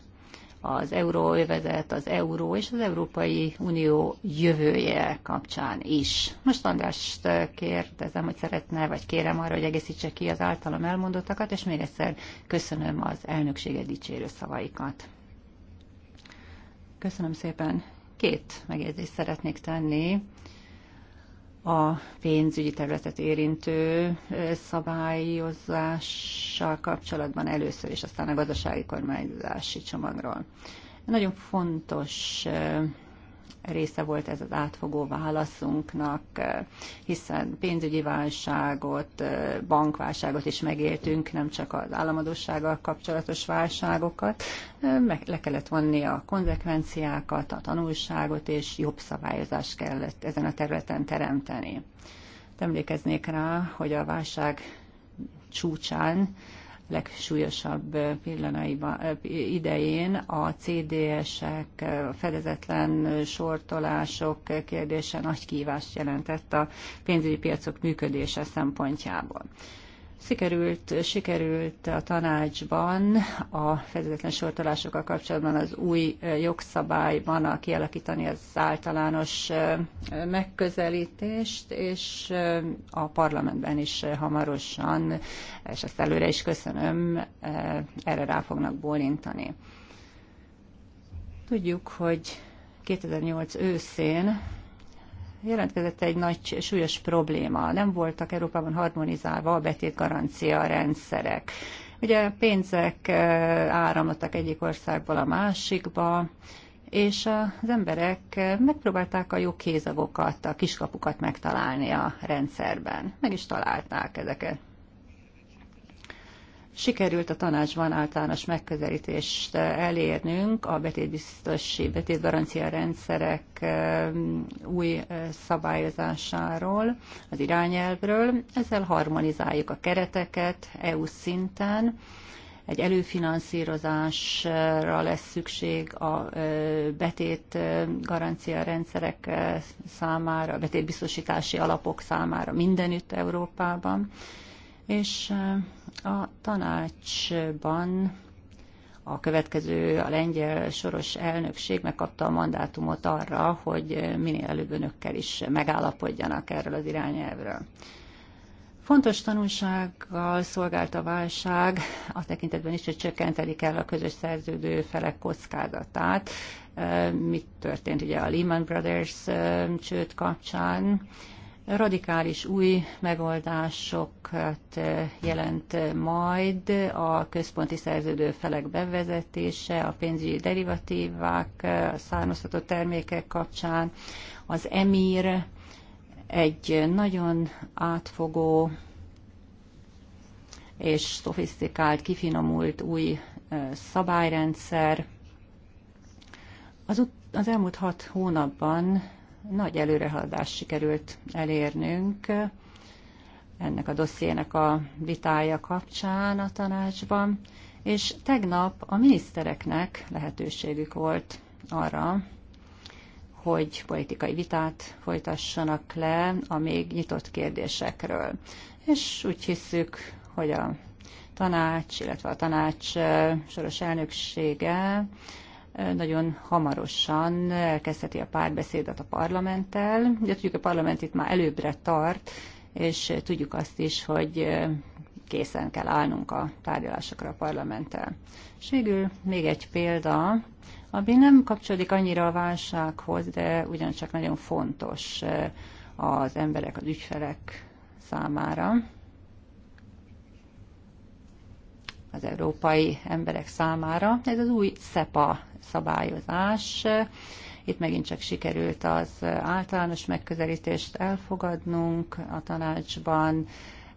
az euróövezet, az euró és az Európai Unió jövője kapcsán is. Most Andrást kérdezem, hogy szeretne, vagy kérem arra, hogy egészítse ki az általam elmondottakat, és még egyszer köszönöm az elnökséget dicsérő szavaikat. Köszönöm szépen. Két megjegyzést szeretnék tenni a pénzügyi területet érintő szabályozással kapcsolatban először, és aztán a gazdasági kormányzási csomagról. Nagyon fontos része volt ez az átfogó válaszunknak, hiszen pénzügyi válságot, bankválságot is megéltünk, nem csak az államadósággal kapcsolatos válságokat. Meg le kellett vonni a konzekvenciákat, a tanulságot, és jobb szabályozást kellett ezen a területen teremteni. Emlékeznék rá, hogy a válság csúcsán legsúlyosabb eh, pillanaiban, eh, idején a CDS-ek, eh, a fedezetlen sortolások kérdése nagy kívást jelentett a pénzügyi piacok működése szempontjából. Sikerült, sikerült a tanácsban a fedezetlen sortolásokkal kapcsolatban az új jogszabályban a kialakítani az általános megközelítést, és a parlamentben is hamarosan, és ezt előre is köszönöm, erre rá fognak bólintani. Tudjuk, hogy 2008 őszén jelentkezett egy nagy súlyos probléma. Nem voltak Európában harmonizálva a betétgarancia rendszerek. Ugye a pénzek eh, áramlottak egyik országból a másikba, és az emberek eh, megpróbálták a jó kézavokat, a kiskapukat megtalálni a rendszerben. Meg is találták ezeket sikerült a tanácsban általános megközelítést eh, elérnünk a betétbiztosi, betétgarancia rendszerek eh, új eh, szabályozásáról, az irányelvről. Ezzel harmonizáljuk a kereteket EU szinten, egy előfinanszírozásra lesz szükség a betét garancia rendszerek számára, a betétbiztosítási alapok számára mindenütt Európában, és a tanácsban a következő, a lengyel soros elnökség megkapta a mandátumot arra, hogy minél előbb önökkel is megállapodjanak erről az irányelvről. Fontos tanulsággal szolgált a válság a tekintetben is, hogy csökkenteni kell a közös szerződő felek kockázatát. Mit történt ugye a Lehman Brothers csőd kapcsán? radikális új megoldásokat jelent majd a központi szerződő felek bevezetése, a pénzügyi derivatívák, a származható termékek kapcsán, az EMIR, egy nagyon átfogó és szofisztikált, kifinomult új szabályrendszer. Az, az elmúlt hat hónapban nagy előrehaladást sikerült elérnünk ennek a dossziének a vitája kapcsán a tanácsban, és tegnap a minisztereknek lehetőségük volt arra, hogy politikai vitát folytassanak le a még nyitott kérdésekről. És úgy hiszük, hogy a tanács, illetve a tanács soros elnöksége nagyon hamarosan elkezdheti a párbeszédet a parlamenttel. Ugye tudjuk, a parlament itt már előbbre tart, és tudjuk azt is, hogy készen kell állnunk a tárgyalásokra a parlamenttel. És végül még egy példa, ami nem kapcsolódik annyira a válsághoz, de ugyancsak nagyon fontos az emberek, az ügyfelek számára, az európai emberek számára. Ez az új SEPA szabályozás. Itt megint csak sikerült az általános megközelítést elfogadnunk a tanácsban,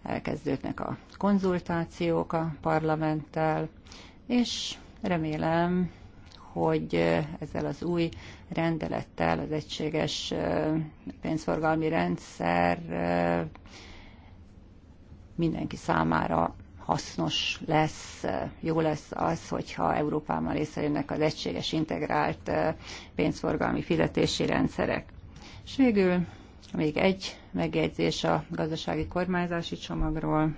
elkezdődnek a konzultációk a parlamenttel, és remélem, hogy ezzel az új rendelettel az egységes pénzforgalmi rendszer mindenki számára hasznos lesz, jó lesz az, hogyha Európában részt az egységes, integrált pénzforgalmi fizetési rendszerek. És végül még egy megjegyzés a gazdasági kormányzási csomagról.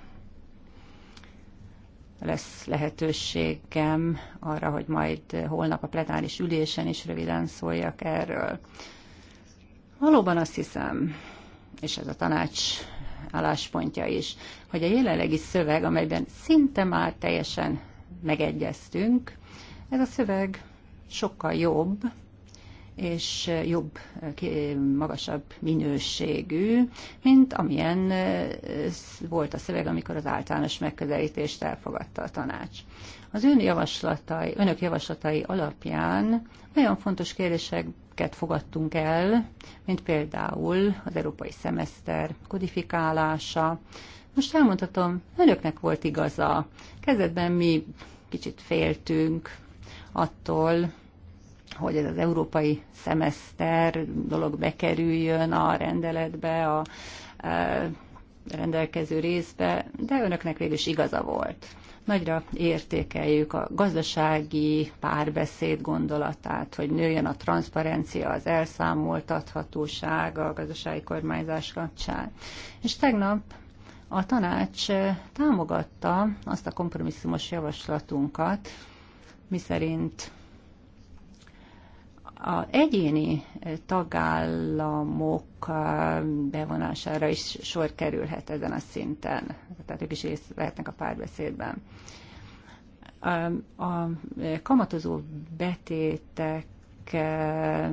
Lesz lehetőségem arra, hogy majd holnap a plenáris ülésen is röviden szóljak erről. Valóban azt hiszem, és ez a tanács álláspontja is, hogy a jelenlegi szöveg, amelyben szinte már teljesen megegyeztünk, ez a szöveg sokkal jobb, és jobb, magasabb minőségű, mint amilyen volt a szöveg, amikor az általános megközelítést elfogadta a tanács. Az ön javaslatai, önök javaslatai alapján nagyon fontos kérdéseket fogadtunk el, mint például az európai szemeszter kodifikálása. Most elmondhatom, önöknek volt igaza. Kezdetben mi kicsit féltünk attól, hogy ez az európai szemeszter dolog bekerüljön a rendeletbe, a e, rendelkező részbe, de önöknek végül is igaza volt. Nagyra értékeljük a gazdasági párbeszéd gondolatát, hogy nőjön a transzparencia, az elszámoltathatóság a gazdasági kormányzás kapcsán. És tegnap a tanács eh, támogatta azt a kompromisszumos javaslatunkat, miszerint a egyéni tagállamok bevonására is sor kerülhet ezen a szinten. Tehát ők is részt vehetnek a párbeszédben. A kamatozó betétek Eh,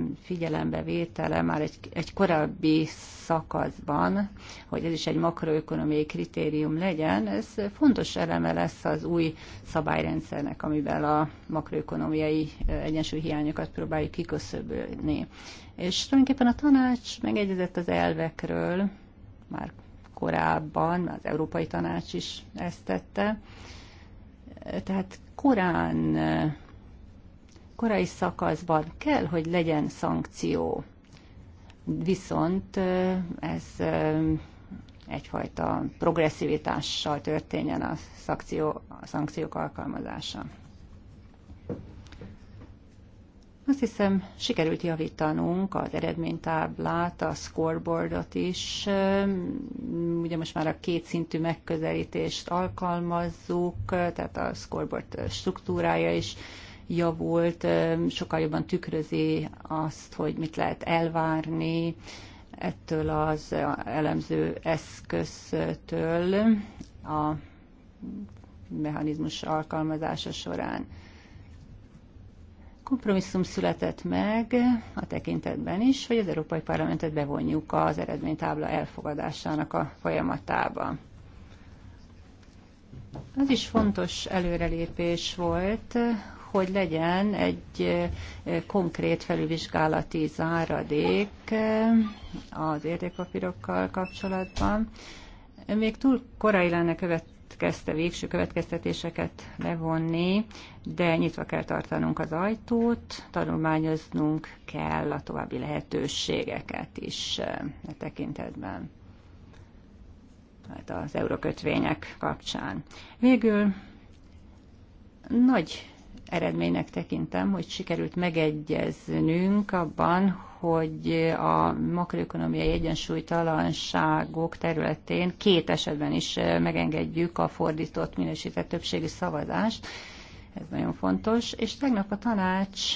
vétele már egy, egy korábbi szakaszban, hogy ez is egy makroökonomiai kritérium legyen, ez fontos eleme lesz az új szabályrendszernek, amivel a makroökonomiai eh, egyensúlyhiányokat próbáljuk kiköszöbölni. És tulajdonképpen a tanács megegyezett az elvekről, már korábban, az Európai Tanács is ezt tette, eh, tehát korán korai szakaszban kell, hogy legyen szankció. Viszont ez egyfajta progresszivitással történjen a, szakció, a szankciók alkalmazása. Azt hiszem, sikerült javítanunk az eredménytáblát, a scoreboardot is. Ugye most már a kétszintű megközelítést alkalmazzuk, tehát a scoreboard struktúrája is javult, sokkal jobban tükrözi azt, hogy mit lehet elvárni ettől az elemző eszköztől a mechanizmus alkalmazása során. Kompromisszum született meg a tekintetben is, hogy az Európai Parlamentet bevonjuk az eredménytábla elfogadásának a folyamatába. Az is fontos előrelépés volt, hogy legyen egy konkrét felülvizsgálati záradék az értékpapírokkal kapcsolatban. Még túl korai lenne követ kezdte végső következtetéseket levonni, de nyitva kell tartanunk az ajtót, tanulmányoznunk kell a további lehetőségeket is a e tekintetben hát az eurokötvények kapcsán. Végül nagy eredménynek tekintem, hogy sikerült megegyeznünk abban, hogy a makroökonomiai egyensúlytalanságok területén két esetben is megengedjük a fordított minősített többségi szavazást. Ez nagyon fontos. És tegnap a tanács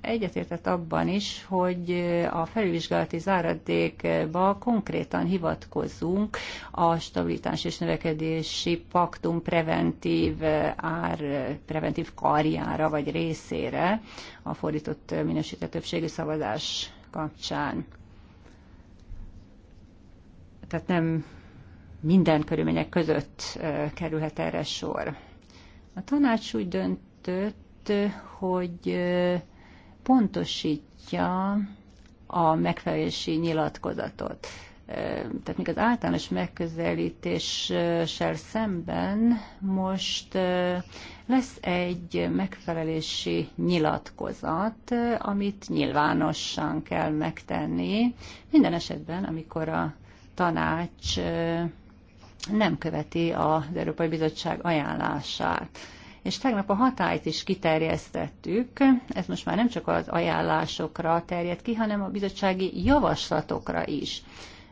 egyetértett abban is, hogy a felülvizsgálati záradékba konkrétan hivatkozzunk a stabilitás és növekedési paktum preventív ár, preventív karjára vagy részére a fordított minősített többségű szavazás kapcsán. Tehát nem minden körülmények között kerülhet erre sor. A tanács úgy döntött, hogy pontosítja a megfelelési nyilatkozatot. Tehát még az általános megközelítéssel szemben most lesz egy megfelelési nyilatkozat, amit nyilvánossan kell megtenni. Minden esetben, amikor a tanács nem követi az Európai Bizottság ajánlását és tegnap a hatályt is kiterjesztettük. Ez most már nem csak az ajánlásokra terjed ki, hanem a bizottsági javaslatokra is.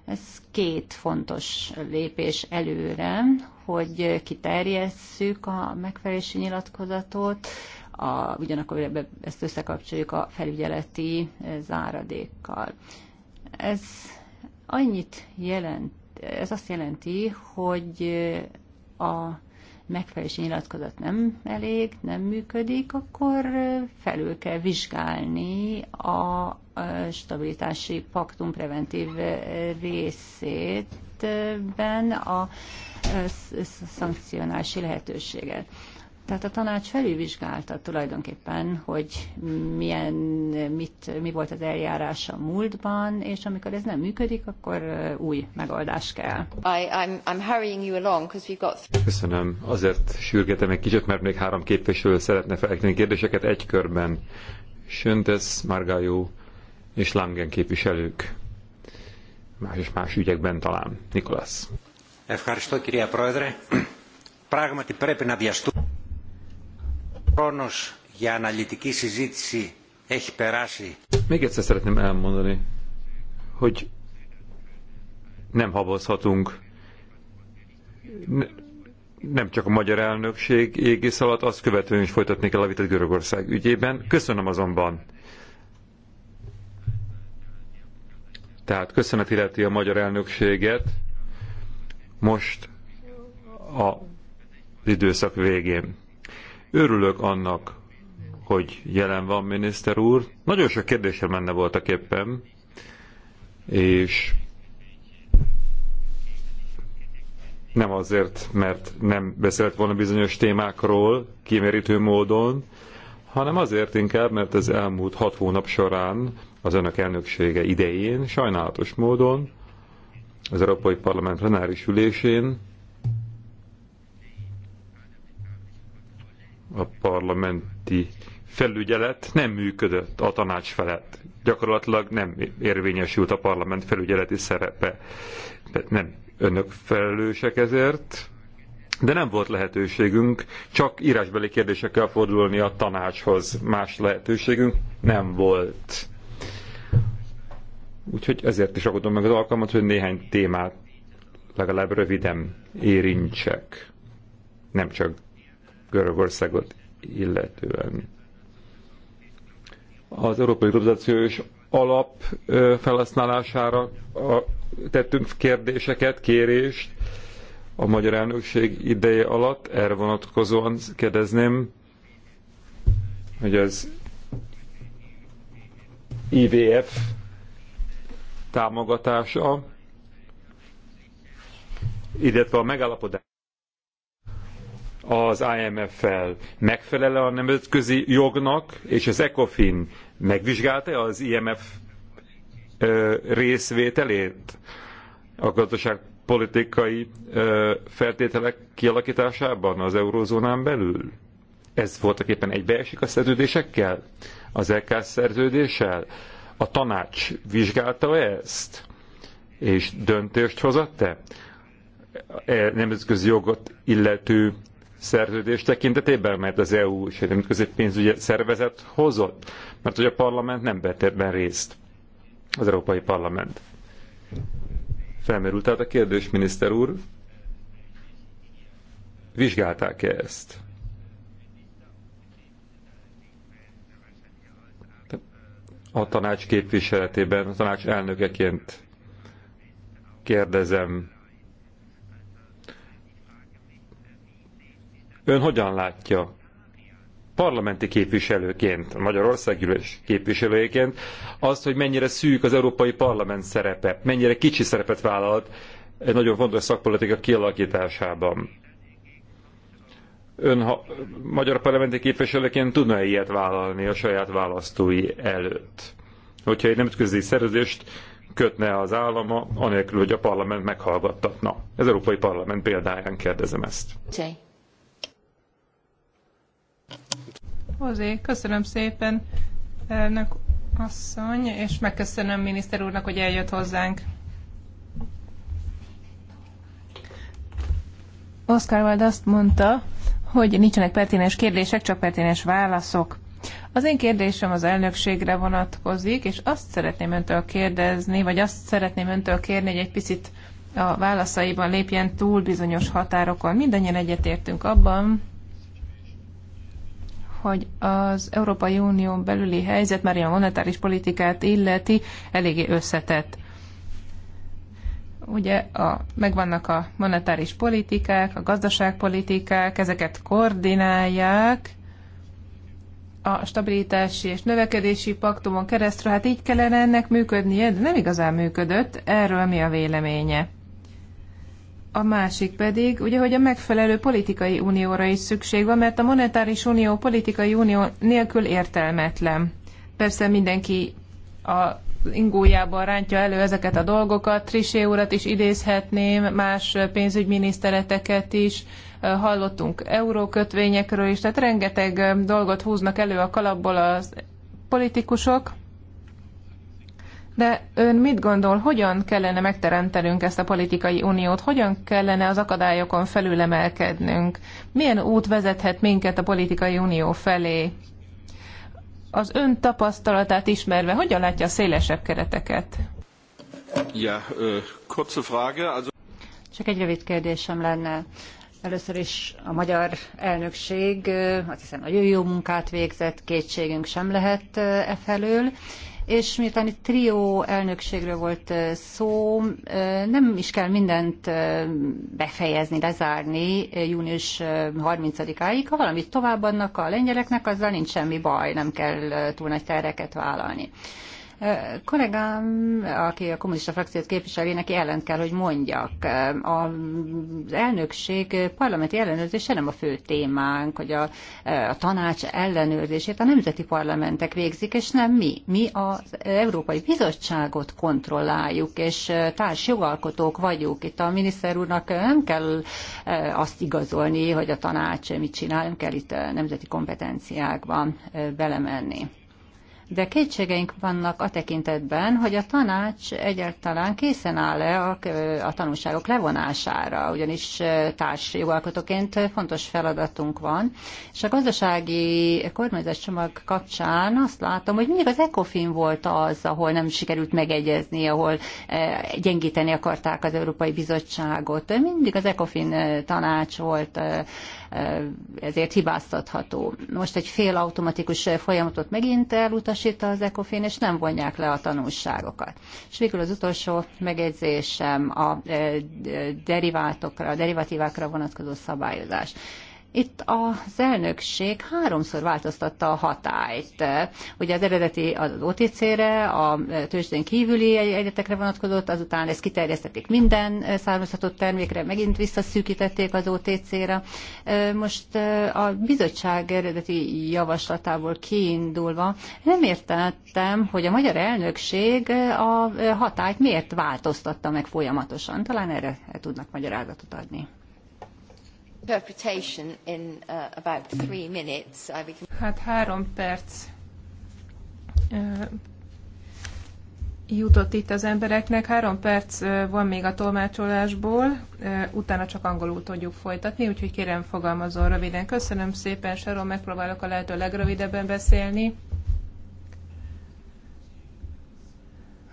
Ez két fontos lépés előre, hogy kiterjesszük a megfelelési nyilatkozatot, a, ugyanakkor ezt összekapcsoljuk a felügyeleti eh, záradékkal. Ez annyit jelent, ez azt jelenti, hogy eh, a megfelelési nyilatkozat nem elég, nem működik, akkor felül kell vizsgálni a stabilitási paktum preventív részétben a szankcionási lehetőséget. Tehát a tanács felülvizsgálta tulajdonképpen, hogy milyen, mit, mi volt az eljárás a múltban, és amikor ez nem működik, akkor új megoldás kell. I, I'm, I'm hurrying you along, we've got... Köszönöm. Azért sürgetem egy kicsit, mert még három képviselő szeretne felekteni kérdéseket egy körben. Söntes, Margajó és Langen képviselők. Más és más ügyekben talán. Nikolász. Köszönöm, κυρία Kronos, για αναλυτική συζήτηση έχει περάσει. Még egyszer szeretném elmondani, hogy nem habozhatunk. nem csak a magyar elnökség égisz alatt, azt követően is folytatni kell a vitát Görögország ügyében. Köszönöm azonban. Tehát köszönet illeti a magyar elnökséget most a időszak végén. Örülök annak, hogy jelen van miniszter úr. Nagyon sok kérdésem menne voltak éppen, és nem azért, mert nem beszélt volna bizonyos témákról kimérítő módon, hanem azért inkább, mert az elmúlt hat hónap során, az önök elnöksége idején, sajnálatos módon, az Európai Parlament plenáris ülésén a parlamenti felügyelet nem működött a tanács felett. Gyakorlatilag nem érvényesült a parlament felügyeleti szerepe. De nem önök felelősek ezért, de nem volt lehetőségünk csak írásbeli kérdésekkel fordulni a tanácshoz. Más lehetőségünk nem volt. Úgyhogy ezért is akadom meg az alkalmat, hogy néhány témát legalább röviden érintsek. Nem csak Görögországot illetően. Az Európai Globalizációs Alap felhasználására tettünk kérdéseket, kérést a magyar elnökség ideje alatt. Erre vonatkozóan kérdezném, hogy az IVF támogatása, illetve a megállapodás az IMF-fel megfelele a nemzetközi jognak, és az ECOFIN megvizsgálta az IMF részvételét a gazdaságpolitikai feltételek kialakításában az eurózónán belül? Ez voltak éppen egybeesik a szerződésekkel? Az LK szerződéssel? A tanács vizsgálta ezt? És döntést hozott-e? E nemzetközi jogot illető szerződés tekintetében, mert az EU és a nemzetközi pénzügyi szervezet hozott, mert hogy a parlament nem vett ebben részt, az Európai Parlament. Felmerült tehát a kérdés, miniszter úr, vizsgálták-e ezt? A tanács képviseletében, a tanács elnökeként kérdezem, Ön hogyan látja parlamenti képviselőként, Magyarországgyűlés képviselőjeként azt, hogy mennyire szűk az Európai Parlament szerepe, mennyire kicsi szerepet vállalt egy nagyon fontos szakpolitika kialakításában. Ön ha, magyar parlamenti képviselőként tudna-e ilyet vállalni a saját választói előtt? Hogyha egy nemzetközi szerződést kötne az állama, anélkül, hogy a parlament meghallgattatna. Az Európai Parlament példáján kérdezem ezt. Hozé, köszönöm szépen, elnök asszony, és megköszönöm miniszter úrnak, hogy eljött hozzánk. Oscar Wilde azt mondta, hogy nincsenek pertinens kérdések, csak pertinens válaszok. Az én kérdésem az elnökségre vonatkozik, és azt szeretném öntől kérdezni, vagy azt szeretném öntől kérni, hogy egy picit a válaszaiban lépjen túl bizonyos határokon. Mindannyian egyetértünk abban, hogy az Európai Unión belüli helyzet, már a monetáris politikát illeti, eléggé összetett. Ugye a, megvannak a monetáris politikák, a gazdaságpolitikák, ezeket koordinálják a stabilitási és növekedési paktumon keresztül. Hát így kellene ennek működnie, de nem igazán működött. Erről mi a véleménye? a másik pedig, ugye, hogy a megfelelő politikai unióra is szükség van, mert a monetáris unió politikai unió nélkül értelmetlen. Persze mindenki a ingójában rántja elő ezeket a dolgokat, Trisé urat is idézhetném, más pénzügyminisztereteket is, hallottunk eurókötvényekről is, tehát rengeteg dolgot húznak elő a kalapból az politikusok, de ön mit gondol, hogyan kellene megteremtenünk ezt a politikai uniót, hogyan kellene az akadályokon felülemelkednünk? Milyen út vezethet minket a politikai unió felé? Az ön tapasztalatát ismerve, hogyan látja a szélesebb kereteket? Ja, kurze Frage. Also... Csak egy rövid kérdésem lenne. Először is a magyar elnökség, azt hiszem, nagyon jó munkát végzett, kétségünk sem lehet e felől és miután itt trió elnökségről volt szó, nem is kell mindent befejezni, lezárni június 30-áig. Ha valamit továbbadnak a lengyeleknek, azzal nincs semmi baj, nem kell túl nagy terreket vállalni kollégám, aki a kommunista frakciót képviseli, neki ellent kell, hogy mondjak. Az elnökség parlamenti ellenőrzése nem a fő témánk, hogy a, a tanács ellenőrzését a nemzeti parlamentek végzik, és nem mi. Mi az Európai Bizottságot kontrolláljuk, és társ jogalkotók vagyunk. Itt a miniszter úrnak nem kell e, azt igazolni, hogy a tanács mit csinál, nem kell itt e, nemzeti kompetenciákban e, belemenni de kétségeink vannak a tekintetben, hogy a tanács egyáltalán készen áll-e a, a tanulságok levonására, ugyanis társ jogalkotóként fontos feladatunk van, és a gazdasági kormányzás csomag kapcsán azt látom, hogy mindig az ECOFIN volt az, ahol nem sikerült megegyezni, ahol gyengíteni akarták az Európai Bizottságot. Mindig az ECOFIN tanács volt ezért hibáztatható. Most egy félautomatikus folyamatot megint elutasít az ECOFIN, és nem vonják le a tanulságokat. És végül az utolsó megjegyzésem a e, e, derivátokra, a derivatívákra vonatkozó szabályozás. Itt az elnökség háromszor változtatta a hatályt. Ugye az eredeti az OTC-re, a tőzsdén kívüli egyetekre vonatkozott, azután ezt kiterjesztették minden származhatott termékre, megint visszaszűkítették az OTC-re. Most a bizottság eredeti javaslatából kiindulva nem értettem, hogy a magyar elnökség a hatályt miért változtatta meg folyamatosan. Talán erre tudnak magyarázatot adni. Uh, hát három perc jutott itt az embereknek. Három perc van még a tolmácsolásból, utána csak angolul tudjuk folytatni, úgyhogy kérem fogalmazol röviden. Köszönöm szépen, Sharon, megpróbálok a lehető legrövidebben beszélni.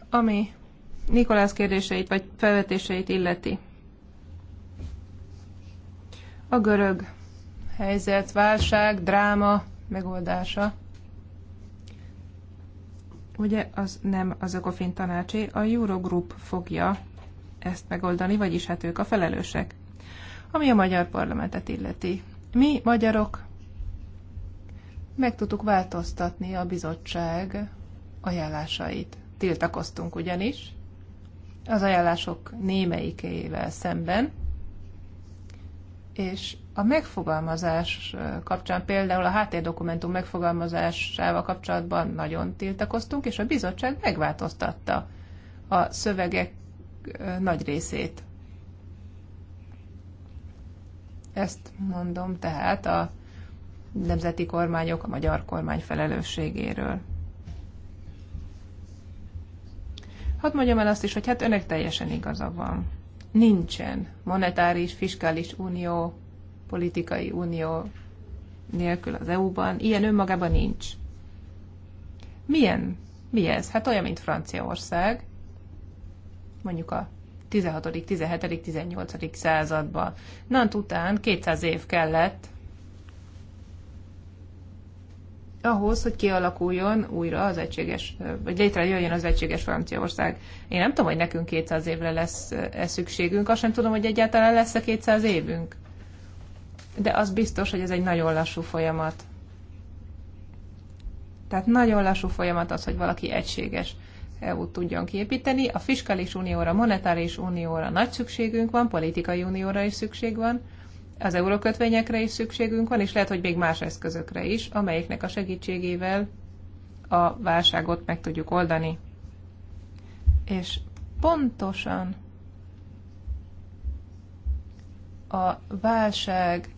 Ami Nikolász kérdéseit vagy felvetéseit illeti a görög helyzet, válság, dráma megoldása. Ugye az nem az Ökofin tanácsé, a Eurogroup fogja ezt megoldani, vagyis hát ők a felelősek. Ami a magyar parlamentet illeti. Mi, magyarok, meg tudtuk változtatni a bizottság ajánlásait. Tiltakoztunk ugyanis az ajánlások némelyikével szemben, és a megfogalmazás kapcsán, például a háttérdokumentum megfogalmazásával kapcsolatban nagyon tiltakoztunk, és a bizottság megváltoztatta a szövegek nagy részét. Ezt mondom tehát a nemzeti kormányok, a magyar kormány felelősségéről. Hadd mondjam el azt is, hogy hát önnek teljesen igaza van nincsen monetáris, fiskális unió, politikai unió nélkül az EU-ban. Ilyen önmagában nincs. Milyen? Mi ez? Hát olyan, mint Franciaország, mondjuk a 16., 17., 18. században. Nant után 200 év kellett ahhoz, hogy kialakuljon újra az egységes, vagy létrejöjjön az egységes Franciaország. Én nem tudom, hogy nekünk 200 évre lesz -e szükségünk, azt sem tudom, hogy egyáltalán lesz-e 200 évünk. De az biztos, hogy ez egy nagyon lassú folyamat. Tehát nagyon lassú folyamat az, hogy valaki egységes eu tudjon kiépíteni. A fiskális unióra, monetáris unióra nagy szükségünk van, politikai unióra is szükség van, az eurókötvényekre is szükségünk van, és lehet, hogy még más eszközökre is, amelyeknek a segítségével a válságot meg tudjuk oldani. És pontosan a válság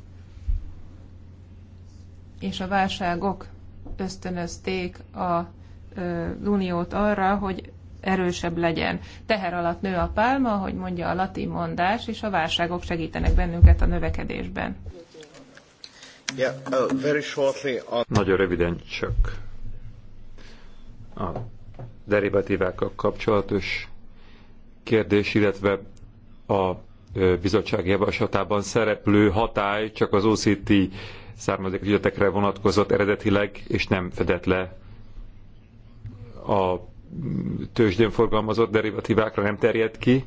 és a válságok ösztönözték a uniót arra, hogy erősebb legyen. Teher alatt nő a pálma, ahogy mondja a latin mondás, és a válságok segítenek bennünket a növekedésben. Yeah, uh, very shortly on... Uh, Nagyon röviden csak a derivatívákkal kapcsolatos kérdés, illetve a bizottság javaslatában szereplő hatály csak az OCT származékos ügyetekre vonatkozott eredetileg, és nem fedett le a tőzsdén forgalmazott derivatívákra nem terjed ki.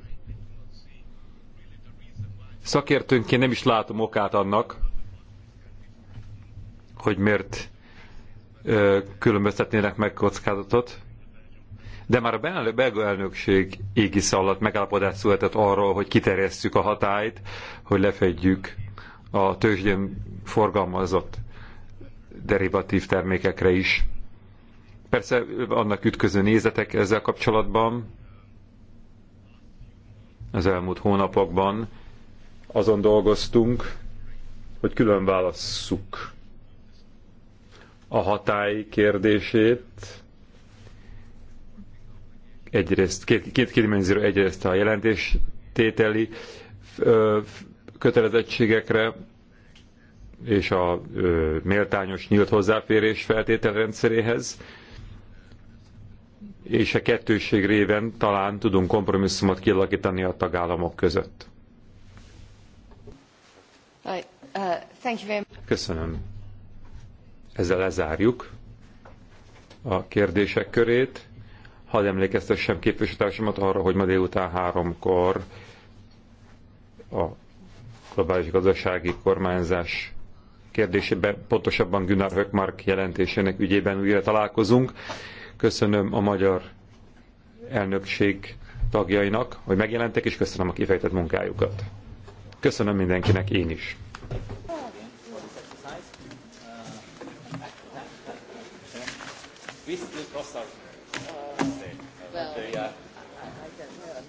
Szakértőnként nem is látom okát annak, hogy miért különböztetnének meg kockázatot. De már a belga elnökség égisz alatt megállapodás született arról, hogy kiterjesszük a hatályt, hogy lefedjük a tőzsdén forgalmazott derivatív termékekre is Persze annak ütköző nézetek ezzel kapcsolatban az elmúlt hónapokban azon dolgoztunk, hogy külön válasszuk a hatály kérdését, egyrészt, két, két dimenzió egyrészt a jelentéstételi ö, kötelezettségekre és a ö, méltányos nyílt hozzáférés feltételrendszeréhez, és a kettőség réven talán tudunk kompromisszumot kialakítani a tagállamok között. Uh, Köszönöm. Ezzel lezárjuk a kérdések körét. Hadd emlékeztessem képviselőtársamat arra, hogy ma délután háromkor a globális gazdasági kormányzás kérdésében, pontosabban Gunnar Höckmark jelentésének ügyében újra találkozunk köszönöm a magyar elnökség tagjainak, hogy megjelentek, és köszönöm a kifejtett munkájukat. Köszönöm mindenkinek én is.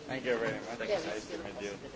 Thank you very much.